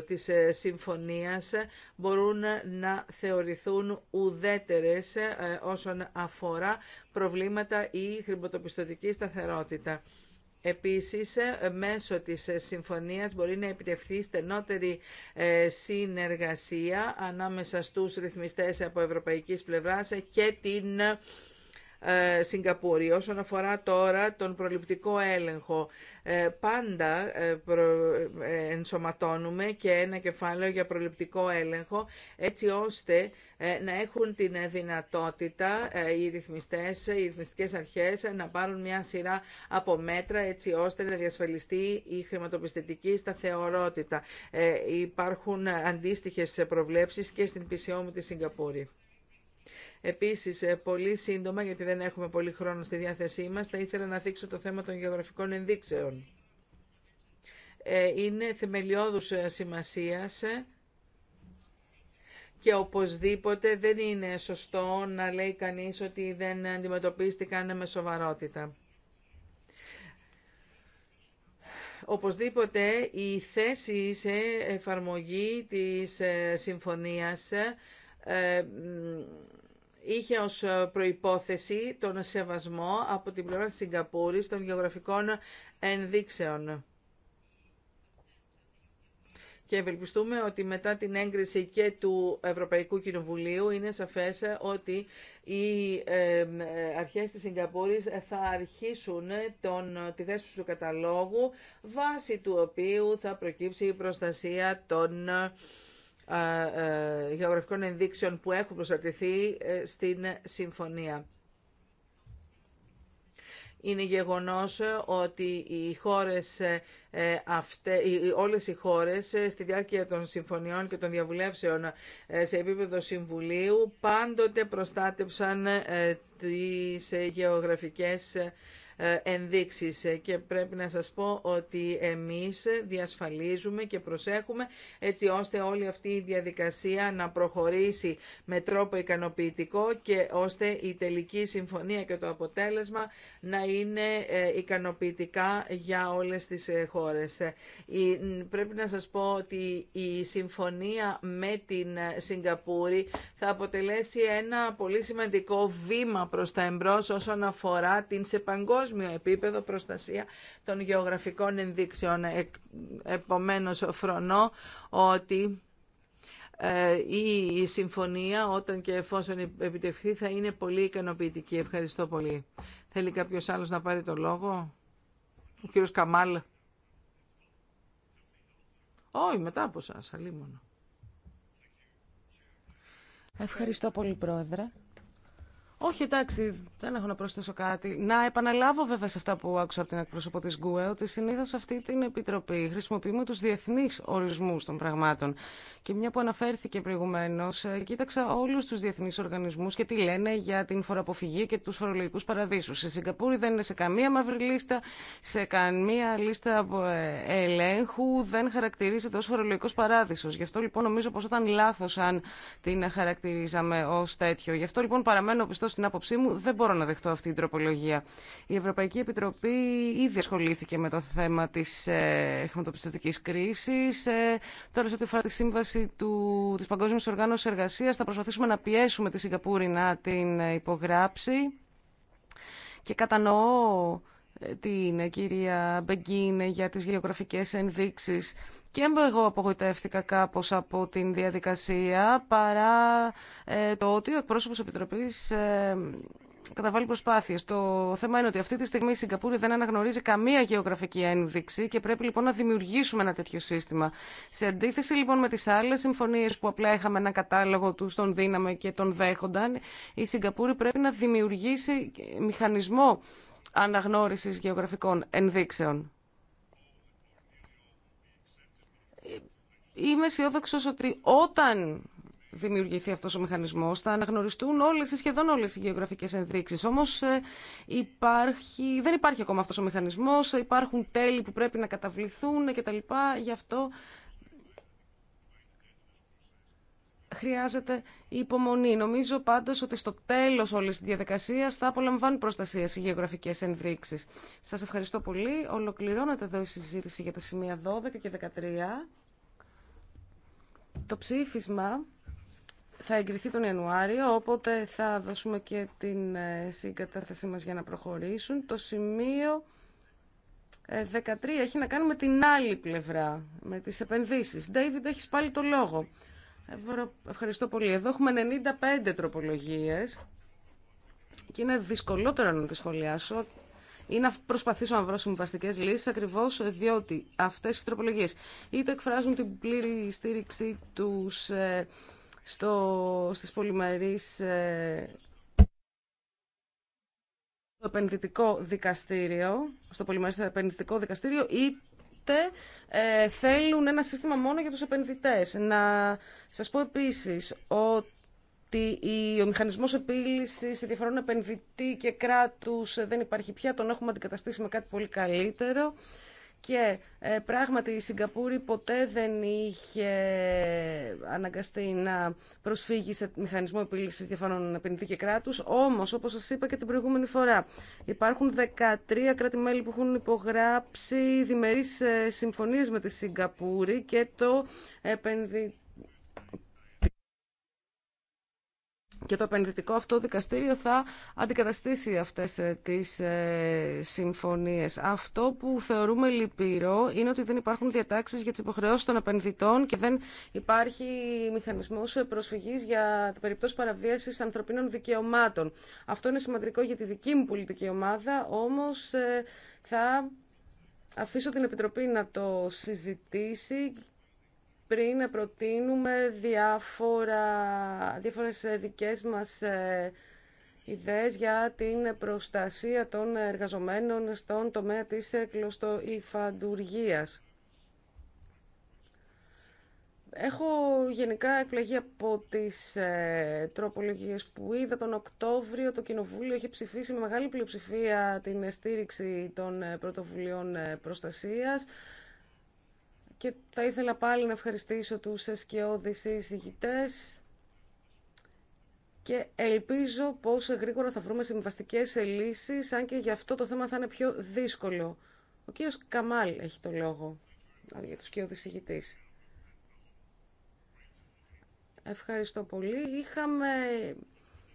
C: της συμφωνίας μπορούν να θεωρηθούν ουδέτερες όσον αφορά προβλήματα ή χρηματοπιστωτική σταθερότητα. Επίσης, ε, μέσω της ε, συμφωνίας μπορεί να επιτευχθεί στενότερη ε, συνεργασία ανάμεσα στους ρυθμιστές από ευρωπαϊκής πλευράς και την ε, Σιγκαπούρη. Όσον αφορά τώρα τον προληπτικό έλεγχο, ε, πάντα ε, ενσωματώνουμε και ένα κεφάλαιο για προληπτικό έλεγχο, έτσι ώστε να έχουν την δυνατότητα οι ρυθμιστές, οι ρυθμιστικές αρχές να πάρουν μια σειρά από μέτρα έτσι ώστε να διασφαλιστεί η χρηματοπιστωτική σταθερότητα. Υπάρχουν αντίστοιχες προβλέψεις και στην PCO τη Σιγκαπούρη. Επίσης, ε, πολύ σύντομα, γιατί δεν έχουμε πολύ χρόνο στη διάθεσή μας, θα ήθελα να δείξω το θέμα των γεωγραφικών ενδείξεων. Ε, είναι θεμελιώδους ε, σημασίας και οπωσδήποτε δεν είναι σωστό να λέει κανείς ότι δεν αντιμετωπίστηκαν με σοβαρότητα. Οπωσδήποτε η θέση σε εφαρμογή της συμφωνίας είχε ως ε, προϋπόθεση τον σεβασμό από την πλευρά της Σιγκαπούρης των γεωγραφικών ενδείξεων. Και ευελπιστούμε ότι μετά την έγκριση και του Ευρωπαϊκού Κοινοβουλίου είναι σαφές ε, ότι οι ε, αρχές της Σιγκαπούρης θα αρχίσουν τον, τη δέσπιση του καταλόγου βάσει του οποίου θα προκύψει η προστασία των ε, γεωγραφικών ενδείξεων που έχουν προσαρτηθεί ε, στην συμφωνία. Είναι γεγονός ότι οι χώρες ε, αυτές, όλες οι χώρες στη διάρκεια των συμφωνιών και των διαβουλεύσεων σε επίπεδο Συμβουλίου πάντοτε προστάτεψαν τις γεωγραφικές ε, ενδείξεις ε, και πρέπει να σας πω ότι εμείς διασφαλίζουμε και προσέχουμε έτσι ώστε όλη αυτή η διαδικασία να προχωρήσει με τρόπο ικανοποιητικό και ώστε η τελική συμφωνία και το αποτέλεσμα να είναι ε, ικανοποιητικά για όλες τις χώρες. Πρέπει να σας πω ότι η συμφωνία με την Σιγκαπούρη θα αποτελέσει ένα πολύ σημαντικό βήμα προς τα εμπρός όσον αφορά την σε παγκόσμια παγκόσμιο επίπεδο προστασία των γεωγραφικών ενδείξεων. Ε, επομένως, φρονώ ότι ε, η συμφωνία όταν και εφόσον επιτευχθεί θα είναι πολύ ικανοποιητική. Ευχαριστώ πολύ. Θέλει κάποιος άλλος να πάρει το λόγο. Ο κύριος Καμάλ. Όχι, μετά από σας, αλίμονο.
B: Ευχαριστώ πολύ, Πρόεδρε. Όχι, εντάξει, δεν έχω να προσθέσω κάτι. Να επαναλάβω βέβαια σε αυτά που άκουσα από την εκπρόσωπο τη ΓΚΟΕ ότι συνήθω αυτή την επιτροπή χρησιμοποιούμε του διεθνεί ορισμού των πραγμάτων. Και μια που αναφέρθηκε προηγουμένω, ε, κοίταξα όλου του διεθνεί οργανισμού και τι λένε για την φοροαποφυγή και του φορολογικού παραδείσου. Σε Σιγκαπούρη δεν είναι σε καμία μαύρη λίστα, σε καμία λίστα ε, ελέγχου, δεν χαρακτηρίζεται ω φορολογικό παράδεισο. Γι' αυτό λοιπόν νομίζω πω ήταν λάθο αν την χαρακτηρίζαμε ω τέτοιο. Γι' αυτό λοιπόν παραμένω πιστό στην άποψή μου, δεν μπορώ να δεχτώ αυτή την τροπολογία. Η Ευρωπαϊκή Επιτροπή ήδη ασχολήθηκε με το θέμα τη ε, χρηματοπιστωτική κρίση. Ε, τώρα, σε ό,τι αφορά τη σύμβαση τη Παγκόσμια Οργάνωση Εργασία, θα προσπαθήσουμε να πιέσουμε τη Σιγκαπούρη να την ε, υπογράψει. Και κατανοώ τι είναι κυρία Μπεγκίνε για τις γεωγραφικές ενδείξεις και εγώ απογοητεύτηκα κάπως από την διαδικασία παρά ε, το ότι ο εκπρόσωπος της Επιτροπής ε, καταβάλει προσπάθειες. Το θέμα είναι ότι αυτή τη στιγμή η Σιγκαπούρη δεν αναγνωρίζει καμία γεωγραφική ένδειξη και πρέπει λοιπόν να δημιουργήσουμε ένα τέτοιο σύστημα. Σε αντίθεση λοιπόν με τις άλλες συμφωνίες που απλά είχαμε ένα κατάλογο του, τον δίναμε και τον δέχονταν, η Σιγκαπούρη πρέπει να δημιουργήσει μηχανισμό αναγνώρισης γεωγραφικών ενδείξεων. Είμαι αισιόδοξο ότι όταν δημιουργηθεί αυτός ο μηχανισμός θα αναγνωριστούν όλες σχεδόν όλες οι γεωγραφικές ενδείξεις. Όμως ε, υπάρχει, δεν υπάρχει ακόμα αυτός ο μηχανισμός, υπάρχουν τέλη που πρέπει να καταβληθούν κτλ. Γι' αυτό χρειάζεται υπομονή. Νομίζω πάντως ότι στο τέλος όλης της διαδικασίας θα απολαμβάνουν προστασίες οι γεωγραφικές ενδείξεις. Σας ευχαριστώ πολύ. Ολοκληρώνεται εδώ η συζήτηση για τα σημεία 12 και 13. Το ψήφισμα θα εγκριθεί τον Ιανουάριο, οπότε θα δώσουμε και την ε, συγκατάθεσή μας για να προχωρήσουν. Το σημείο 13 ε, έχει να κάνει με την άλλη πλευρά, με τις επενδύσεις. Ντέιβιντ, έχεις πάλι το λόγο. Ευχαριστώ πολύ. Εδώ έχουμε 95 τροπολογίες και είναι δυσκολότερο να τις σχολιάσω ή να προσπαθήσω να βρω συμβαστικέ λύσει, ακριβώ διότι αυτέ οι τροπολογίε είτε εκφράζουν την πλήρη στήριξή του ε, στις πολυμερείς Ε, στο δικαστήριο, στο επενδυτικό δικαστήριο, ή ε, θέλουν ένα σύστημα μόνο για τους επενδυτές. Να σας πω επίσης ότι ο μηχανισμός επίλυσης διαφορών επενδυτή και κράτους δεν υπάρχει πια, τον έχουμε αντικαταστήσει με κάτι πολύ καλύτερο. Και ε, πράγματι η Σιγκαπούρη ποτέ δεν είχε αναγκαστεί να προσφύγει σε μηχανισμό επίλυση διαφανών επενδυτή και κράτους. Όμως, όπως σας είπα και την προηγούμενη φορά, υπάρχουν 13 κράτη-μέλη που έχουν υπογράψει διμερείς ε, συμφωνίες με τη Σιγκαπούρη και το επενδυτικό. Και το επενδυτικό αυτό δικαστήριο θα αντικαταστήσει αυτές ε, τις ε, συμφωνίες. Αυτό που θεωρούμε λυπηρό είναι ότι δεν υπάρχουν διατάξεις για τις υποχρεώσεις των επενδυτών και δεν υπάρχει μηχανισμός προσφυγής για την περιπτώση παραβίασης ανθρωπίνων δικαιωμάτων. Αυτό είναι σημαντικό για τη δική μου πολιτική ομάδα, όμως ε, θα αφήσω την Επιτροπή να το συζητήσει πριν προτείνουμε διάφορα, διάφορες δικές μας ε, ιδέες για την προστασία των εργαζομένων στον τομέα της κλωστοϊφαντουργίας. Έχω γενικά εκπλαγεί από τις ε, που είδα τον Οκτώβριο. Το Κοινοβούλιο έχει ψηφίσει με μεγάλη πλειοψηφία την στήριξη των ε, πρωτοβουλειών ε, προστασίας. Και θα ήθελα πάλι να ευχαριστήσω τους εσκαιώδεις εισηγητές και ελπίζω πως γρήγορα θα βρούμε συμβαστικέ λύσεις, αν και γι' αυτό το θέμα θα είναι πιο δύσκολο. Ο κύριος Καμάλ έχει το λόγο για τους σκιώδεις ηγητής. Ευχαριστώ πολύ. Είχαμε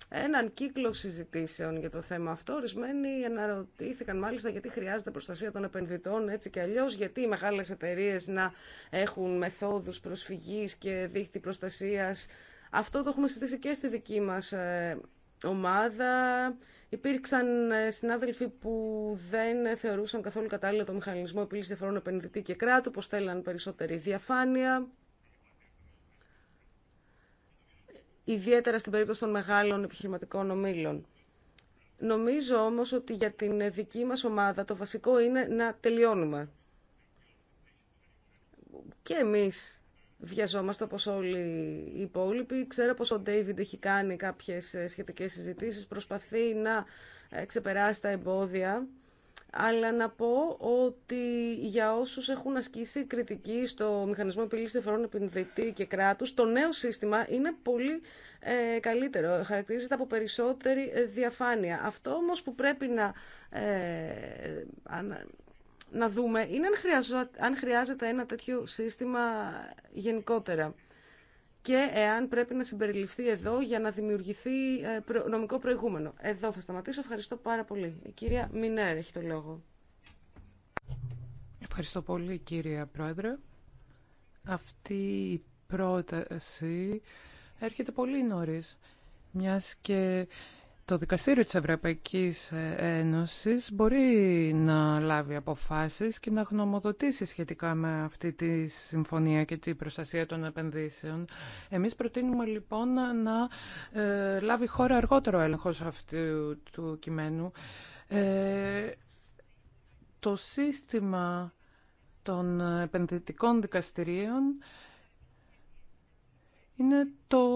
B: έναν κύκλο συζητήσεων για το θέμα αυτό. Ορισμένοι αναρωτήθηκαν μάλιστα γιατί χρειάζεται προστασία των επενδυτών έτσι και αλλιώ, γιατί οι μεγάλε εταιρείε να έχουν μεθόδου προσφυγή και δίχτυ προστασία. Αυτό το έχουμε συζητήσει και στη δική μα ε, ομάδα. Υπήρξαν ε, συνάδελφοι που δεν θεωρούσαν καθόλου κατάλληλο το μηχανισμό επίλυση διαφορών επενδυτή και κράτου, πω θέλαν περισσότερη διαφάνεια. ιδιαίτερα στην περίπτωση των μεγάλων επιχειρηματικών ομίλων. Νομίζω όμως ότι για την δική μας ομάδα το βασικό είναι να τελειώνουμε. Και εμείς βιαζόμαστε όπως όλοι οι υπόλοιποι. Ξέρω πως ο Ντέιβιντ έχει κάνει κάποιες ε, σχετικές συζητήσεις, προσπαθεί να ε, ξεπεράσει τα εμπόδια αλλά να πω ότι για όσους έχουν ασκήσει κριτική στο μηχανισμό επίλυσης διαφορών επενδυτή και κράτους, το νέο σύστημα είναι πολύ ε, καλύτερο. Χαρακτηρίζεται από περισσότερη ε, διαφάνεια. Αυτό όμως που πρέπει να, ε, να δούμε είναι αν, αν χρειάζεται ένα τέτοιο σύστημα γενικότερα και εάν πρέπει να συμπεριληφθεί εδώ για να δημιουργηθεί ε, νομικό προηγούμενο. Εδώ θα σταματήσω. Ευχαριστώ πάρα πολύ. Η κυρία
D: Μινέρ έχει το λόγο. Ευχαριστώ πολύ κύρια Πρόεδρε. Αυτή η πρόταση έρχεται πολύ νωρίς, μιας και το Δικαστήριο της Ευρωπαϊκής ε, Ένωσης μπορεί να λάβει αποφάσεις και να γνωμοδοτήσει σχετικά με αυτή τη συμφωνία και την προστασία των επενδύσεων. Εμείς προτείνουμε λοιπόν να ε, λάβει χώρα αργότερο έλεγχος αυτού του κειμένου. Ε, το σύστημα των επενδυτικών δικαστηρίων είναι το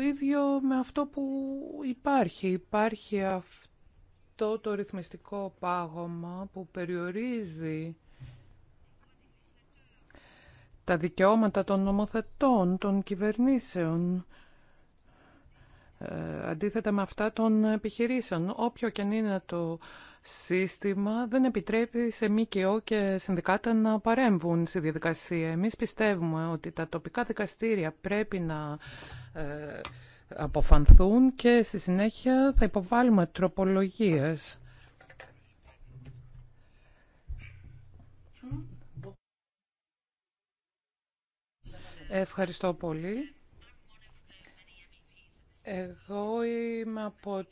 D: ίδιο με αυτό που υπάρχει. Υπάρχει αυτό το ρυθμιστικό πάγωμα που περιορίζει τα δικαιώματα των νομοθετών, των κυβερνήσεων, ε, αντίθετα με αυτά των επιχειρήσεων. Όποιο και αν είναι το σύστημα δεν επιτρέπει σε ΜΚΟ και συνδικάτα να παρέμβουν στη διαδικασία. Εμείς πιστεύουμε ότι τα τοπικά δικαστήρια πρέπει να ε, αποφανθούν και στη συνέχεια θα υποβάλουμε τροπολογίες. Ευχαριστώ πολύ. Εγώ είμαι από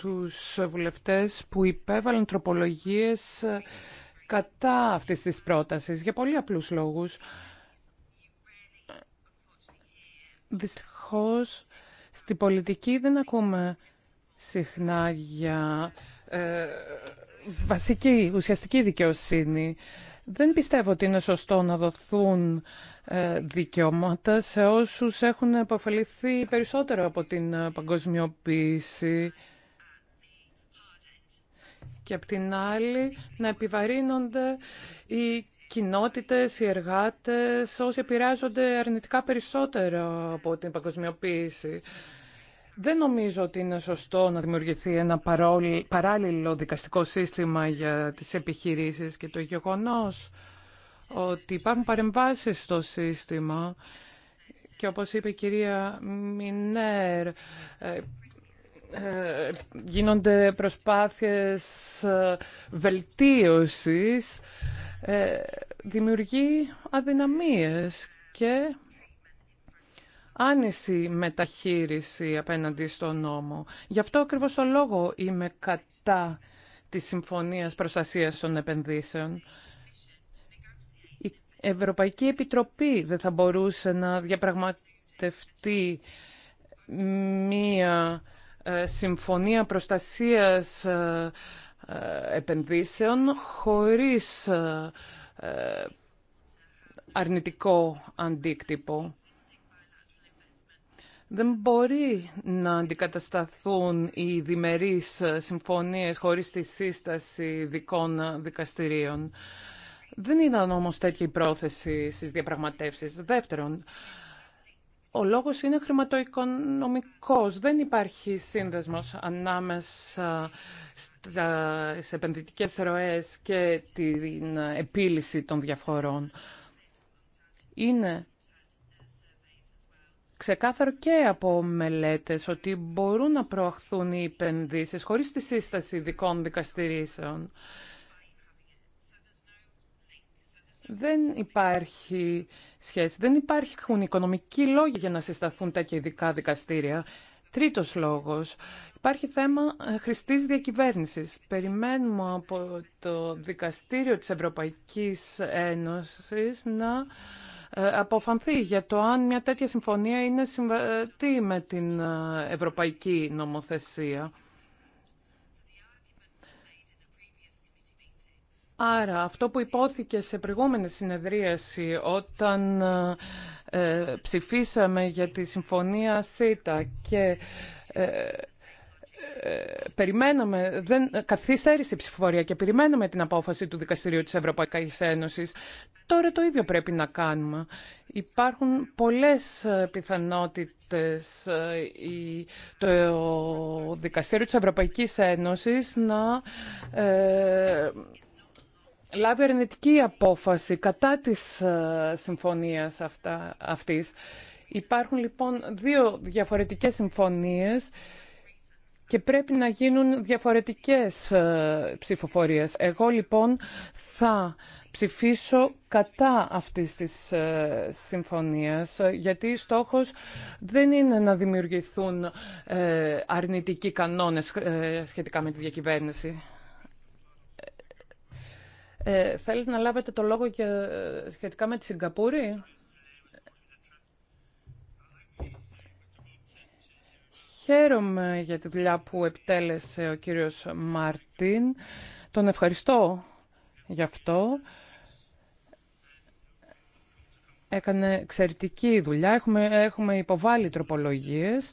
D: τους βουλευτές που υπέβαλαν τροπολογίες ε, κατά αυτής της πρότασης, για πολύ απλούς λόγους. Δυστυχώς, στη πολιτική δεν ακούμε συχνά για ε, βασική, ουσιαστική δικαιοσύνη. Δεν πιστεύω ότι είναι σωστό να δοθούν ε, δικαιώματα σε όσους έχουν επωφεληθεί περισσότερο από την παγκοσμιοποίηση και απ' την άλλη να επιβαρύνονται οι κοινότητες, οι εργάτες, όσοι επηρεάζονται αρνητικά περισσότερο από την παγκοσμιοποίηση. Δεν νομίζω ότι είναι σωστό να δημιουργηθεί ένα παράλληλο δικαστικό σύστημα για τις επιχειρήσεις και το γεγονός ότι υπάρχουν παρεμβάσεις στο σύστημα και όπως είπε η κυρία Μινέρ, ε, ε, γίνονται προσπάθειες ε, βελτίωσης, ε, δημιουργεί αδυναμίες και άνηση μεταχείριση απέναντι στον νόμο. Γι' αυτό ακριβώς το λόγο είμαι κατά της Συμφωνίας Προστασίας των Επενδύσεων. Η Ευρωπαϊκή Επιτροπή δεν θα μπορούσε να διαπραγματευτεί μία ε, συμφωνία προστασίας ε, ε, επενδύσεων χωρίς αρνητικό αντίκτυπο. Δεν μπορεί να αντικατασταθούν οι διμερείς συμφωνίες χωρίς τη σύσταση δικών δικαστηρίων. Δεν ήταν όμως τέτοια η πρόθεση στις διαπραγματεύσεις. Δεύτερον, ο λόγος είναι χρηματοοικονομικός. Δεν υπάρχει σύνδεσμος ανάμεσα στις επενδυτικές ροές και την επίλυση των διαφορών. Είναι ξεκάθαρο και από μελέτες ότι μπορούν να προαχθούν οι επενδύσεις χωρίς τη σύσταση ειδικών δικαστηρίσεων δεν υπάρχει σχέση. Δεν υπάρχουν οικονομικοί λόγοι για να συσταθούν τέτοια ειδικά δικαστήρια. Τρίτος λόγος, υπάρχει θέμα ε, χρηστής διακυβέρνησης. Περιμένουμε από το Δικαστήριο της Ευρωπαϊκής Ένωσης να ε, αποφανθεί για το αν μια τέτοια συμφωνία είναι συμβατή με την ε, ευρωπαϊκή νομοθεσία. Άρα αυτό που υπόθηκε σε προηγούμενη συνεδρίαση όταν ε, ψηφίσαμε για τη συμφωνία ΣΥΤΑ και ε, ε, περιμέναμε, δεν, καθυστέρησε η ψηφοφορία και περιμέναμε την απόφαση του Δικαστηρίου της Ευρωπαϊκής Ένωσης. Τώρα το ίδιο πρέπει να κάνουμε. Υπάρχουν πολλές ε, πιθανότητες το Δικαστήριο της Ευρωπαϊκής Ένωσης να λάβει αρνητική απόφαση κατά της ε, συμφωνίας αυτά, αυτής. Υπάρχουν λοιπόν δύο διαφορετικές συμφωνίες και πρέπει να γίνουν διαφορετικές ε, ψηφοφορίες. Εγώ λοιπόν θα ψηφίσω κατά αυτής της ε, συμφωνίας, γιατί στόχος δεν είναι να δημιουργηθούν αρνητικοί κανόνες σχετικά με τη διακυβέρνηση. Ε, θέλετε να λάβετε το λόγο και ε, σχετικά με τη Σιγκαπούρη. Χαίρομαι για τη δουλειά που επιτέλεσε ο κύριος Μάρτιν. Τον ευχαριστώ γι' αυτό. Έκανε εξαιρετική δουλειά. Έχουμε, έχουμε υποβάλει τροπολογίες.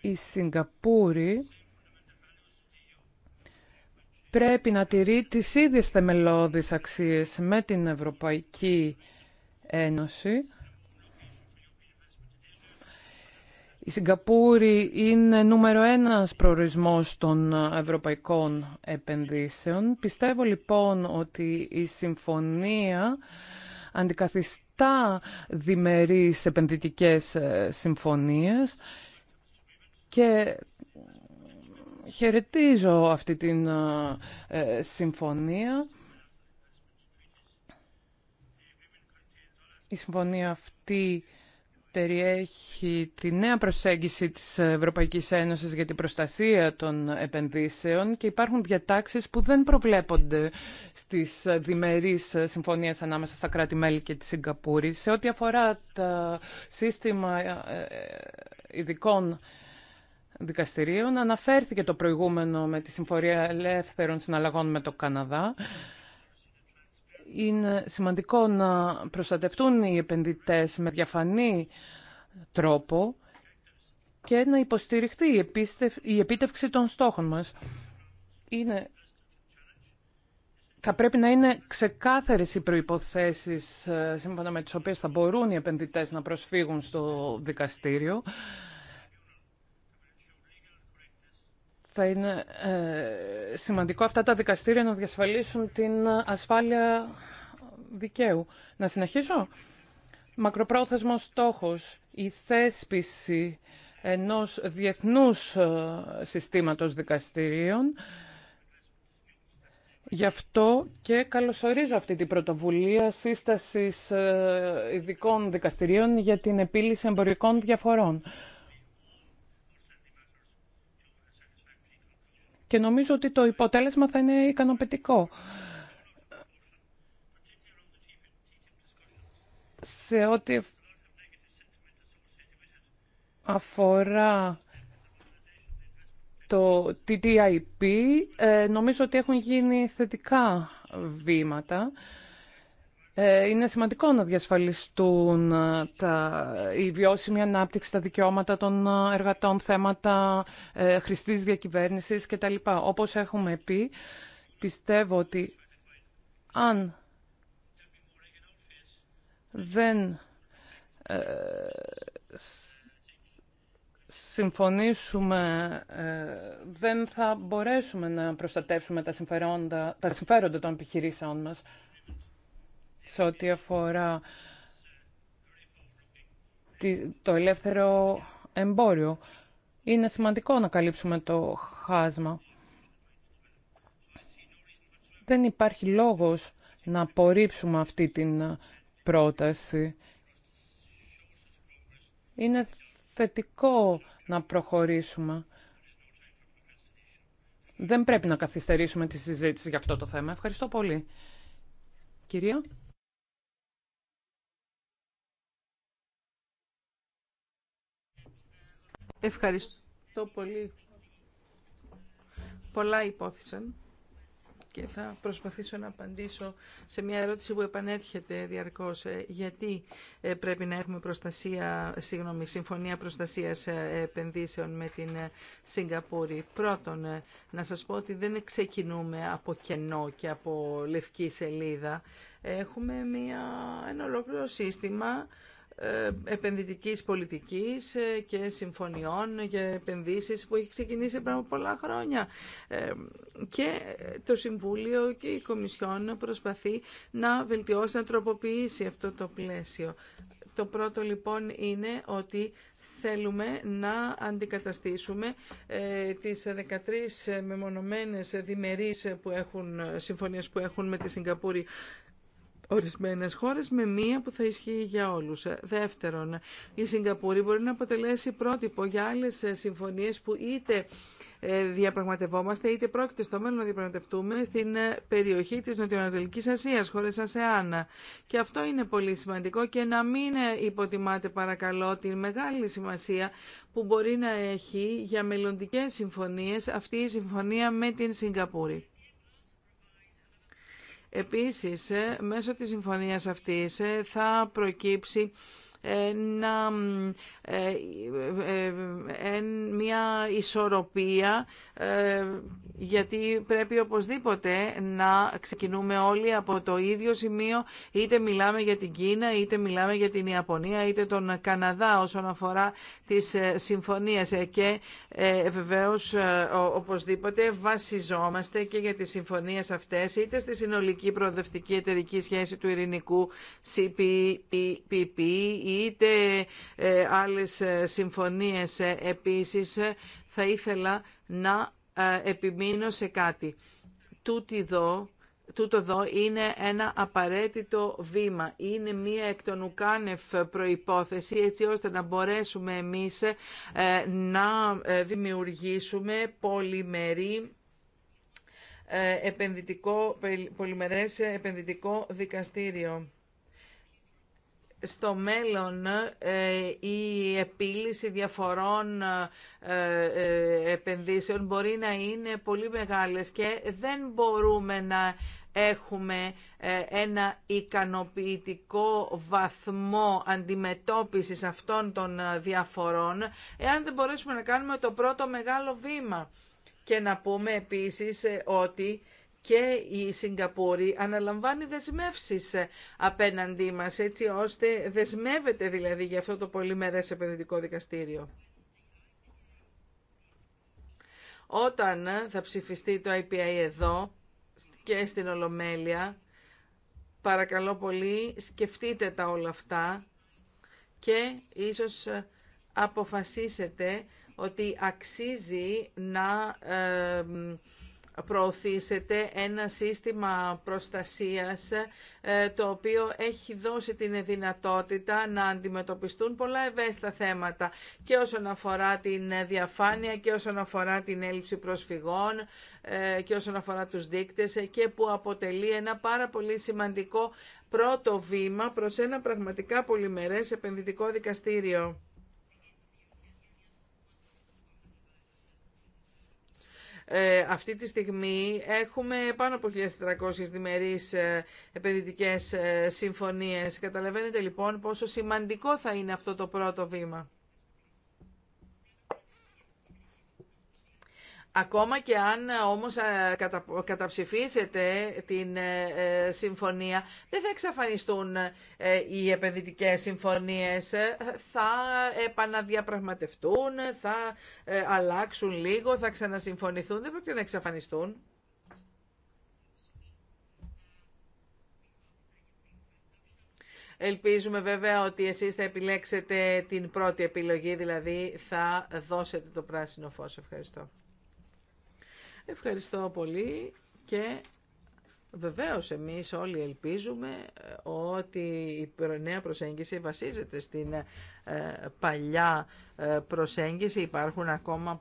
D: Η Σιγκαπούρη πρέπει να τηρεί τις ίδιες θεμελώδεις αξίες με την Ευρωπαϊκή Ένωση. Η Σιγκαπούρη είναι νούμερο ένας προορισμός των ευρωπαϊκών επενδύσεων. Πιστεύω λοιπόν ότι η συμφωνία αντικαθιστά διμερείς επενδυτικές συμφωνίες και Χαιρετίζω αυτή την ε, ε, συμφωνία. Η συμφωνία αυτή περιέχει τη νέα προσέγγιση της Ευρωπαϊκής Ένωσης για την προστασία των επενδύσεων και υπάρχουν διατάξεις που δεν προβλέπονται στις διμερείς συμφωνίες ανάμεσα στα κράτη-μέλη και τη Σιγκαπούρη. Σε ό,τι αφορά το σύστημα ε, ειδικών δικαστηρίων. Αναφέρθηκε το προηγούμενο με τη Συμφορία Ελεύθερων Συναλλαγών με το Καναδά. Είναι σημαντικό να προστατευτούν οι επενδυτές με διαφανή τρόπο και να υποστηριχθεί η επίτευξη των στόχων μας. Είναι... Θα πρέπει να είναι ξεκάθαρες οι προϋποθέσεις ε, σύμφωνα με τις οποίες θα μπορούν οι επενδυτές να προσφύγουν στο δικαστήριο Θα είναι ε, σημαντικό αυτά τα δικαστήρια να διασφαλίσουν την ασφάλεια δικαίου. Να συνεχίσω. Μακροπρόθεσμος στόχος, η θέσπιση ενός διεθνούς ε, συστήματος δικαστηρίων. Γι' αυτό και καλωσορίζω αυτή την πρωτοβουλία σύστασης ε, ειδικών δικαστηρίων για την επίλυση εμπορικών διαφορών. και νομίζω ότι το υποτέλεσμα θα είναι ικανοποιητικό. Σε ό,τι αφορά το TTIP, ε, νομίζω ότι έχουν γίνει θετικά βήματα. Ε, είναι σημαντικό να διασφαλιστούν ε, τα, η βιώσιμη ανάπτυξη, τα δικαιώματα των ε, εργατών, θέματα ε, χρηστής διακυβέρνησης κτλ. Όπως έχουμε πει, πιστεύω ότι αν δεν ε, συμφωνήσουμε, δεν θα μπορέσουμε να προστατεύσουμε τα συμφέροντα, τα συμφέροντα των επιχειρήσεών μας σε ό,τι αφορά το ελεύθερο εμπόριο. Είναι σημαντικό να καλύψουμε το χάσμα. Δεν υπάρχει λόγος να απορρίψουμε αυτή την πρόταση. Είναι θετικό να προχωρήσουμε. Δεν πρέπει να καθυστερήσουμε τη συζήτηση για αυτό το θέμα. Ευχαριστώ πολύ. Κυρία. Ευχαριστώ
C: πολύ. Πολλά υπόθησαν και θα προσπαθήσω να απαντήσω σε μια ερώτηση που επανέρχεται διαρκώς. Ε, γιατί ε, πρέπει να έχουμε προστασία, συγγνώμη, συμφωνία προστασίας ε, επενδύσεων με την Σιγκαπούρη. Πρώτον, να σας πω ότι δεν ξεκινούμε από κενό και από λευκή σελίδα. Έχουμε μια, ένα ολόκληρο σύστημα ε, επενδυτικής πολιτικής ε, και συμφωνιών για επενδύσεις που έχει ξεκινήσει πριν από πολλά χρόνια. Ε, και το Συμβούλιο και η Κομισιόν προσπαθεί να βελτιώσει, να τροποποιήσει αυτό το πλαίσιο. Το πρώτο λοιπόν είναι ότι θέλουμε να αντικαταστήσουμε ε, τις 13 μεμονωμένες διμερείς που έχουν, συμφωνίες που έχουν με τη Σιγκαπούρη Ορισμένε χώρε με μία που θα ισχύει για όλους. Δεύτερον, η Σιγκαπούρη μπορεί να αποτελέσει πρότυπο για άλλε συμφωνίε που είτε ε, διαπραγματευόμαστε είτε πρόκειται στο μέλλον να διαπραγματευτούμε στην ε, περιοχή της Νοτιοανατολικής Ασίας, χώρες ΑΣΕΑΝ. Και αυτό είναι πολύ σημαντικό και να μην ε, υποτιμάτε παρακαλώ την μεγάλη σημασία που μπορεί να έχει για μελλοντικές συμφωνίες αυτή η συμφωνία με την Σιγκαπούρη. Επίσης, ε, μέσω της συμφωνίας αυτής ε, θα προκύψει να ε, ε, ε, μια ισορροπία γιατί πρέπει οπωσδήποτε να ξεκινούμε όλοι από το ίδιο σημείο είτε μιλάμε για την Κίνα είτε μιλάμε για την Ιαπωνία είτε τον Καναδά όσον αφορά τις συμφωνίες και βεβαίως οπωσδήποτε βασιζόμαστε και για τις συμφωνίες αυτές είτε στη συνολική προοδευτική εταιρική σχέση του ειρηνικού CPTPP είτε άλλες ε, συμφωνίες ε, επίσης ε, θα ήθελα να επιμείνω σε κάτι. τούτο εδώ είναι ένα απαραίτητο βήμα. Είναι μία εκ των ουκάνευ προϋπόθεση έτσι ώστε να μπορέσουμε εμείς να δημιουργήσουμε πολυμερή επενδυτικό, πολυμερές επενδυτικό δικαστήριο στο μέλλον ε, η επίλυση διαφορών ε, ε, επενδύσεων μπορεί να είναι πολύ μεγάλες και δεν μπορούμε να έχουμε ένα ικανοποιητικό βαθμό αντιμετώπισης αυτών των διαφορών εάν δεν μπορέσουμε να κάνουμε το πρώτο μεγάλο βήμα. Και να πούμε επίσης ότι και η Σιγκαπούρη αναλαμβάνει δεσμεύσεις ε, απέναντί μας, έτσι ώστε δεσμεύεται δηλαδή για αυτό το πολυμερές επενδυτικό δικαστήριο. Όταν ε, θα ψηφιστεί το IPI εδώ και στην Ολομέλεια, παρακαλώ πολύ σκεφτείτε τα όλα αυτά και ίσως ε, αποφασίσετε ότι αξίζει να προωθήσετε ένα σύστημα προστασίας ε, το οποίο έχει δώσει την δυνατότητα να αντιμετωπιστούν πολλά ευαίσθητα θέματα και όσον αφορά την διαφάνεια και όσον αφορά την έλλειψη προσφυγών ε, και όσον αφορά τους δείκτες ε, και που αποτελεί ένα πάρα πολύ σημαντικό πρώτο βήμα προς ένα πραγματικά πολυμερές επενδυτικό δικαστήριο. Ε, αυτή τη στιγμή έχουμε πάνω από 1.400 διμερείς ε, επενδυτικές ε, συμφωνίες. Καταλαβαίνετε λοιπόν πόσο σημαντικό θα είναι αυτό το πρώτο βήμα. Ακόμα και αν ε, όμως ε, καταψηφίσετε την ε, συμφωνία, δεν θα εξαφανιστούν οι επενδυτικές συμφωνίες. Θα επαναδιαπραγματευτούν, θα αλλάξουν λίγο, θα ξανασυμφωνηθούν. Δεν πρέπει να εξαφανιστούν. Ελπίζουμε βέβαια ότι εσείς θα επιλέξετε την πρώτη επιλογή, δηλαδή θα δώσετε το πράσινο φως. Ευχαριστώ. Ευχαριστώ πολύ και βεβαίως εμείς όλοι ελπίζουμε ε, ότι η νέα προσέγγιση βασίζεται στην ε, παλιά ε, προσέγγιση. Υπάρχουν ακόμα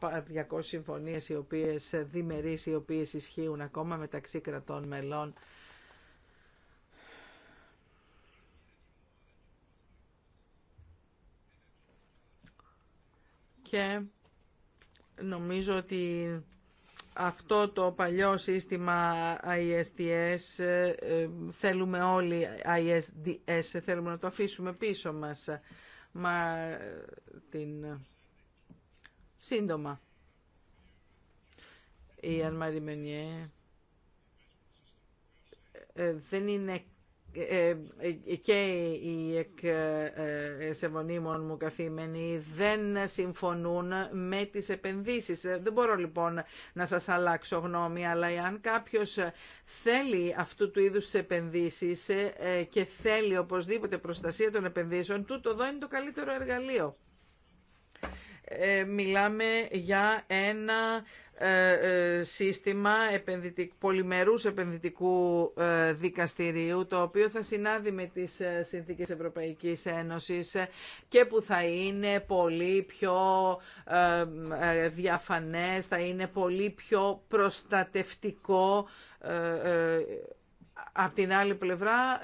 C: 200 συμφωνίες οι οποίες διμερείς, οι οποίες ισχύουν ακόμα μεταξύ κρατών μελών. Και νομίζω ότι αυτό το παλιό σύστημα ISDS ε, θέλουμε όλοι ISDS, θέλουμε να το αφήσουμε πίσω μας. Μα την... Ε, σύντομα. Η Ανμαρή Μενιέ ε, δεν είναι ε, ε, και οι σεβονίμων ε, μου καθήμενοι δεν συμφωνούν με τις επενδύσεις. Δεν μπορώ λοιπόν να σας αλλάξω γνώμη, αλλά εάν κάποιος θέλει αυτού του είδους τις επενδύσεις και θέλει οπωσδήποτε προστασία των επενδύσεων, τούτο εδώ είναι το καλύτερο εργαλείο. Μιλάμε για ένα ε, ε, σύστημα επενδυτικ, πολυμερούς επενδυτικού ε, δικαστηρίου το οποίο θα συνάδει με τις συνθήκες Ευρωπαϊκής Ένωσης και που θα είναι πολύ πιο διαφανές, θα είναι πολύ πιο προστατευτικό Απ' την άλλη πλευρά,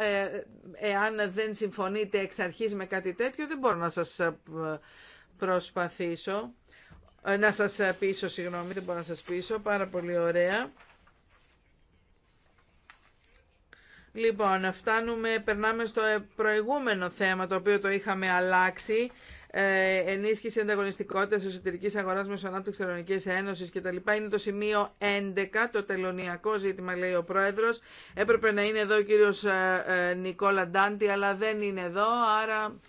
C: εάν δεν συμφωνείτε εξ αρχής με κάτι τέτοιο, δεν μπορώ να σας προσπαθήσω. Ε, να σας ε, πείσω, συγγνώμη, δεν μπορώ να σας πείσω, πάρα πολύ ωραία. Λοιπόν, φτάνουμε, περνάμε στο ε, προηγούμενο θέμα το οποίο το είχαμε αλλάξει. Ε, ενίσχυση ανταγωνιστικότητα εσωτερική αγορά μέσω ανάπτυξη Ελληνική Ένωση κτλ. Είναι το σημείο 11, το τελωνιακό ζήτημα, λέει ο πρόεδρο. Έπρεπε να είναι εδώ ο κύριο Νικόλα Ντάντι, αλλά δεν είναι εδώ, άρα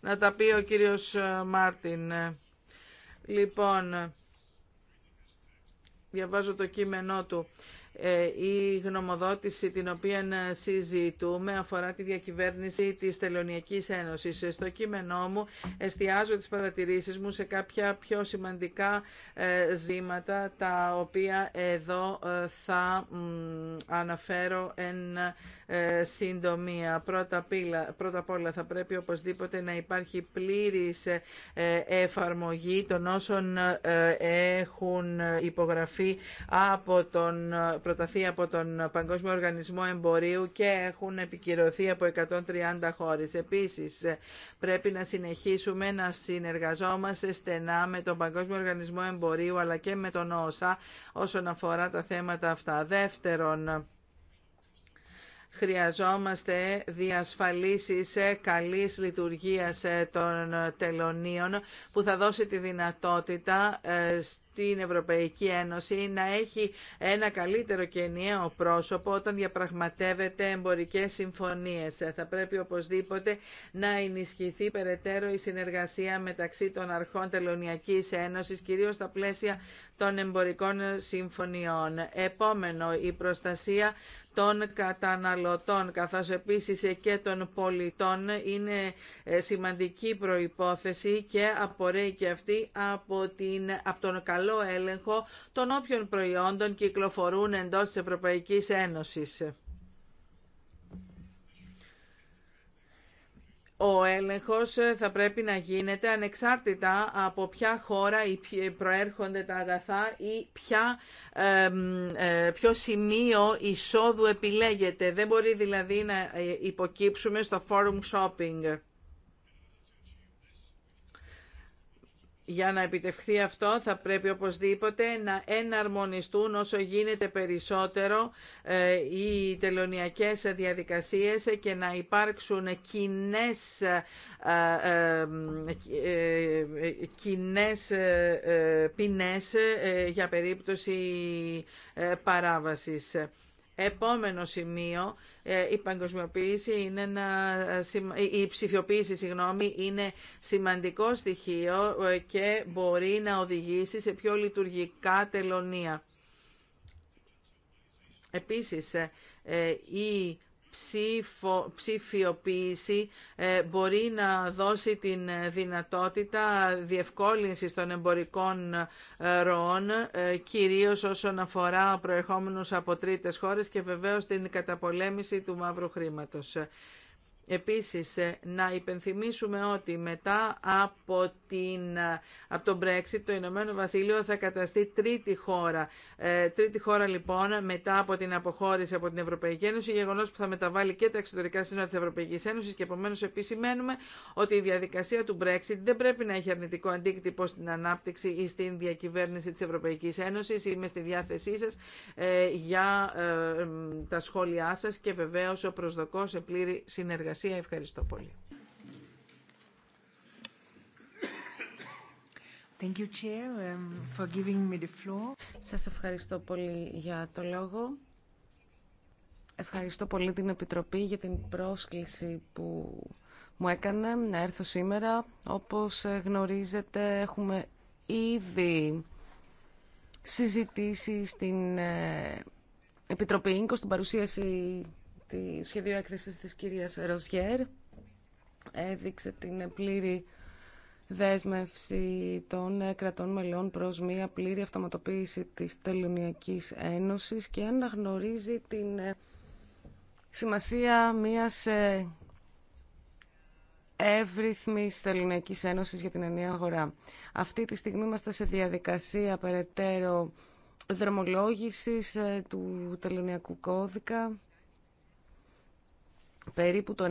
C: να τα πει ο κύριο Μάρτιν. Λοιπόν, διαβάζω το κείμενό του. Ε, η γνωμοδότηση την οποία συζητούμε αφορά τη διακυβέρνηση της Τελωνιακής Ένωσης. Στο κείμενό μου εστιάζω τις παρατηρήσεις μου σε κάποια πιο σημαντικά ε, ζήματα τα οποία εδώ ε, θα αναφέρω εν συντομία. Πρώτα, πρώτα απ' όλα θα πρέπει οπωσδήποτε να υπάρχει πλήρης εφαρμογή των όσων έχουν υπογραφεί από τον προταθεί από τον Παγκόσμιο Οργανισμό Εμπορίου και έχουν επικυρωθεί από 130 χώρες. Επίσης, πρέπει να συνεχίσουμε να συνεργαζόμαστε στενά με τον Παγκόσμιο Οργανισμό Εμπορίου αλλά και με τον ΩΣΑ όσον αφορά τα θέματα αυτά. Δεύτερον, Χρειαζόμαστε διασφαλίσεις ε, καλής λειτουργίας ε, των τελωνίων που θα δώσει τη δυνατότητα ε, στην Ευρωπαϊκή Ένωση να έχει ένα καλύτερο και ενιαίο πρόσωπο όταν διαπραγματεύεται εμπορικές συμφωνίες. Θα πρέπει οπωσδήποτε να ενισχυθεί περαιτέρω η συνεργασία μεταξύ των αρχών Τελωνιακής Ένωσης, κυρίως στα πλαίσια των εμπορικών συμφωνιών. Επόμενο, η προστασία των καταναλωτών καθώς επίσης και των πολιτών είναι ε, σημαντική προϋπόθεση και απορρέει και αυτή από, την, από τον καλό έλεγχο των όποιων προϊόντων κυκλοφορούν εντός της Ευρωπαϊκής Ένωσης. ο έλεγχος θα πρέπει να γίνεται ανεξάρτητα από ποια χώρα προέρχονται τα αγαθά ή ε, ποιο σημείο εισόδου επιλέγεται. Δεν μπορεί δηλαδή να ε, υποκύψουμε στο forum shopping. Για να επιτευχθεί αυτό θα πρέπει οπωσδήποτε να εναρμονιστούν όσο γίνεται περισσότερο ε, οι τελωνιακές διαδικασίες και να υπάρξουν κοινές, ε, ε, κοινές ποινές για περίπτωση παράβασης. Επόμενο σημείο ε, η είναι ένα, ε, ε, η ψηφιοποίηση είναι σημαντικό στοιχείο και μπορεί να οδηγήσει σε πιο λειτουργικά τελωνία. Επίσης, η ψήφο, ψηφιοποίηση ε, μπορεί να δώσει την ε, δυνατότητα διευκόλυνσης των εμπορικών ε, ροών, κυρίως όσον αφορά προερχόμενους από τρίτες χώρες και βεβαίως την καταπολέμηση του μαύρου χρήματος. Επίσης, ε, να υπενθυμίσουμε ότι μετά από, την, ε, από τον Brexit το Ηνωμένο Βασίλειο θα καταστεί τρίτη χώρα. Ε, τρίτη χώρα λοιπόν μετά από την αποχώρηση από την Ευρωπαϊκή Ένωση, γεγονός που θα μεταβάλει και τα εξωτερικά σύνορα της Ευρωπαϊκής Ένωσης και επομένως επισημαίνουμε ότι η διαδικασία του Brexit δεν πρέπει να έχει αρνητικό αντίκτυπο στην ανάπτυξη ή στην διακυβέρνηση της Ευρωπαϊκής Ένωσης. Είμαι στη διάθεσή σας για ε, τα σχόλιά σας και βεβαίως προσδοκώ σε πλήρη συνεργασία. Σε Ευχαριστώ πολύ.
B: Thank you, Chair, um, for giving me the floor. Σας ευχαριστώ πολύ για το λόγο. Ευχαριστώ πολύ την Επιτροπή για την πρόσκληση που μου έκανε να έρθω σήμερα. Όπως ε, γνωρίζετε, έχουμε ήδη συζητήσει στην ε, Επιτροπή Ίνκο, στην παρουσίαση τη σχέδιο έκθεση της κυρίας Ροζιέρ. Έδειξε την πλήρη δέσμευση των κρατών μελών προς μία πλήρη αυτοματοποίηση της Τελωνιακής Ένωσης και αναγνωρίζει την ε, σημασία μίας ε, εύρυθμη τελωνειακής ενωση για την ενιαία αγορά. Αυτή τη στιγμή είμαστε σε διαδικασία περαιτέρω δρομολόγηση ε, του Τελωνιακού Κώδικα περίπου το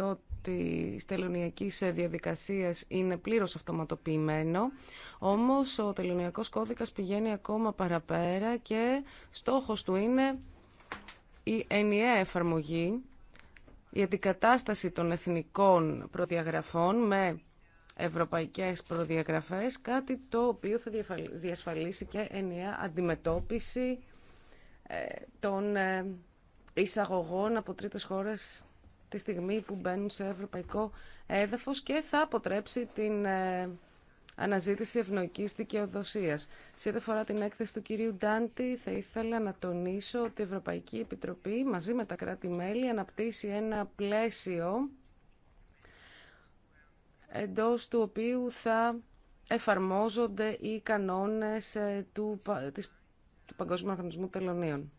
B: 90% της τελωνιακής διαδικασίας είναι πλήρως αυτοματοποιημένο, όμως ο τελωνιακός κώδικας πηγαίνει ακόμα παραπέρα και στόχος του είναι η ενιαία εφαρμογή, η αντικατάσταση των εθνικών προδιαγραφών με ευρωπαϊκές προδιαγραφές, κάτι το οποίο θα διασφαλίσει και ενιαία αντιμετώπιση ε, των ε, εισαγωγών από τρίτες χώρες τη στιγμή που μπαίνουν σε ευρωπαϊκό έδαφος και θα αποτρέψει την ε, αναζήτηση ευνοϊκής δικαιοδοσίας. Σε ό,τι αφορά την έκθεση του κυρίου Ντάντι, θα ήθελα να τονίσω ότι η Ευρωπαϊκή Επιτροπή μαζί με τα κράτη-μέλη αναπτύσσει ένα πλαίσιο εντός του οποίου θα εφαρμόζονται οι κανόνες ε, του, του Παγκόσμιου Οργανισμού Τελωνίων.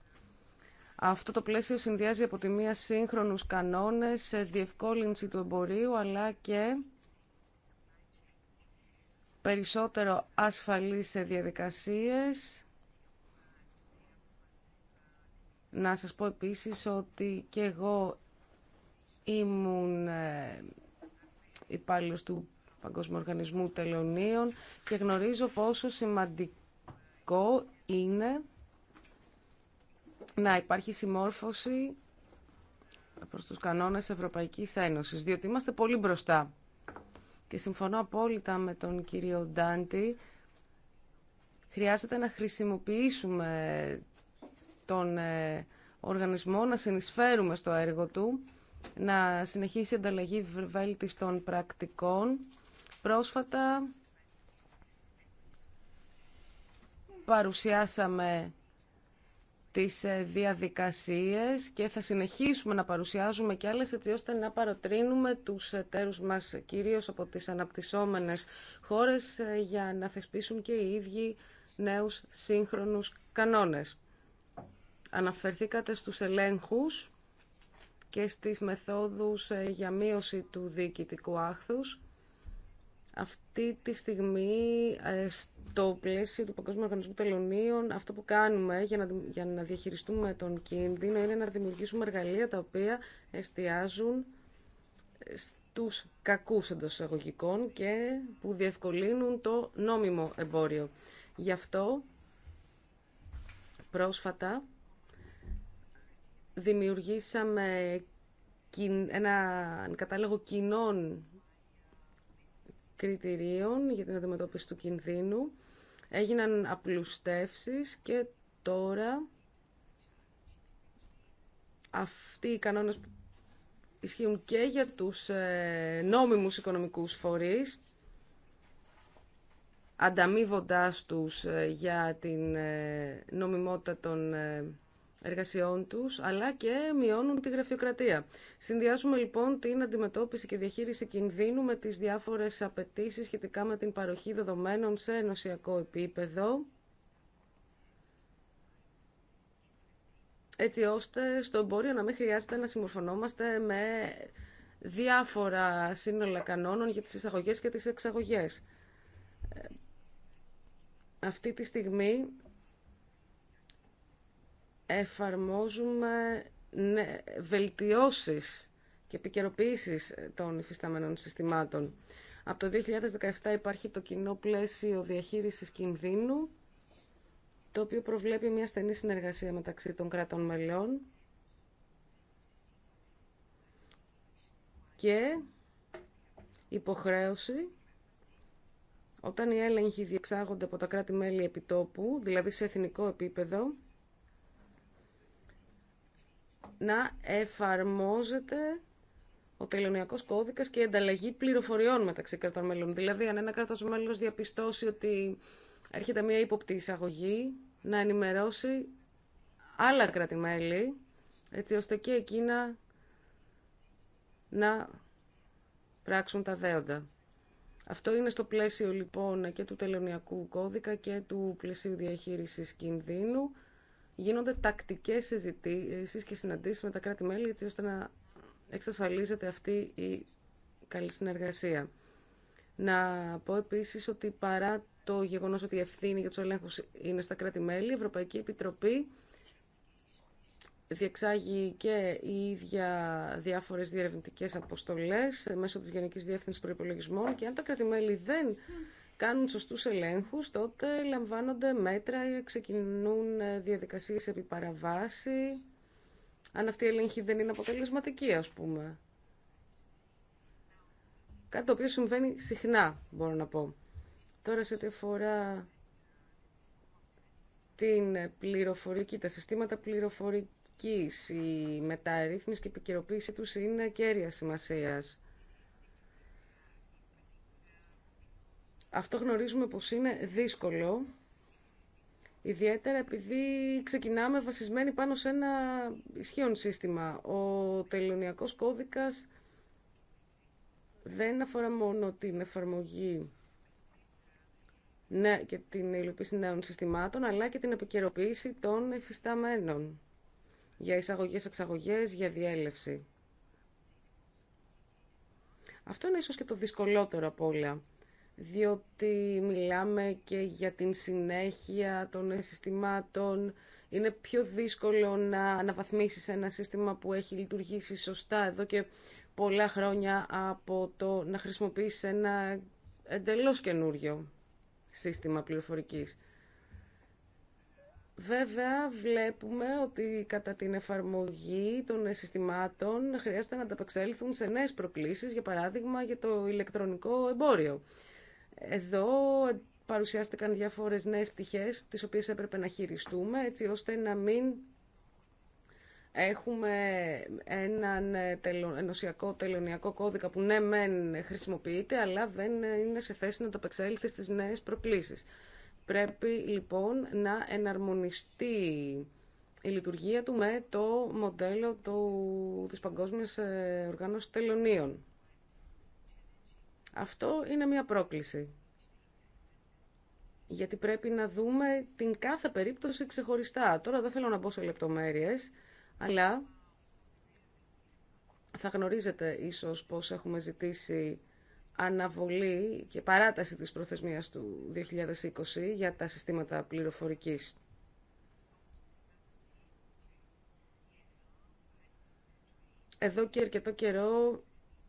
B: Αυτό το πλαίσιο συνδυάζει από τη μία σύγχρονους κανόνες, σε διευκόλυνση του εμπορίου, αλλά και περισσότερο ασφαλείς σε διαδικασίες. Να σας πω επίσης ότι και εγώ ήμουν ε, υπάλληλο του Παγκόσμιου Οργανισμού Τελωνίων και γνωρίζω πόσο σημαντικό είναι να υπάρχει συμμόρφωση προς τους κανόνες Ευρωπαϊκής Ένωσης, διότι είμαστε πολύ μπροστά. Και συμφωνώ απόλυτα με τον κύριο Ντάντι, χρειάζεται να χρησιμοποιήσουμε τον ε, οργανισμό, να συνεισφέρουμε στο έργο του, να συνεχίσει η ανταλλαγή βέλτιστων πρακτικών. Πρόσφατα παρουσιάσαμε τις ε, διαδικασίες και θα συνεχίσουμε να παρουσιάζουμε και άλλες έτσι ώστε να παροτρύνουμε τους εταίρους μας κυρίως από τις αναπτυσσόμενες χώρες ε, για να θεσπίσουν και οι ίδιοι νέους σύγχρονους κανόνες. Αναφερθήκατε στους ελέγχους και στις μεθόδους ε, για μείωση του διοικητικού άχθους. Αυτή τη στιγμή ε, στο πλαίσιο του Παγκόσμιου Οργανισμού Τελωνίων αυτό που κάνουμε για να, για να διαχειριστούμε τον κίνδυνο είναι να δημιουργήσουμε εργαλεία τα οποία εστιάζουν στους κακούς εντό εισαγωγικών και που διευκολύνουν το νόμιμο εμπόριο. Γι' αυτό πρόσφατα δημιουργήσαμε ένα κατάλογο κοινών κριτηρίων για την αντιμετώπιση του κινδύνου, έγιναν απλουστεύσεις και τώρα αυτοί οι κανόνες ισχύουν και για τους ε, νόμιμους οικονομικούς φορείς, ανταμείβοντάς τους ε, για την ε, νομιμότητα των εργασιών τους, αλλά και μειώνουν τη γραφειοκρατία. Συνδυάζουμε λοιπόν την αντιμετώπιση και διαχείριση κινδύνου με τις διάφορες απαιτήσει σχετικά με την παροχή δεδομένων σε ενωσιακό επίπεδο, έτσι ώστε στο εμπόριο να μην χρειάζεται να συμμορφωνόμαστε με διάφορα σύνολα κανόνων για τις εισαγωγές και τις εξαγωγές. Ε, αυτή τη στιγμή εφαρμόζουμε ναι, βελτιώσεις και επικαιροποίησει των υφισταμένων συστημάτων. Από το 2017 υπάρχει το κοινό πλαίσιο διαχείρισης κινδύνου, το οποίο προβλέπει μια στενή συνεργασία μεταξύ των κρατών μελών και υποχρέωση όταν οι έλεγχοι διεξάγονται από τα κράτη-μέλη επιτόπου, δηλαδή σε εθνικό επίπεδο, να εφαρμόζεται ο τελωνιακό κώδικας και η ανταλλαγή πληροφοριών μεταξύ κρατών μελών. Δηλαδή, αν ένα κράτος μέλος διαπιστώσει ότι έρχεται μια ύποπτη εισαγωγή, να ενημερώσει άλλα έτσι ώστε και εκείνα να πράξουν τα δέοντα. Αυτό είναι στο πλαίσιο λοιπόν και του τελωνιακού κώδικα και του πλαισίου διαχείρισης κινδύνου γίνονται τακτικές συζητήσει και συναντήσει με τα κράτη-μέλη έτσι ώστε να εξασφαλίζεται αυτή η καλή συνεργασία. Να πω επίση ότι παρά το γεγονός ότι η ευθύνη για του ελέγχου είναι στα κράτη-μέλη, η Ευρωπαϊκή Επιτροπή διεξάγει και η ίδια διάφορες διερευνητικές αποστολές ε, μέσω της Γενικής Διεύθυνσης Προϋπολογισμών και αν τα κράτη-μέλη δεν κάνουν σωστούς ελέγχους, τότε λαμβάνονται μέτρα, ξεκινούν ε, διαδικασίες επί παραβάση, αν αυτή η ελέγχη δεν είναι αποτελεσματική, ας πούμε. Κάτι το οποίο συμβαίνει συχνά, μπορώ να πω. Τώρα, σε ό,τι αφορά την πληροφορική, τα συστήματα πληροφορικής, η μεταρρύθμιση και επικαιροποίηση τους είναι κέρια σημασίας. Αυτό γνωρίζουμε πως είναι δύσκολο, ιδιαίτερα επειδή ξεκινάμε βασισμένοι πάνω σε ένα ισχύον σύστημα. Ο τελωνιακός κώδικας δεν αφορά μόνο την εφαρμογή ναι, και την υλοποίηση νέων συστημάτων, αλλά και την επικαιροποίηση των εφισταμένων για εισαγωγές, εξαγωγές, για διέλευση. Αυτό είναι ίσως και το δυσκολότερο από όλα διότι μιλάμε και για την συνέχεια των συστημάτων. Είναι πιο δύσκολο να αναβαθμίσεις ένα σύστημα που έχει λειτουργήσει σωστά εδώ και πολλά χρόνια από το να χρησιμοποιείς ένα εντελώς καινούριο σύστημα πληροφορικής. Βέβαια, βλέπουμε ότι κατά την εφαρμογή των συστημάτων χρειάζεται να ανταπεξέλθουν σε νέες προκλήσεις, για παράδειγμα για το ηλεκτρονικό εμπόριο. Εδώ παρουσιάστηκαν διάφορες νέες πτυχές, τις οποίες έπρεπε να χειριστούμε, έτσι ώστε να μην έχουμε έναν τελο, ενωσιακό τελωνιακό κώδικα που ναι μεν χρησιμοποιείται, αλλά δεν είναι σε θέση να το απεξέλθει στις νέες προκλήσεις. Πρέπει λοιπόν να εναρμονιστεί η λειτουργία του με το μοντέλο του, της Παγκόσμιας ε, Οργάνωσης Τελωνίων. Αυτό είναι μια πρόκληση. Γιατί πρέπει να δούμε την κάθε περίπτωση ξεχωριστά. Τώρα δεν θέλω να μπω σε λεπτομέρειες, αλλά θα γνωρίζετε ίσως πως έχουμε ζητήσει αναβολή και παράταση της προθεσμίας του 2020 για τα συστήματα πληροφορικής. Εδώ και αρκετό καιρό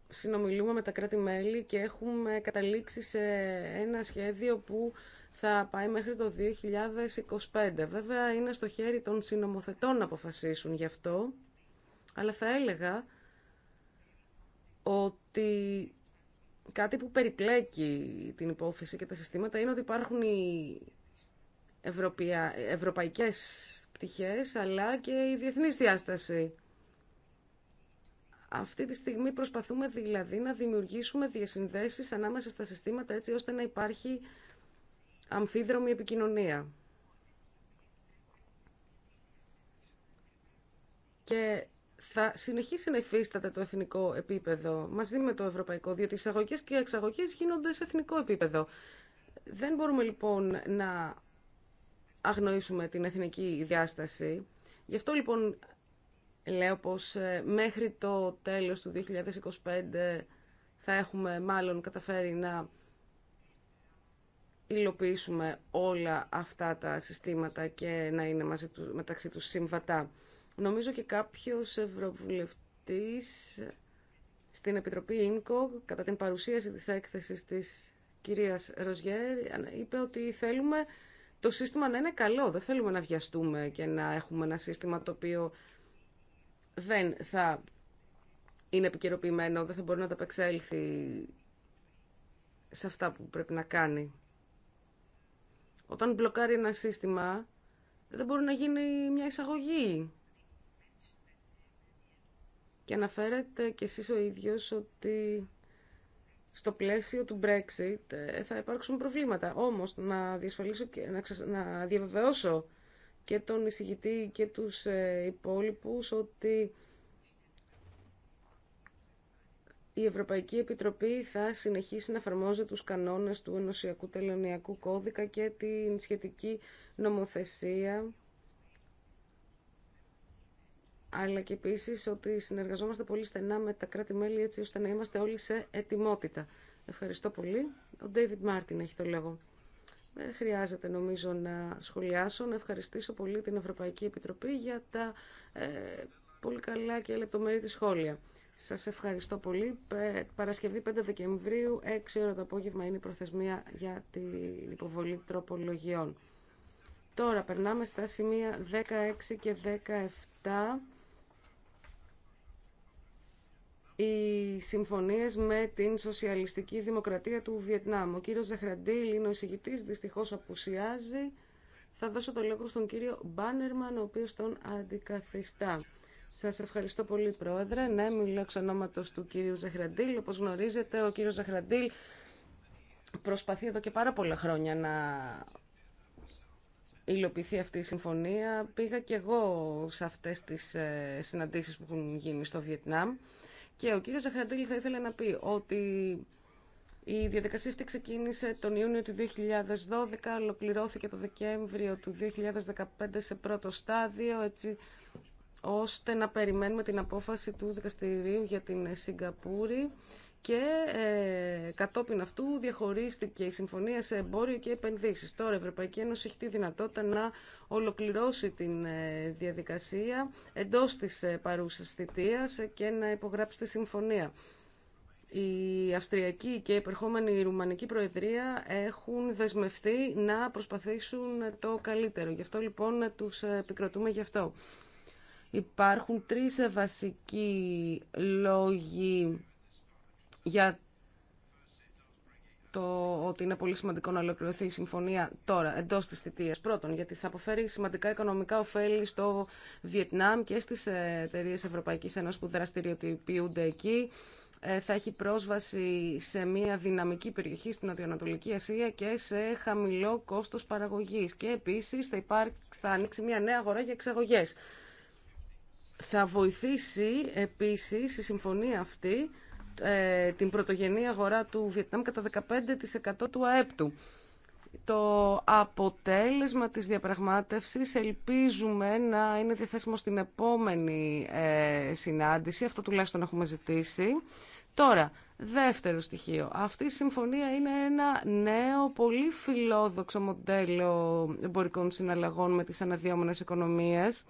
B: συνομιλούμε με τα κράτη-μέλη και έχουμε καταλήξει σε ένα σχέδιο που θα πάει μέχρι το 2025. Βέβαια είναι στο χέρι των συνομοθετών να αποφασίσουν γι' αυτό, αλλά θα έλεγα ότι κάτι που περιπλέκει την υπόθεση και τα συστήματα είναι ότι υπάρχουν οι ευρωπαϊκές πτυχές αλλά και η διεθνής διάσταση. Αυτή τη στιγμή προσπαθούμε δηλαδή να δημιουργήσουμε διασυνδέσεις ανάμεσα στα συστήματα έτσι ώστε να υπάρχει αμφίδρομη επικοινωνία. Και θα συνεχίσει να υφίσταται το εθνικό επίπεδο μαζί με το ευρωπαϊκό, διότι οι εισαγωγές και οι εξαγωγές γίνονται σε εθνικό επίπεδο. Δεν μπορούμε λοιπόν να αγνοήσουμε την εθνική διάσταση. Γι' αυτό λοιπόν Λέω πως ε, μέχρι το τέλος του 2025 θα έχουμε μάλλον καταφέρει να υλοποιήσουμε όλα αυτά τα συστήματα και να είναι μαζί του, μεταξύ τους συμβατά. Νομίζω και κάποιος ευρωβουλευτής στην Επιτροπή ΙΜΚΟ, κατά την παρουσίαση της έκθεσης της κυρίας Ροζιέρ, είπε ότι θέλουμε το σύστημα να είναι καλό. Δεν θέλουμε να βιαστούμε και να έχουμε ένα σύστημα το οποίο δεν θα είναι επικαιροποιημένο, δεν θα μπορεί να τα απεξέλθει σε αυτά που πρέπει να κάνει. Όταν μπλοκάρει ένα σύστημα, δεν μπορεί να γίνει μια εισαγωγή. Και αναφέρετε κι εσείς ο ίδιος ότι στο πλαίσιο του Brexit ε, θα υπάρξουν προβλήματα. Όμως, να, διασφαλίσω και, να, να διαβεβαιώσω και τον εισηγητή και τους ε, υπόλοιπους ότι η Ευρωπαϊκή Επιτροπή θα συνεχίσει να εφαρμόζει τους κανόνες του Ενωσιακού Τελωνιακού Κώδικα και την σχετική νομοθεσία αλλά και επίση ότι συνεργαζόμαστε πολύ στενά με τα κράτη-μέλη έτσι ώστε να είμαστε όλοι σε ετοιμότητα. Ευχαριστώ πολύ. Ο David Μάρτιν έχει το λόγο χρειάζεται νομίζω να σχολιάσω. Να ευχαριστήσω πολύ την Ευρωπαϊκή Επιτροπή για τα ε, πολύ καλά και λεπτομερή της σχόλια. Σας ευχαριστώ πολύ. Ε, Παρασκευή 5 Δεκεμβρίου, 6 ώρα το απόγευμα είναι η προθεσμία για την υποβολή τροπολογιών. Τώρα περνάμε στα σημεία 16 και 17 οι συμφωνίε με την σοσιαλιστική δημοκρατία του Βιετνάμ. Ο κύριο Ζεχραντήλ είναι ο εισηγητή, δυστυχώ απουσιάζει. Θα δώσω το λόγο στον κύριο Μπάνερμαν, ο οποίο τον αντικαθιστά. Σα ευχαριστώ πολύ, Πρόεδρε. Ναι, μιλώ εξ ονόματο του κύριου Ζεχραντήλ. Όπω γνωρίζετε, ο κύριο Ζεχραντήλ προσπαθεί εδώ και πάρα πολλά χρόνια να υλοποιηθεί αυτή η συμφωνία. Πήγα και εγώ σε αυτές τις ε, συναντήσεις που έχουν γίνει στο Βιετνάμ και ο κύριος Ζαχραντήλη θα ήθελε να πει ότι η διαδικασία αυτή ξεκίνησε τον Ιούνιο του 2012, ολοκληρώθηκε το Δεκέμβριο του 2015 σε πρώτο στάδιο, έτσι ώστε να περιμένουμε την απόφαση του δικαστηρίου για την Σιγκαπούρη και ε, κατόπιν αυτού διαχωρίστηκε η συμφωνία σε εμπόριο και επενδύσεις. Τώρα η Ευρωπαϊκή Ένωση έχει τη δυνατότητα να ολοκληρώσει την ε, διαδικασία εντός της ε, παρούσας και να υπογράψει τη συμφωνία. Η Αυστριακή και η επερχόμενη Ρουμανική Προεδρία έχουν δεσμευτεί να προσπαθήσουν το καλύτερο. Γι' αυτό λοιπόν τους ε, επικροτούμε γι' αυτό. Υπάρχουν τρεις βασικοί λόγοι για το ότι είναι πολύ σημαντικό να ολοκληρωθεί η συμφωνία τώρα, εντό τη θητεία. Πρώτον, γιατί θα αποφέρει σημαντικά οικονομικά ωφέλη στο Βιετνάμ και στι ε, εταιρείε Ευρωπαϊκή Ένωση που δραστηριοποιούνται εκεί. Ε, θα έχει πρόσβαση σε μια δυναμική περιοχή στην Νοτιοανατολική Ασία και σε χαμηλό κόστο παραγωγή. Και επίση θα, θα ανοίξει μια νέα αγορά για εξαγωγέ. Θα βοηθήσει επίση η συμφωνία αυτή ε, την πρωτογενή αγορά του Βιετνάμ κατά 15% του ΑΕΠ του. Το αποτέλεσμα της διαπραγμάτευσης ελπίζουμε να είναι διαθέσιμο στην επόμενη ε, συνάντηση. Αυτό τουλάχιστον έχουμε ζητήσει. Τώρα, δεύτερο στοιχείο. Αυτή η συμφωνία είναι ένα νέο, πολύ φιλόδοξο μοντέλο εμπορικών συναλλαγών με τις αναδυόμενες οικονομίες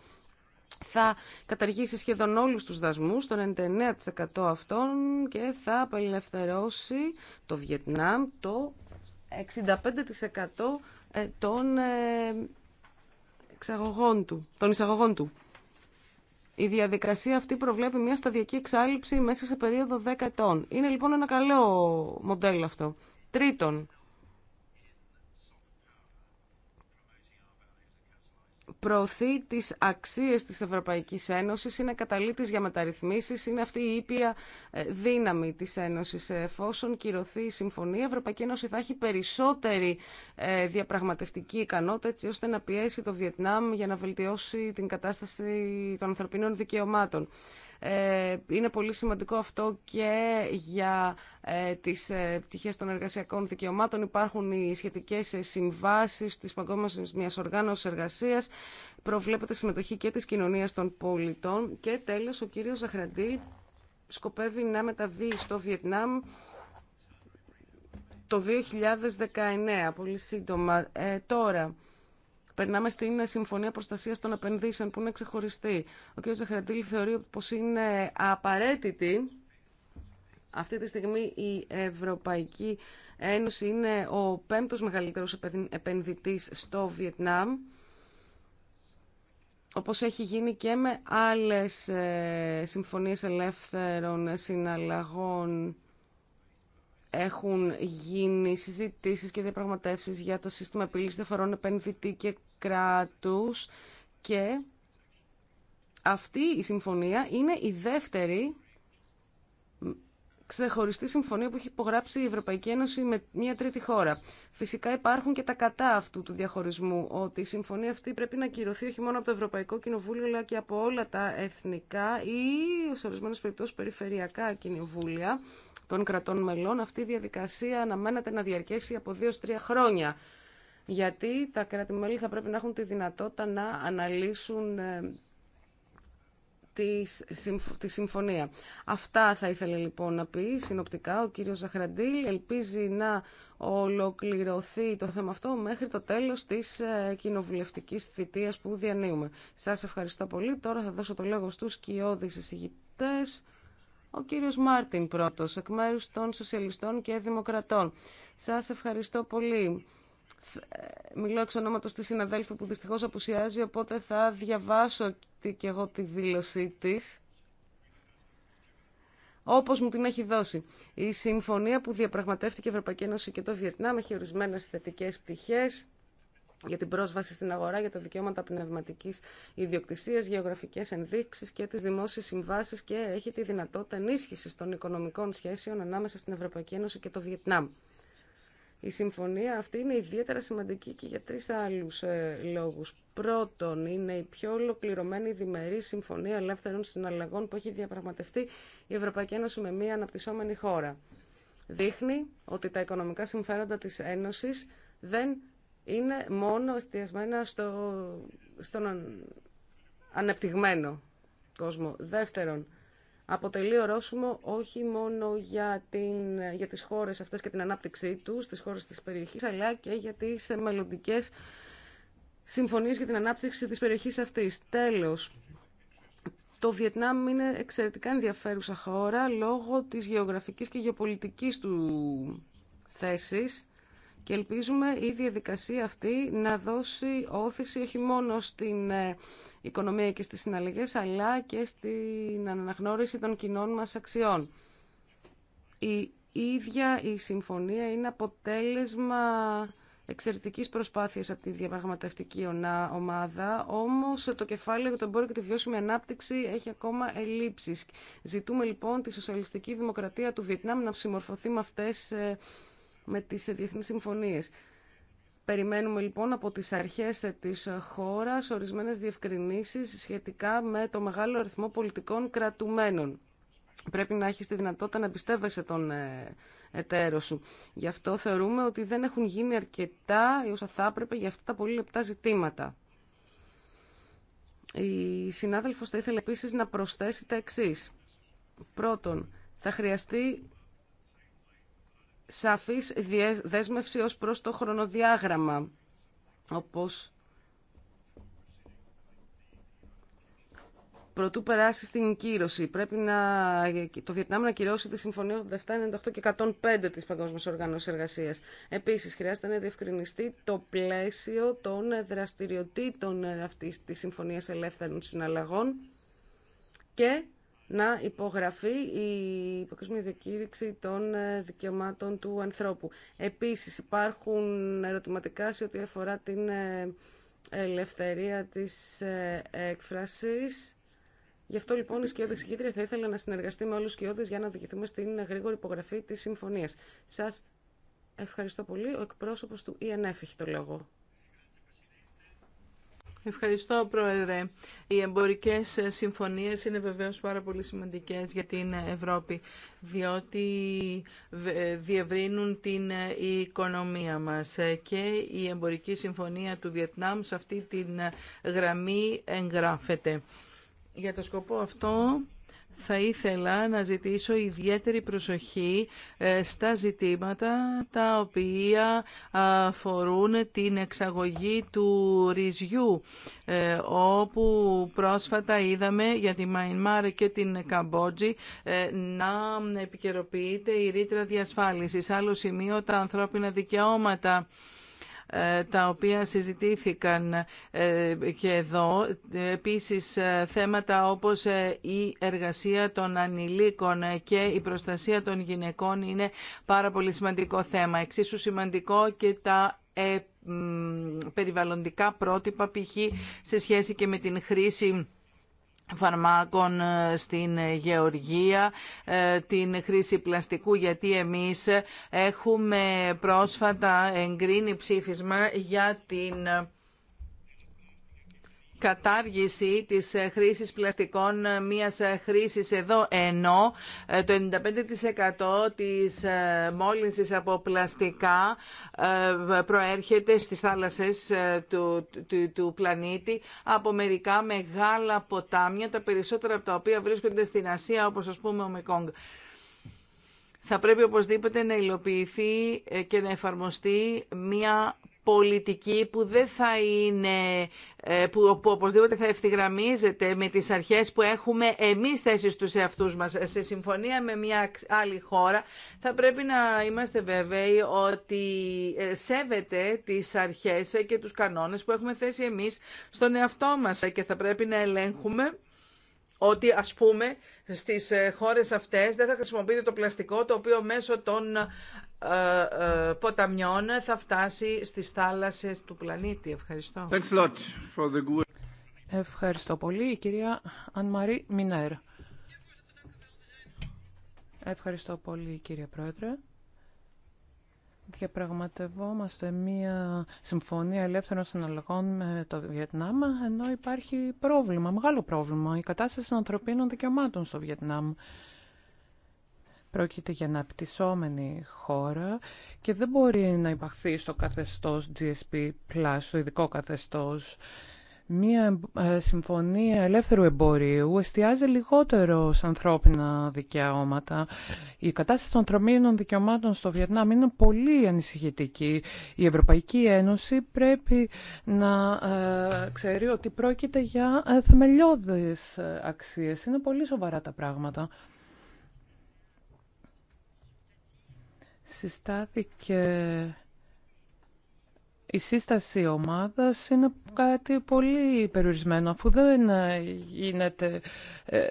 B: θα καταργήσει σχεδόν όλους τους δασμούς, το 99% αυτών και θα απελευθερώσει το Βιετνάμ το 65% ε, των ε, εξαγωγών του, των εισαγωγών του. Η διαδικασία αυτή προβλέπει μια σταδιακή εξάλληψη μέσα σε περίοδο 10 ετών. Είναι λοιπόν ένα καλό μοντέλο αυτό. Τρίτον, προωθεί τι αξίες της Ευρωπαϊκής Ένωση είναι καταλήτης για μεταρρυθμίσεις, είναι αυτή η ήπια ε, δύναμη της Ένωση. Εφόσον κυρωθεί η συμφωνία, η Ευρωπαϊκή Ένωση θα έχει περισσότερη ε, διαπραγματευτική ικανότητα, έτσι ώστε να πιέσει το Βιετνάμ για να βελτιώσει την κατάσταση των ανθρωπινών δικαιωμάτων. Ε, είναι πολύ σημαντικό αυτό και για ε, τις ε, πτυχές των εργασιακών δικαιωμάτων. Υπάρχουν οι σχετικές συμβάσεις της Παγκόσμιας Μιας Οργάνωσης Εργασίας. Προβλέπεται συμμετοχή και της κοινωνίας των πολιτών. Και τέλος, ο κύριος Ζαχραντή σκοπεύει να μεταβεί στο Βιετνάμ το 2019, πολύ σύντομα. τώρα, Περνάμε στην Συμφωνία Προστασίας των Επενδύσεων που είναι ξεχωριστή. Ο κ. Ζαχραντήλη θεωρεί πως είναι απαραίτητη αυτή τη στιγμή η Ευρωπαϊκή Ένωση είναι ο πέμπτος μεγαλύτερος επενδυτής στο Βιετνάμ, όπως έχει γίνει και με άλλες ε, συμφωνίες ελεύθερων συναλλαγών έχουν γίνει συζητήσεις και διαπραγματεύσεις για το σύστημα επίλυσης διαφορών επενδυτή και κράτους και αυτή η συμφωνία είναι η δεύτερη ξεχωριστή συμφωνία που έχει υπογράψει η Ευρωπαϊκή Ένωση με μια τρίτη χώρα. Φυσικά υπάρχουν και τα κατά αυτού του διαχωρισμού, ότι η συμφωνία αυτή πρέπει να κυρωθεί όχι μόνο από το Ευρωπαϊκό Κοινοβούλιο, αλλά και από όλα τα εθνικά ή, σε ορισμένε περιπτώσει, περιφερειακά κοινοβούλια, των κρατών μελών. Αυτή η διαδικασία αναμένεται να διαρκέσει από 2-3 χρόνια, γιατί τα κράτη-μέλη θα πρέπει να έχουν τη δυνατότητα να αναλύσουν ε, τη συμφωνία. Αυτά θα ήθελε λοιπόν να πει συνοπτικά ο κύριος Ζαχραντήλ. Ελπίζει να ολοκληρωθεί το θέμα αυτό μέχρι το τέλος της ε, κοινοβουλευτικής θητείας που διανύουμε. Σας ευχαριστώ πολύ. Τώρα θα δώσω το λόγο στους κοιόδης εισηγητές ο κύριος Μάρτιν πρώτος, εκ μέρου των Σοσιαλιστών και Δημοκρατών. Σας ευχαριστώ πολύ. Ε, μιλώ εξ ονόματος της συναδέλφου που δυστυχώς απουσιάζει, οπότε θα διαβάσω και εγώ τη δήλωσή της όπως μου την έχει δώσει. Η συμφωνία που διαπραγματεύτηκε η Ευρωπαϊκή Ένωση και το Βιετνάμ έχει ορισμένες θετικές πτυχές για την πρόσβαση στην αγορά, για τα δικαιώματα πνευματική ιδιοκτησία, γεωγραφικέ ενδείξει και τι δημόσιε συμβάσει και έχει τη δυνατότητα ενίσχυση των οικονομικών σχέσεων ανάμεσα στην Ευρωπαϊκή Ένωση και το Βιετνάμ. Η συμφωνία αυτή είναι ιδιαίτερα σημαντική και για τρεις άλλους ε, λόγους. Πρώτον, είναι η πιο ολοκληρωμένη διμερή συμφωνία ελεύθερων συναλλαγών που έχει διαπραγματευτεί η Ευρωπαϊκή Ένωση με μία αναπτυσσόμενη χώρα. Δείχνει ότι τα οικονομικά συμφέροντα της Ένωσης δεν είναι μόνο εστιασμένα στο, στον ανεπτυγμένο κόσμο. Δεύτερον, αποτελεί ορόσημο όχι μόνο για, την, για τις χώρες αυτές και την ανάπτυξή τους, τις χώρες της περιοχής, αλλά και για τις μελλοντικέ συμφωνίες για την ανάπτυξη της περιοχής αυτής. Τέλος, το Βιετνάμ είναι εξαιρετικά ενδιαφέρουσα χώρα λόγω της γεωγραφικής και γεωπολιτικής του θέσης και ελπίζουμε η διαδικασία αυτή να δώσει όθηση όχι μόνο στην ε, οικονομία και στις συναλλαγές αλλά και στην αναγνώριση των κοινών μας αξιών. Η ίδια η συμφωνία είναι αποτέλεσμα εξαιρετικής προσπάθειας από τη διαπραγματευτική ομάδα, όμως το κεφάλαιο για τον πόρο και τη βιώσιμη ανάπτυξη έχει ακόμα ελλείψεις. Ζητούμε λοιπόν τη σοσιαλιστική δημοκρατία του Βιετνάμ να συμμορφωθεί με αυτές ε, με τις διεθνείς συμφωνίες. Περιμένουμε λοιπόν από τις αρχές της χώρας ορισμένες διευκρινήσεις σχετικά με το μεγάλο αριθμό πολιτικών κρατουμένων. Πρέπει να έχεις τη δυνατότητα να πιστεύεσαι τον ε, εταίρο σου. Γι' αυτό θεωρούμε ότι δεν έχουν γίνει αρκετά όσα θα έπρεπε για αυτά τα πολύ λεπτά ζητήματα. Η συνάδελφος θα ήθελε επίσης να προσθέσει τα εξής. Πρώτον, θα χρειαστεί σαφής δέσμευση ως προς το χρονοδιάγραμμα, όπως προτού περάσει στην κύρωση. Πρέπει να, το Βιετνάμ να κυρώσει τη Συμφωνία 87, και 105 της Παγκόσμιας Οργανώσης Εργασίας. Επίσης, χρειάζεται να διευκρινιστεί το πλαίσιο των δραστηριοτήτων αυτής της Συμφωνίας Ελεύθερων Συναλλαγών και να υπογραφεί η Παγκόσμια Διακήρυξη των ε, Δικαιωμάτων του Ανθρώπου. Επίσης υπάρχουν ερωτηματικά σε ό,τι αφορά την ε, ελευθερία της ε, έκφρασης. Γι' αυτό λοιπόν η Σκιώδη Συγκήτρια θα ήθελα να συνεργαστεί με όλους τους Σκιώδες για να οδηγηθούμε στην γρήγορη υπογραφή της συμφωνίας. Σας ευχαριστώ πολύ. Ο εκπρόσωπος του ΕΝΕΦ e έχει το λόγο.
C: Ευχαριστώ, Πρόεδρε. Οι εμπορικές συμφωνίες είναι βεβαίως πάρα πολύ σημαντικές για την Ευρώπη, διότι διευρύνουν την οικονομία μας. Και η εμπορική συμφωνία του Βιετνάμ σε αυτή την γραμμή εγγράφεται. Για το σκοπό αυτό θα ήθελα να ζητήσω ιδιαίτερη προσοχή ε, στα ζητήματα τα οποία αφορούν την εξαγωγή του ρυζιού ε, όπου πρόσφατα είδαμε για τη Μαϊνμάρ και την Καμπότζη ε, να επικαιροποιείται η ρήτρα διασφάλισης. Άλλο σημείο τα ανθρώπινα δικαιώματα. Ε, τα οποία συζητήθηκαν ε, και εδώ. Επίσης ε, θέματα όπως η εργασία των ανηλίκων και η προστασία των γυναικών είναι πάρα πολύ σημαντικό θέμα. Εξίσου σημαντικό και τα περιβαλλοντικά πρότυπα π.χ. σε σχέση και με την χρήση φαρμάκων ε, στην γεωργία, ε, την χρήση πλαστικού, γιατί εμείς έχουμε πρόσφατα εγκρίνει ψήφισμα για την κατάργηση της ε, χρήσης πλαστικών ε, μίας ε, χρήσης εδώ, ενώ το 95% της μόλυνσης από πλαστικά προέρχεται στις θάλασσες του, του, του πλανήτη από μερικά μεγάλα ποτάμια, τα περισσότερα από τα οποία βρίσκονται στην Ασία, όπως ας πούμε ο Μεκόγκ θα πρέπει οπωσδήποτε να υλοποιηθεί και να εφαρμοστεί μια πολιτική που δεν θα είναι, ε, που, που οπωσδήποτε θα ευθυγραμμίζεται με τις αρχές που έχουμε εμείς θέσει τους εαυτούς μας σε συμφωνία με μια άλλη χώρα, θα πρέπει να είμαστε βέβαιοι ότι ε, σέβεται τις αρχές και τους κανόνες που έχουμε θέσει εμείς στον εαυτό μας και θα πρέπει να ελέγχουμε ότι ας πούμε στις ε, χώρες αυτές δεν θα χρησιμοποιείτε το πλαστικό το οποίο μέσω των ε, ε, ποταμιών θα φτάσει στις θάλασσες του πλανήτη. Ευχαριστώ.
D: Thanks lot for the... Ευχαριστώ πολύ, η κυρία Ανμαρή Μινέρ. Ευχαριστώ πολύ, κύριε Πρόεδρε. Διαπραγματευόμαστε μία συμφωνία ελεύθερων συναλλαγών με το Βιετνάμ, ενώ υπάρχει πρόβλημα, μεγάλο πρόβλημα, η κατάσταση των ανθρωπίνων δικαιωμάτων στο Βιετνάμ. Πρόκειται για αναπτυσσόμενη χώρα και δεν μπορεί να υπαχθεί στο καθεστώς GSP+, στο ειδικό καθεστώς. Μία ε, συμφωνία ελεύθερου εμπορίου εστιάζει λιγότερο σε ανθρώπινα δικαιώματα. Η κατάσταση των τρομήνων δικαιωμάτων στο Βιετνάμ είναι πολύ ανησυχητική. Η Ευρωπαϊκή Ένωση πρέπει να ε, ξέρει ότι πρόκειται για ε, θεμελιώδεις αξίες. Είναι πολύ σοβαρά τα πράγματα. συστάθηκε η σύσταση ομάδας είναι κάτι πολύ περιορισμένο αφού δεν ε, γίνεται ε,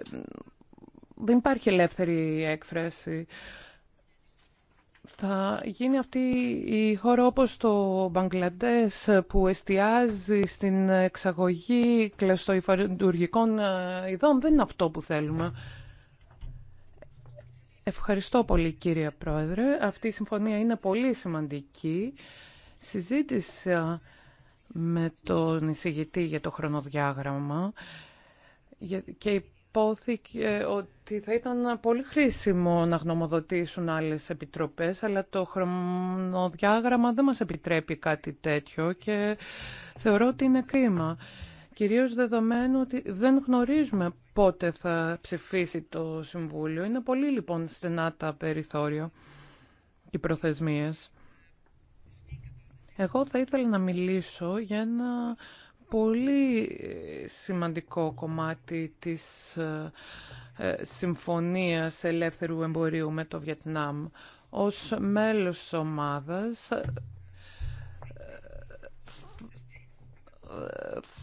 D: δεν υπάρχει ελεύθερη έκφραση θα γίνει αυτή η χώρα όπως το Μπαγκλαντές που εστιάζει στην εξαγωγή κλαστοϊφαντουργικών ε, ειδών δεν είναι αυτό που θέλουμε Ευχαριστώ πολύ κύριε Πρόεδρε. Αυτή η συμφωνία είναι πολύ σημαντική. Συζήτησα με τον εισηγητή για το χρονοδιάγραμμα και υπόθηκε ότι θα ήταν πολύ χρήσιμο να γνωμοδοτήσουν άλλες επιτροπές, αλλά το χρονοδιάγραμμα δεν μας επιτρέπει κάτι τέτοιο και θεωρώ ότι είναι κρίμα. Κυρίως δεδομένου ότι δεν γνωρίζουμε πότε θα ψηφίσει το Συμβούλιο. Είναι πολύ λοιπόν στενά τα περιθώρια και οι προθεσμίες. Εγώ θα ήθελα να μιλήσω για ένα πολύ σημαντικό κομμάτι της ε, Συμφωνίας Ελεύθερου Εμπορίου με το Βιετνάμ. Ως μέλος της ομάδας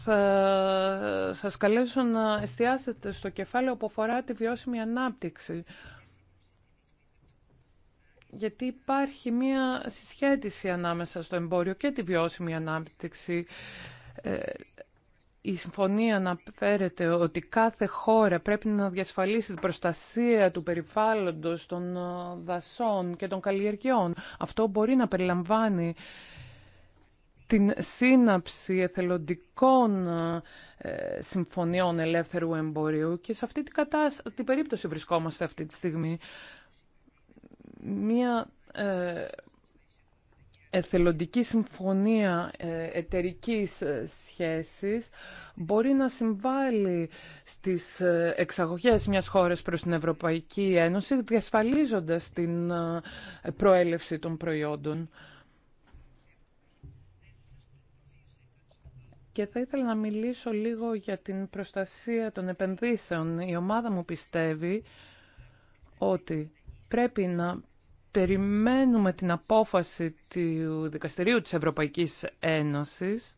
D: θα σας καλέσω να εστιάσετε στο κεφάλαιο που αφορά τη βιώσιμη ανάπτυξη. Γιατί υπάρχει μία συσχέτιση ανάμεσα στο εμπόριο και τη βιώσιμη ανάπτυξη. Ε, η συμφωνία αναφέρεται ότι κάθε χώρα πρέπει να διασφαλίσει την προστασία του περιβάλλοντος, των ε, δασών και των καλλιεργειών. Αυτό μπορεί να περιλαμβάνει την σύναψη εθελοντικών ε, συμφωνιών ελεύθερου εμπορίου και σε αυτή την, κατάσταση, την περίπτωση βρισκόμαστε αυτή τη στιγμή. Μία ε, εθελοντική συμφωνία ε, εταιρικής σχέσης μπορεί να συμβάλλει στις εξαγωγές μιας χώρας προς την Ευρωπαϊκή Ένωση διασφαλίζοντας την προέλευση των προϊόντων. Και θα ήθελα να μιλήσω λίγο για την προστασία των επενδύσεων. Η ομάδα μου πιστεύει ότι πρέπει να περιμένουμε την απόφαση του Δικαστηρίου της Ευρωπαϊκής Ένωσης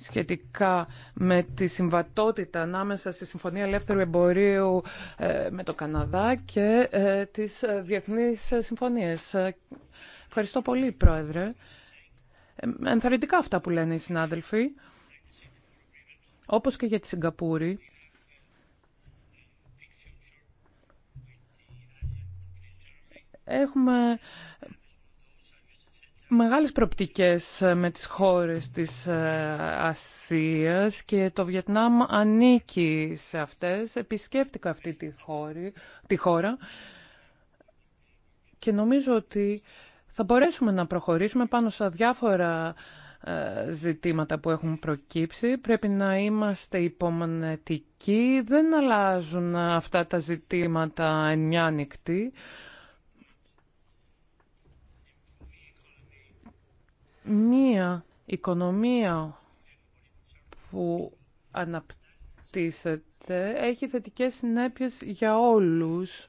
D: σχετικά με τη συμβατότητα ανάμεσα στη Συμφωνία Ελεύθερου Εμπορίου ε, με το Καναδά και ε, τις ε, διεθνείς συμφωνίες. Ευχαριστώ πολύ, Πρόεδρε. Ε, ενθαρρυντικά αυτά που λένε οι συνάδελφοι. Όπως και για τη Σιγκαπούρη, έχουμε μεγάλες προπτικές ε, με τις χώρες της ε, Ασίας και το Βιετνάμ ανήκει σε αυτές. Επισκέφτηκα αυτή τη, χώρα και νομίζω ότι θα μπορέσουμε να προχωρήσουμε πάνω σε διάφορα ε, ζητήματα που έχουν προκύψει. Πρέπει να είμαστε υπομονετικοί. Δεν αλλάζουν αυτά τα ζητήματα εν μια νυχτή. Μία οικονομία που αναπτύσσεται έχει θετικές συνέπειες για όλους.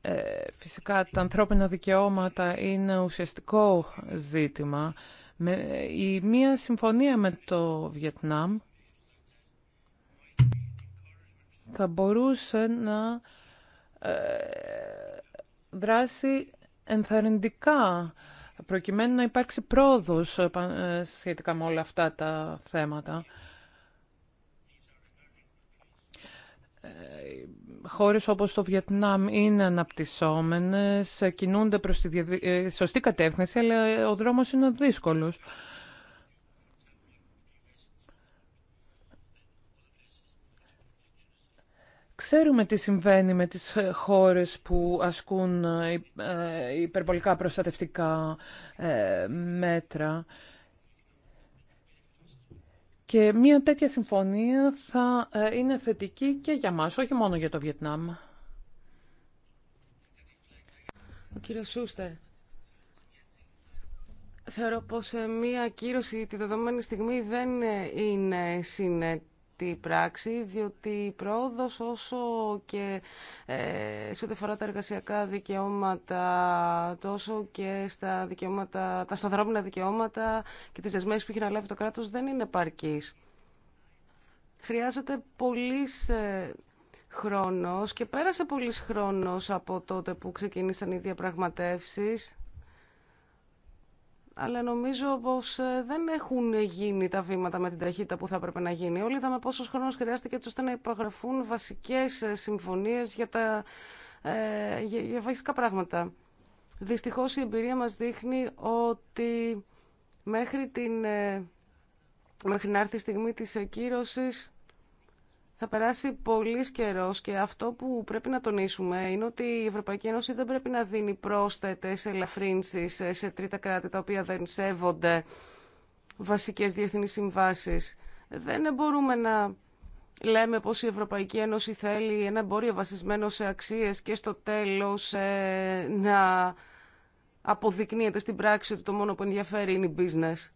D: Ε, φυσικά τα ανθρώπινα δικαιώματα είναι ουσιαστικό ζήτημα. η μία συμφωνία με το Βιετνάμ θα μπορούσε να ε, δράσει ενθαρρυντικά προκειμένου να υπάρξει πρόοδος ε, σχετικά με όλα αυτά τα θέματα χώρες όπως το Βιετνάμ είναι αναπτυσσόμενες, κινούνται προς τη ε, σωστή κατεύθυνση, αλλά ο δρόμος είναι δύσκολος. Ξέρουμε τι συμβαίνει με τις χώρες που ασκούν ε, υπερβολικά προστατευτικά ε, μέτρα. Και μια τέτοια συμφωνία θα ε, είναι θετική και για μας, όχι μόνο για το Βιετνάμ. Ο κύριος Σούστερ. Θεωρώ πως ε, μία κύρωση τη
B: δεδομένη στιγμή δεν ε, είναι τη πράξη, διότι η πρόοδος όσο και ε, σε ό,τι αφορά τα εργασιακά δικαιώματα, τόσο και στα, δικαιώματα, τα σταθερόμενα δικαιώματα και τις δεσμεύσεις που έχει να λάβει το κράτος δεν είναι παρκής. Χρειάζεται πολύ ε, χρόνος και πέρασε πολύς χρόνος από τότε που ξεκίνησαν οι διαπραγματεύσεις αλλά νομίζω πω ε, δεν έχουν γίνει τα βήματα με την ταχύτητα που θα έπρεπε να γίνει. Όλοι είδαμε πόσο χρόνο χρειάστηκε έτσι ώστε να υπογραφούν βασικές ε, συμφωνίε για, τα, ε, για βασικά πράγματα. Δυστυχώ η εμπειρία μας δείχνει ότι μέχρι, την, ε, μέχρι να έρθει η στιγμή της ακύρωσης θα περάσει πολύ καιρό και αυτό που πρέπει να τονίσουμε είναι ότι η Ευρωπαϊκή Ένωση δεν πρέπει να δίνει πρόσθετε ελαφρύνσει σε τρίτα κράτη τα οποία δεν σέβονται βασικέ διεθνεί συμβάσει. Δεν μπορούμε να λέμε πως η Ευρωπαϊκή Ένωση θέλει ένα εμπόριο βασισμένο σε αξίες και στο τέλος ε, να αποδεικνύεται στην πράξη ότι το μόνο που ενδιαφέρει είναι η business.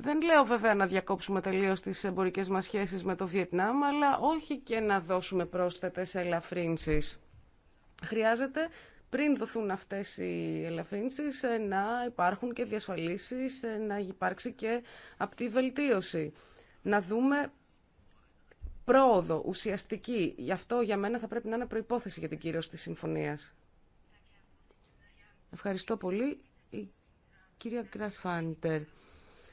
B: Δεν λέω βέβαια να διακόψουμε τελείω τι εμπορικέ μα σχέσει με το Βιετνάμ, αλλά όχι και να δώσουμε πρόσθετε ελαφρύνσει. Χρειάζεται πριν δοθούν αυτές οι ελαφρύνσεις ε, να υπάρχουν και διασφαλίσεις, ε, να υπάρξει και απτή βελτίωση. Να δούμε πρόοδο ουσιαστική. Γι' αυτό για μένα θα πρέπει να είναι προϋπόθεση για την κύριο τη Συμφωνία. Ευχαριστώ πολύ. Η κυρία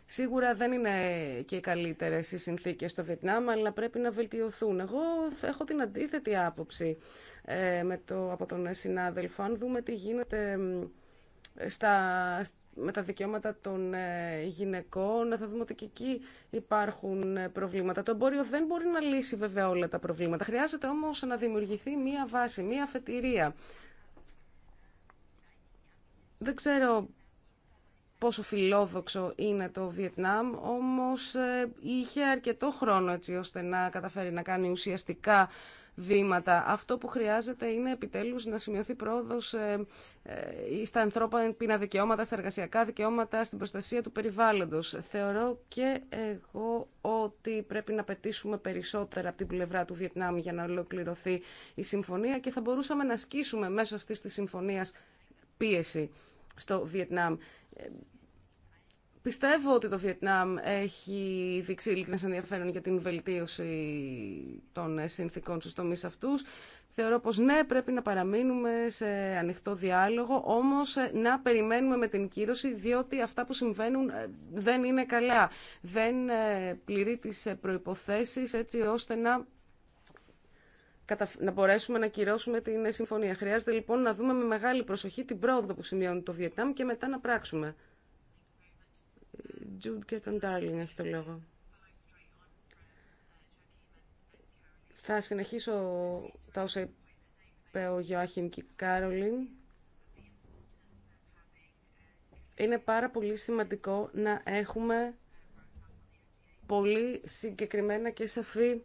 B: Σίγουρα δεν είναι και οι καλύτερε οι συνθήκε στο Βιετνάμ, αλλά πρέπει να βελτιωθούν. Εγώ έχω την αντίθετη άποψη ε, με το, από τον συνάδελφο. Αν δούμε τι γίνεται στα, με τα δικαιώματα των ε, γυναικών, θα δούμε ότι και εκεί υπάρχουν ε, προβλήματα. Το εμπόριο δεν μπορεί να λύσει βέβαια όλα τα προβλήματα. Χρειάζεται όμω να δημιουργηθεί μία βάση, μία αφετηρία. Δεν ξέρω πόσο φιλόδοξο είναι το Βιετνάμ, όμως ε, είχε αρκετό χρόνο έτσι ώστε να καταφέρει να κάνει ουσιαστικά βήματα. Αυτό που χρειάζεται είναι επιτέλους να σημειωθεί πρόοδος ε, ε, στα ανθρώπινα δικαιώματα, στα εργασιακά δικαιώματα, στην προστασία του περιβάλλοντος. Θεωρώ και εγώ ότι πρέπει να πετήσουμε περισσότερα από την πλευρά του Βιετνάμ για να ολοκληρωθεί η συμφωνία και θα μπορούσαμε να ασκήσουμε μέσω αυτής της συμφωνίας πίεση στο Βιετνάμ. Πιστεύω ότι το Βιετνάμ έχει δείξει ειλικρινές ενδιαφέρον για την βελτίωση των συνθήκων στους τομείς αυτούς. Θεωρώ πως ναι, πρέπει να παραμείνουμε σε ανοιχτό διάλογο, όμως να περιμένουμε με την κύρωση, διότι αυτά που συμβαίνουν ε, δεν είναι καλά. Δεν ε, πληρεί τις ε, προϋποθέσεις έτσι ώστε να να μπορέσουμε να κυρώσουμε την συμφωνία. Χρειάζεται λοιπόν να δούμε με μεγάλη προσοχή την πρόοδο που σημειώνει το Βιετνάμ και μετά να πράξουμε. Jude και Darling έχει το λόγο. Θα συνεχίσω τα όσα είπε ο Γιώαχιμ και η Κάρολιν. Είναι πάρα πολύ σημαντικό να έχουμε πολύ συγκεκριμένα και σαφή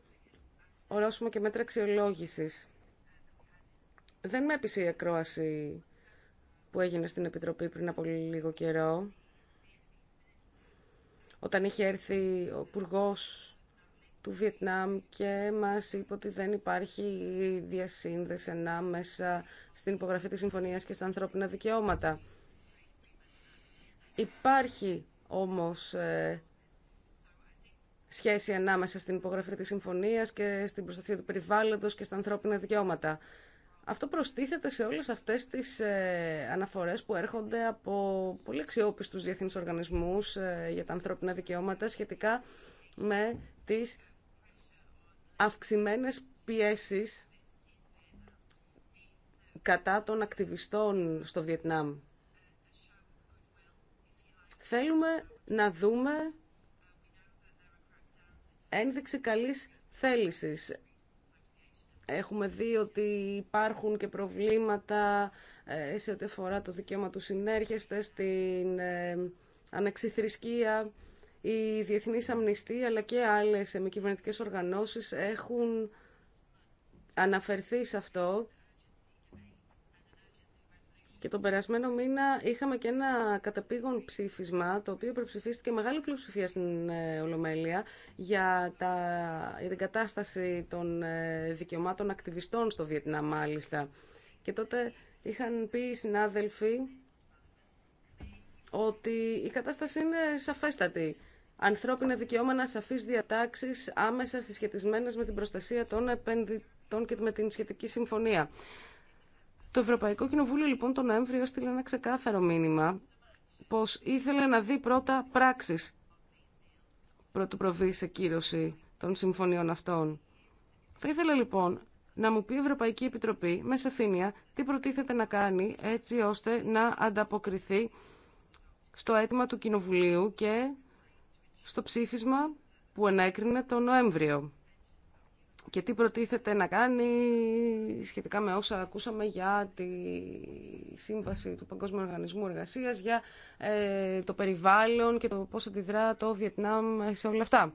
B: ορόσημο και μέτρα αξιολόγηση. Δεν με έπεισε η ακρόαση που έγινε στην Επιτροπή πριν από λίγο καιρό, όταν είχε έρθει ο υπουργό του Βιετνάμ και μας είπε ότι δεν υπάρχει διασύνδεση ανάμεσα στην υπογραφή της συμφωνίας και στα ανθρώπινα δικαιώματα. Υπάρχει όμως ε, σχέση ανάμεσα στην υπογραφή της συμφωνίας και στην προστασία του περιβάλλοντος και στα ανθρώπινα δικαιώματα. Αυτό προστίθεται σε όλες αυτές τις ε, αναφορές που έρχονται από πολύ αξιόπιστους διεθνείς οργανισμούς ε, για τα ανθρώπινα δικαιώματα σχετικά με τις αυξημένες πιέσεις κατά των ακτιβιστών στο Βιετνάμ. Θέλουμε να δούμε ένδειξη καλής θέλησης. Έχουμε δει ότι υπάρχουν και προβλήματα ε, σε ό,τι αφορά το δικαίωμα του συνέρχεστε, στην ε, αναξιθρησκεία, η Διεθνής Αμνηστή αλλά και άλλες μη οργανώσεις έχουν αναφερθεί σε αυτό και τον περασμένο μήνα είχαμε και ένα καταπήγον ψήφισμα, το οποίο προψηφίστηκε μεγάλη πλειοψηφία στην ε, Ολομέλεια για, τα, για την κατάσταση των ε, δικαιωμάτων ακτιβιστών στο Βιετνάμ, μάλιστα. Και τότε είχαν πει οι συνάδελφοι ότι η κατάσταση είναι σαφέστατη. Ανθρώπινα δικαιώματα, σαφείς διατάξεις, άμεσα συσχετισμένες με την προστασία των επενδυτών και με την σχετική συμφωνία. Το Ευρωπαϊκό Κοινοβούλιο λοιπόν τον Νοέμβριο έστειλε ένα ξεκάθαρο μήνυμα πως ήθελε να δει πρώτα πράξεις πρωτού προβεί σε κύρωση των συμφωνιών αυτών. Θα ήθελα λοιπόν να μου πει η Ευρωπαϊκή Επιτροπή με σαφήνεια τι προτίθεται να κάνει έτσι ώστε να ανταποκριθεί στο αίτημα του Κοινοβουλίου και στο ψήφισμα που ενέκρινε τον Νοέμβριο και τι προτίθεται να κάνει σχετικά με όσα ακούσαμε για τη σύμβαση του Παγκόσμιου Οργανισμού Εργασίας, για ε, το περιβάλλον και το πώς αντιδρά το Βιετνάμ σε όλα αυτά.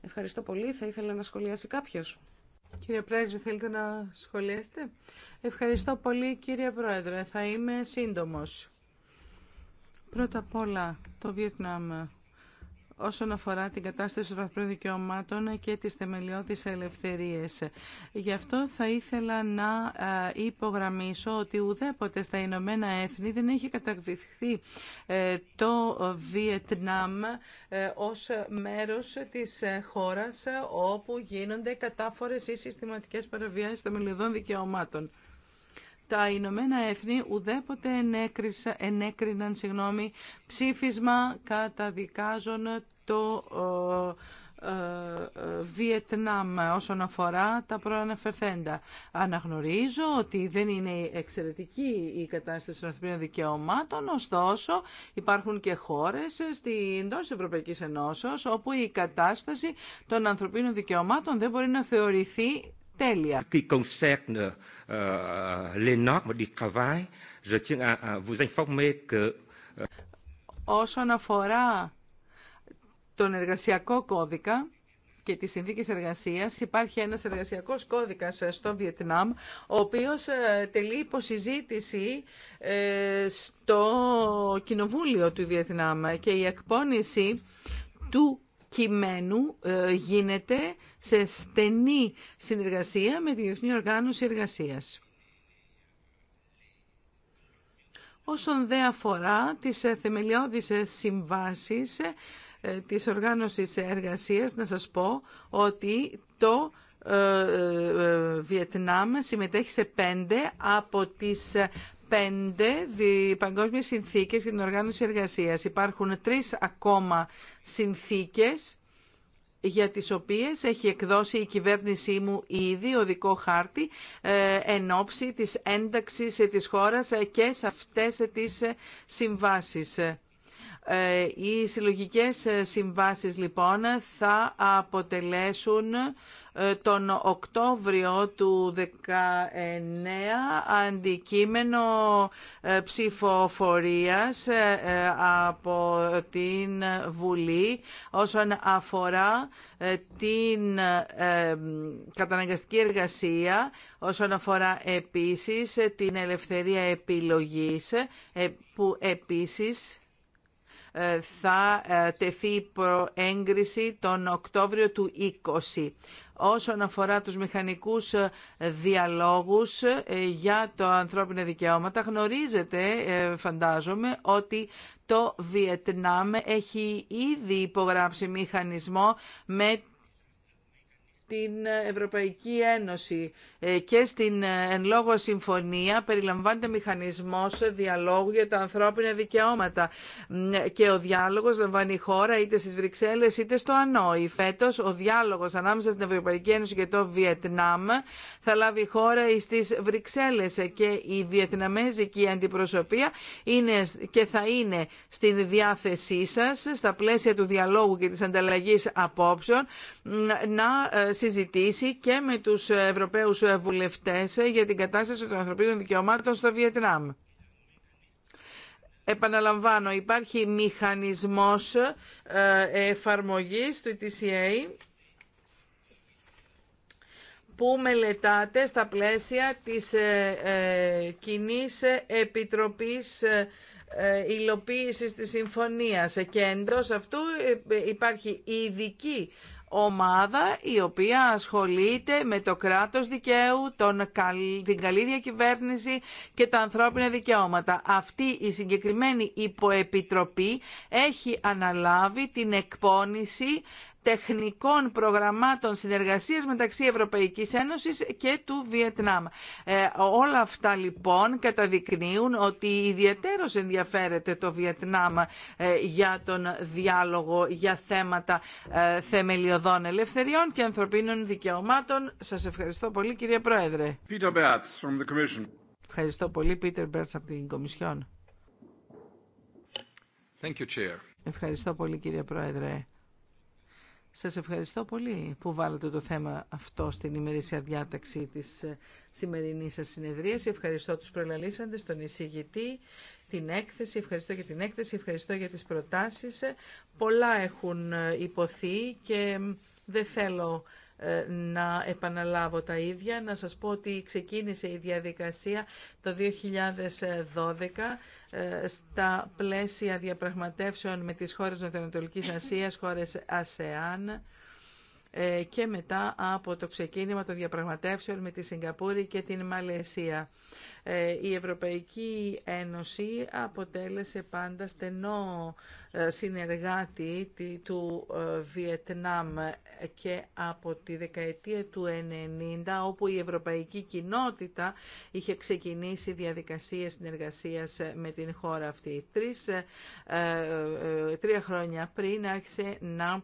B: Ευχαριστώ πολύ. Θα ήθελα να σχολιάσει κάποιος. Κύριε Πρέσβη, θέλετε να σχολιάσετε. Ευχαριστώ πολύ,
C: κύριε Πρόεδρε. Θα είμαι σύντομος. Πρώτα απ' όλα, το Βιετνάμ όσον αφορά την κατάσταση των ανθρώπινων δικαιωμάτων και τις θεμελιώδεις ελευθερίες. Γι' αυτό θα ήθελα να ε, υπογραμμίσω ότι ουδέποτε στα Ηνωμένα Έθνη δεν έχει καταδειχθεί ε, το Βιετνάμ ε, ως μέρος της χώρας όπου γίνονται κατάφορες ή συστηματικές παραβιάσεις θεμελιωδών δικαιωμάτων τα Ηνωμένα Έθνη ουδέποτε ενέκριναν συγγνώμη, ψήφισμα καταδικάζον το ε, ε, Βιετνάμ όσον αφορά τα προαναφερθέντα. Αναγνωρίζω ότι δεν είναι εξαιρετική η κατάσταση των ανθρωπίνων δικαιωμάτων, ωστόσο υπάρχουν και χώρες εντό τη Ευρωπαϊκή Ενώσεως όπου η κατάσταση των ανθρωπίνων δικαιωμάτων δεν μπορεί να θεωρηθεί Τέλεια. όσον αφορά τον εργασιακό κώδικα και τις συνθήκες εργασίας, υπάρχει ένας εργασιακός κώδικας στο Βιετνάμ, ο οποίος ε, τελεί υποσυζήτηση ε, στο Κοινοβούλιο του Βιετνάμ και η εκπόνηση του κειμένου ε, γίνεται σε στενή συνεργασία με τη Διεθνή Οργάνωση Εργασίας. Όσον δε αφορά τις ε, θεμελιώδεις ε, συμβάσεις της Οργάνωσης Εργασίας, να σας πω ότι το Βιετνάμ συμμετέχει σε πέντε από τις πέντε παγκόσμιες συνθήκες για την οργάνωση εργασία. Υπάρχουν τρεις ακόμα συνθήκες για τις οποίες έχει εκδώσει η κυβέρνησή μου ήδη δικό χάρτη ε, εν ώψη της ένταξης της χώρας ε, και σε αυτές τις συμβάσεις. Ε, οι συλλογικές ε, συμβάσεις λοιπόν θα αποτελέσουν τον Οκτώβριο του 19 αντικείμενο ε, ψηφοφορίας ε, ε, από την Βουλή όσον αφορά την καταναγκαστική εργασία, όσον αφορά επίσης την ελευθερία επιλογής που επίσης θα τεθεί προέγκριση τον Οκτώβριο του 20 όσον αφορά τους μηχανικούς ε, διαλόγους ε, για το ανθρώπινα δικαιώματα. Γνωρίζετε, ε, φαντάζομαι, ότι το Βιετνάμ έχει ήδη υπογράψει μηχανισμό με την Ευρωπαϊκή Ένωση ε, και στην ε, εν λόγω συμφωνία περιλαμβάνεται μηχανισμός διαλόγου για τα ανθρώπινα δικαιώματα και ο διάλογος λαμβάνει η χώρα είτε στις Βρυξέλλες είτε στο Ανόη. Φέτος ο διάλογος ανάμεσα στην Ευρωπαϊκή Ένωση και το Βιετνάμ θα λάβει χώρα στις Βρυξέλλες και η βιετναμέζικη αντιπροσωπεία είναι και θα είναι στην διάθεσή σας στα πλαίσια του διαλόγου και της ανταλλαγής απόψεων να ε, συζητήσει και με τους Ευρωπαίους βουλευτές για την κατάσταση των ανθρωπίνων δικαιωμάτων στο Βιετνάμ. Επαναλαμβάνω, υπάρχει μηχανισμός ε, εφαρμογής του ETCA που μελετάται στα πλαίσια της ε, ε, κοινής επιτροπής υλοποίησης της συμφωνίας και εντός αυτού υπάρχει η ειδική ομάδα η οποία ασχολείται με το κράτος δικαίου, τον, την καλή διακυβέρνηση και τα ανθρώπινα δικαιώματα. Αυτή η συγκεκριμένη υποεπιτροπή έχει αναλάβει την εκπόνηση τεχνικών προγραμμάτων συνεργασίας μεταξύ Ευρωπαϊκής Ένωσης και του Βιετνάμ. Ε, όλα αυτά λοιπόν καταδεικνύουν ότι ιδιαίτερος ενδιαφέρεται το Βιετνάμ ε, για τον διάλογο για θέματα ε, θεμελιωδών ελευθεριών και ανθρωπίνων δικαιωμάτων. Σας ευχαριστώ πολύ κύριε Πρόεδρε.
A: Peter Bertz from the Commission. Ευχαριστώ
C: πολύ Peter από την Κομισιόν. Thank you, Chair. Ευχαριστώ πολύ κύριε Πρόεδρε. Σας ευχαριστώ πολύ που βάλατε το θέμα αυτό στην ημερήσια διάταξη της ε, σημερινής σας συνεδρίας. Ευχαριστώ τους προλαλήσαντες, τον εισηγητή, την έκθεση. Ευχαριστώ για την έκθεση, ευχαριστώ για τις προτάσεις. Πολλά έχουν ε, υποθεί και δεν θέλω ε, να επαναλάβω τα ίδια. Να σας πω ότι ξεκίνησε η διαδικασία το 2012 ε, στα πλαίσια διαπραγματεύσεων με τις χώρες Νοτιοανατολικής Ασίας, χώρες ΑΣΕΑΝ ε, και μετά από το ξεκίνημα των διαπραγματεύσεων με τη Σιγκαπούρη και την Μαλαισία. Ε, η Ευρωπαϊκή Ένωση αποτέλεσε πάντα στενό ε, συνεργάτη του ε, Βιετνάμ και από τη δεκαετία του 90 όπου η ευρωπαϊκή κοινότητα είχε ξεκινήσει διαδικασίες συνεργασίας με την χώρα αυτή. Τρεις, τρία χρόνια πριν άρχισε να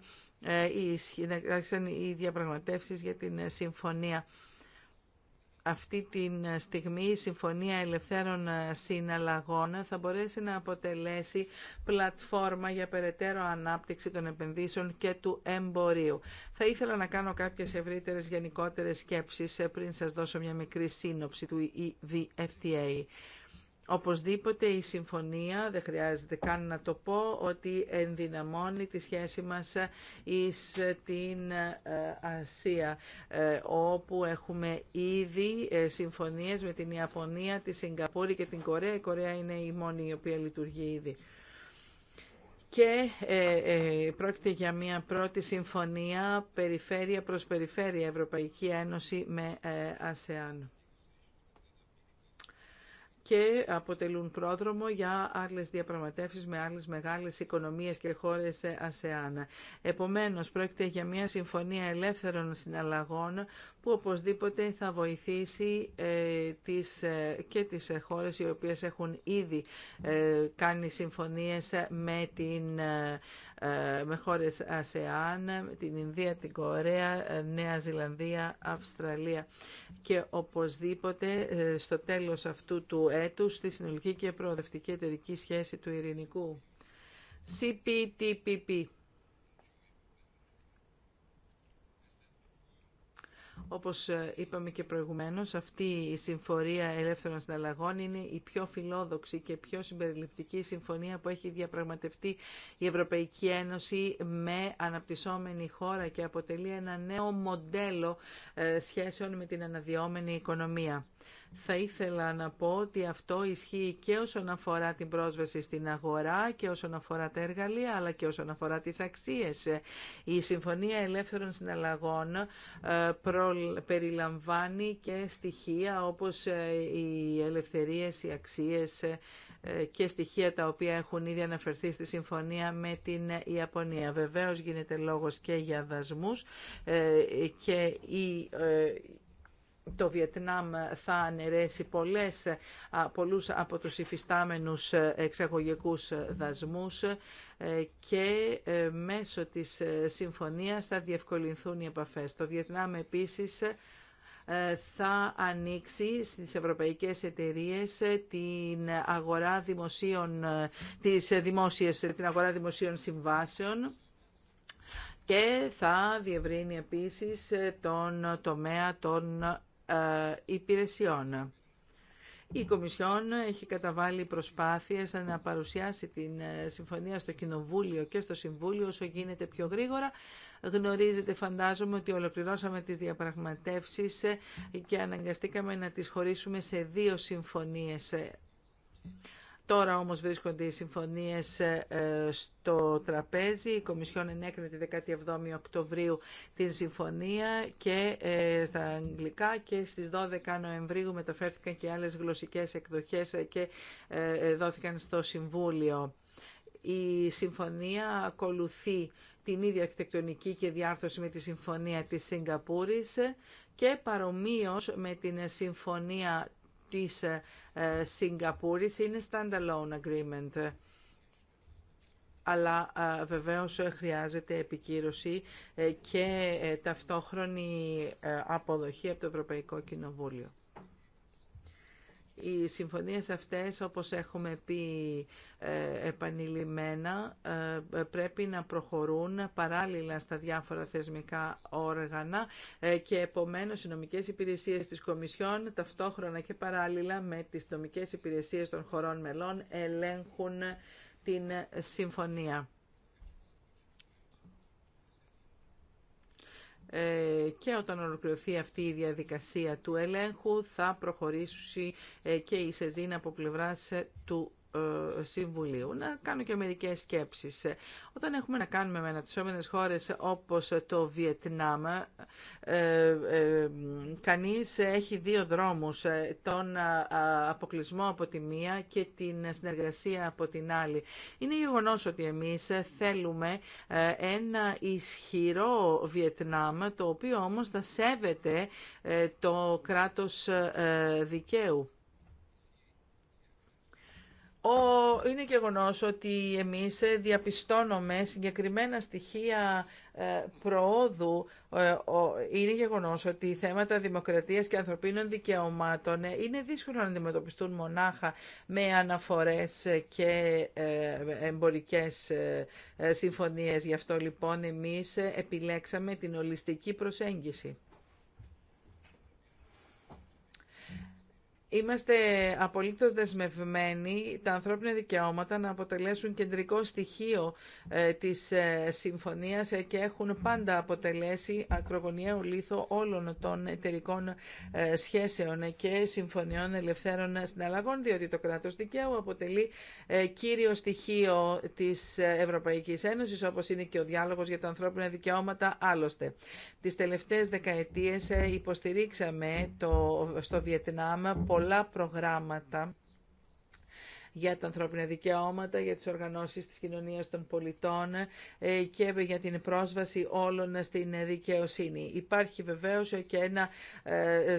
C: άρχισαν οι διαπραγματεύσεις για την συμφωνία αυτή τη στιγμή η Συμφωνία Ελευθέρων Συναλλαγών θα μπορέσει να αποτελέσει πλατφόρμα για περαιτέρω ανάπτυξη των επενδύσεων και του εμπορίου. Θα ήθελα να κάνω κάποιες ευρύτερες γενικότερες σκέψεις ε, πριν σας δώσω μια μικρή σύνοψη του EVFTA. E-, e-, Οπωσδήποτε η συμφωνία, δεν χρειάζεται καν να το πω, ότι ενδυναμώνει τη σχέση μας εις την ε, Ασία, ε, όπου έχουμε ήδη ε, συμφωνίες με την Ιαπωνία, τη Σιγκαπούρη και την Κορέα. Η Κορέα είναι η μόνη η οποία λειτουργεί ήδη. Και ε, ε, πρόκειται για μια πρώτη συμφωνία περιφέρεια προς περιφέρεια Ευρωπαϊκή Ένωση με ε, και αποτελούν πρόδρομο για άλλες διαπραγματεύσεις με άλλες μεγάλες οικονομίες και χώρες ΑΣΕΑΝ. Επομένως, πρόκειται για μια συμφωνία ελεύθερων συναλλαγών που οπωσδήποτε θα βοηθήσει ε, τις, ε, και τις χώρες οι οποίες έχουν ήδη ε, κάνει συμφωνίες με την ε, με χώρες ΑΣΕΑΝ, την Ινδία, την Κορέα, ε, Νέα Ζηλανδία, Αυστραλία και οπωσδήποτε ε, στο τέλος αυτού του έτους στη συνολική και προοδευτική εταιρική σχέση του ειρηνικού. CPTPP. Όπως ε, είπαμε και προηγουμένως, αυτή η Συμφορία Ελεύθερων Συναλλαγών είναι η πιο φιλόδοξη και πιο συμπεριληπτική συμφωνία που έχει διαπραγματευτεί η Ευρωπαϊκή Ένωση με αναπτυσσόμενη χώρα και αποτελεί ένα νέο μοντέλο ε, σχέσεων με την αναδυόμενη οικονομία. Θα ήθελα να πω ότι αυτό ισχύει και όσον αφορά την πρόσβαση στην αγορά και όσον αφορά τα εργαλεία αλλά και όσον αφορά τις αξίες. Η Συμφωνία Ελεύθερων Συναλλαγών ε, προ... περιλαμβάνει και στοιχεία όπως ε, οι ελευθερίες, οι αξίες ε, και στοιχεία τα οποία έχουν ήδη αναφερθεί στη συμφωνία με την Ιαπωνία. Βεβαίως γίνεται λόγος και για δασμούς και το Βιετνάμ θα αναιρέσει πολλές, πολλούς από τους υφιστάμενους εξαγωγικούς δασμούς ε, και ε, μέσω της ε, συμφωνίας θα διευκολυνθούν οι επαφές. Το Βιετνάμ επίσης θα ανοίξει στις ευρωπαϊκές εταιρείες την αγορά δημοσίων, τις δημόσιες, την αγορά δημοσίων συμβάσεων και θα διευρύνει επίσης τον τομέα των ε, υπηρεσιών. Η Κομισιόν έχει καταβάλει προσπάθειες να παρουσιάσει την ε, συμφωνία στο Κοινοβούλιο και στο Συμβούλιο όσο γίνεται πιο γρήγορα. Γνωρίζετε, φαντάζομαι, ότι ολοκληρώσαμε τις διαπραγματεύσεις ε, και αναγκαστήκαμε να τις χωρίσουμε σε δύο συμφωνίες. Τώρα όμως βρίσκονται οι συμφωνίες ε, στο τραπέζι. Η Κομισιόν ενέκρινε τη 17η Οκτωβρίου την συμφωνία και ε, στα αγγλικά και στις 12 Νοεμβρίου μεταφέρθηκαν και άλλες γλωσσικές εκδοχές ε, και δόθηκαν στο Συμβούλιο. Η συμφωνία ακολουθεί την ίδια αρχιτεκτονική και διάρθρωση με τη Συμφωνία της Σιγκαπούρης και παρομοίως με την Συμφωνία της ε, ε, Σιγκαπούρης είναι stand-alone agreement. Αλλά ε, βεβαίως χρειάζεται επικύρωση και ταυτόχρονη αποδοχή από το Ευρωπαϊκό Κοινοβούλιο. Οι συμφωνίες αυτές, όπως έχουμε πει ε, επανειλημμένα, ε, πρέπει να προχωρούν παράλληλα στα διάφορα θεσμικά όργανα ε, και επομένως οι νομικές υπηρεσίες της Κομισιόν ταυτόχρονα και παράλληλα με τις νομικές υπηρεσίες των χωρών μελών ελέγχουν την συμφωνία. Ε, και όταν ολοκληρωθεί αυτή η διαδικασία του ελέγχου θα προχωρήσει ε, και η ΣΕΖΗΝ από πλευράς ε, του ε, Συμβουλίου. Να κάνω και μερικέ σκέψεις. Όταν έχουμε να κάνουμε με αναπτυσσόμενε χώρες όπως το Βιετνάμ, ε, ε, κανεί έχει δύο δρόμους, τον αποκλεισμό από τη μία και την συνεργασία από την άλλη. Είναι γεγονό ότι εμείς θέλουμε ένα ισχυρό Βιετνάμ, το οποίο όμως θα σέβεται το κράτος δικαίου. Ο, είναι γεγονός ότι εμείς ε, διαπιστώνουμε συγκεκριμένα στοιχεία ε, προόδου. Ε, είναι γεγονός ότι θέματα δημοκρατίας και ανθρωπίνων δικαιωμάτων είναι δύσκολο να αντιμετωπιστούν μονάχα με αναφορές και εμπορικές συμφωνίες. Γι' αυτό λοιπόν εμείς επιλέξαμε την ολιστική προσέγγιση. Είμαστε απολύτως δεσμευμένοι τα ανθρώπινα δικαιώματα να αποτελέσουν κεντρικό στοιχείο ε, της ε, συμφωνίας ε, και έχουν πάντα αποτελέσει ακρογωνιαίο λίθο όλων των εταιρικών σχέσεων και συμφωνιών ελευθέρων συναλλαγών, διότι το κράτος δικαίου αποτελεί κύριο στοιχείο της Ευρωπαϊκής Ένωσης, όπως είναι και ο διάλογος για τα ανθρώπινα δικαιώματα άλλωστε. Τις τελευταίες δεκαετίες υποστηρίξαμε το, στο Βιετνάμ πολλά προγράμματα για τα ανθρώπινα δικαιώματα, για τις οργανώσεις της κοινωνίας των πολιτών ε, και για την πρόσβαση όλων στην δικαιοσύνη. Υπάρχει βεβαίως και ένα ε,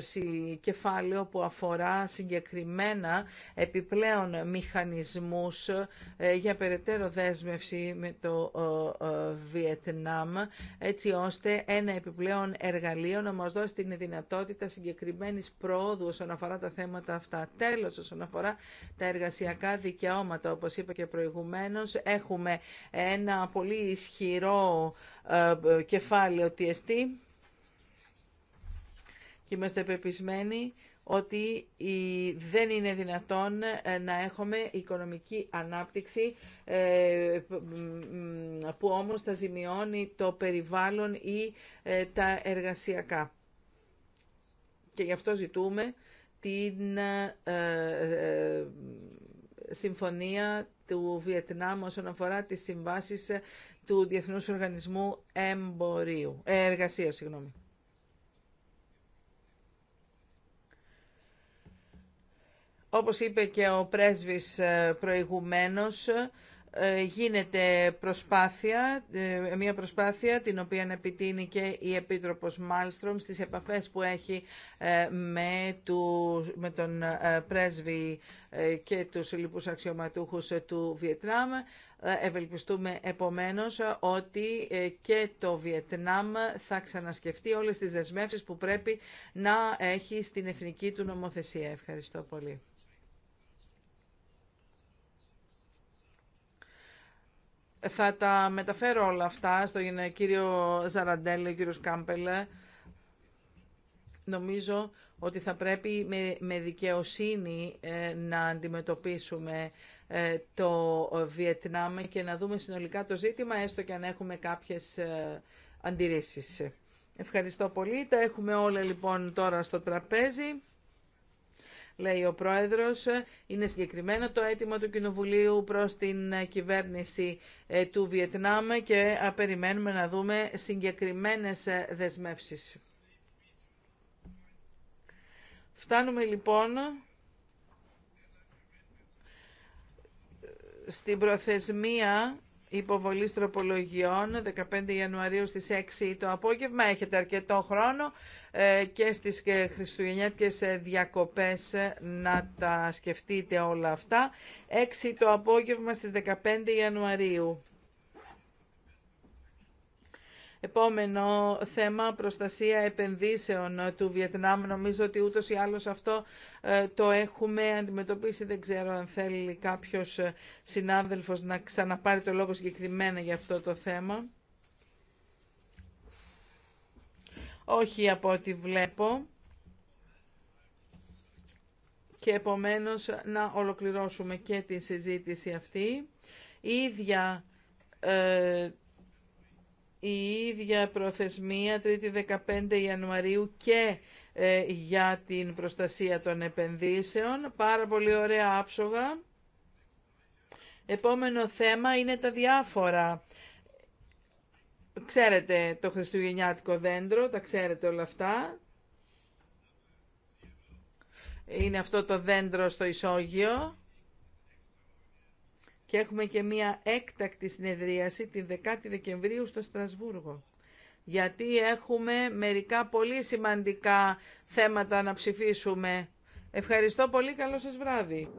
C: κεφάλαιο που αφορά συγκεκριμένα επιπλέον μηχανισμούς ε, για περαιτέρω δέσμευση με το Βιετνάμ, έτσι ώστε ένα επιπλέον εργαλείο να μας δώσει την δυνατότητα συγκεκριμένης πρόοδου όσον αφορά τα θέματα αυτά. Τέλος, όσον αφορά τα εργασιακά δικαιώματα, όπως είπα και προηγουμένως, έχουμε ένα πολύ ισχυρό ε, κεφάλαιο TST και είμαστε πεπισμένοι ότι δεν είναι δυνατόν ε, να έχουμε οικονομική ανάπτυξη ε, που όμως θα ζημιώνει το περιβάλλον ή τα εργασιακά. Και γι' αυτό ζητούμε την συμφωνία του Βιετνάμ όσον αφορά τις συμβάσεις του Διεθνούς Οργανισμού Εμπορίου, Εργασία, Εργασίας. Συγγνώμη. Όπως είπε και ο πρέσβης ε, προηγουμένως, ε, γίνεται προσπάθεια, ε, μια προσπάθεια την οποία επιτείνει και η Επίτροπος Μάλστρομ στις επαφές που έχει ε, με, με τον πρέσβη και τους λοιπούς αξιωματούχους του Βιετνάμ. Ευελπιστούμε επομένως ότι και το Βιετνάμ θα ξανασκεφτεί όλες τις δεσμεύσεις που πρέπει να έχει στην εθνική του νομοθεσία. Ευχαριστώ πολύ. Θα τα μεταφέρω όλα αυτά στον ε, κύριο Ζαραντέλε, κύριο Κάμπελε. Νομίζω ότι θα πρέπει με, με δικαιοσύνη ε, να αντιμετωπίσουμε ε, το Βιετνάμ και να δούμε συνολικά το ζήτημα, έστω και αν έχουμε κάποιες ε, αντιρρήσεις. Ευχαριστώ πολύ. Τα έχουμε όλα λοιπόν τώρα στο τραπέζι λέει ο Πρόεδρος. Είναι συγκεκριμένο το αίτημα του Κοινοβουλίου προς την κυβέρνηση ε, του Βιετνάμ και περιμένουμε να δούμε συγκεκριμένες ε, δεσμεύσεις. Φτάνουμε λοιπόν στην προθεσμία Υποβολή τροπολογιών 15 Ιανουαρίου στις 6 το απόγευμα. Έχετε αρκετό χρόνο ε, και στις ε, χριστουγεννιάτικες ε, διακοπές να τα σκεφτείτε όλα αυτά. 6 το απόγευμα στις 15 Ιανουαρίου. Επόμενο θέμα, προστασία επενδύσεων του Βιετνάμ. Νομίζω ότι ούτως ή άλλως αυτό ε, το έχουμε αντιμετωπίσει. Δεν ξέρω αν θέλει κάποιος ε, συνάδελφος να ξαναπάρει το λόγο συγκεκριμένα για αυτό το θέμα. Όχι από ό,τι βλέπω. Και επομένως να ολοκληρώσουμε και τη συζήτηση αυτή. ίδια ε, η ίδια προθεσμία 3η 15 Ιανουαρίου και ε, για την προστασία των επενδύσεων. Πάρα πολύ ωραία άψογα. Επόμενο θέμα είναι τα διάφορα. Ξέρετε το χριστουγεννιάτικο δέντρο, τα ξέρετε όλα αυτά. Είναι αυτό το δέντρο στο ισόγειο και έχουμε και μία έκτακτη συνεδρίαση την 10η Δεκεμβρίου στο Στρασβούργο. Γιατί έχουμε μερικά πολύ σημαντικά θέματα να ψηφίσουμε. Ευχαριστώ πολύ. Καλό σας βράδυ.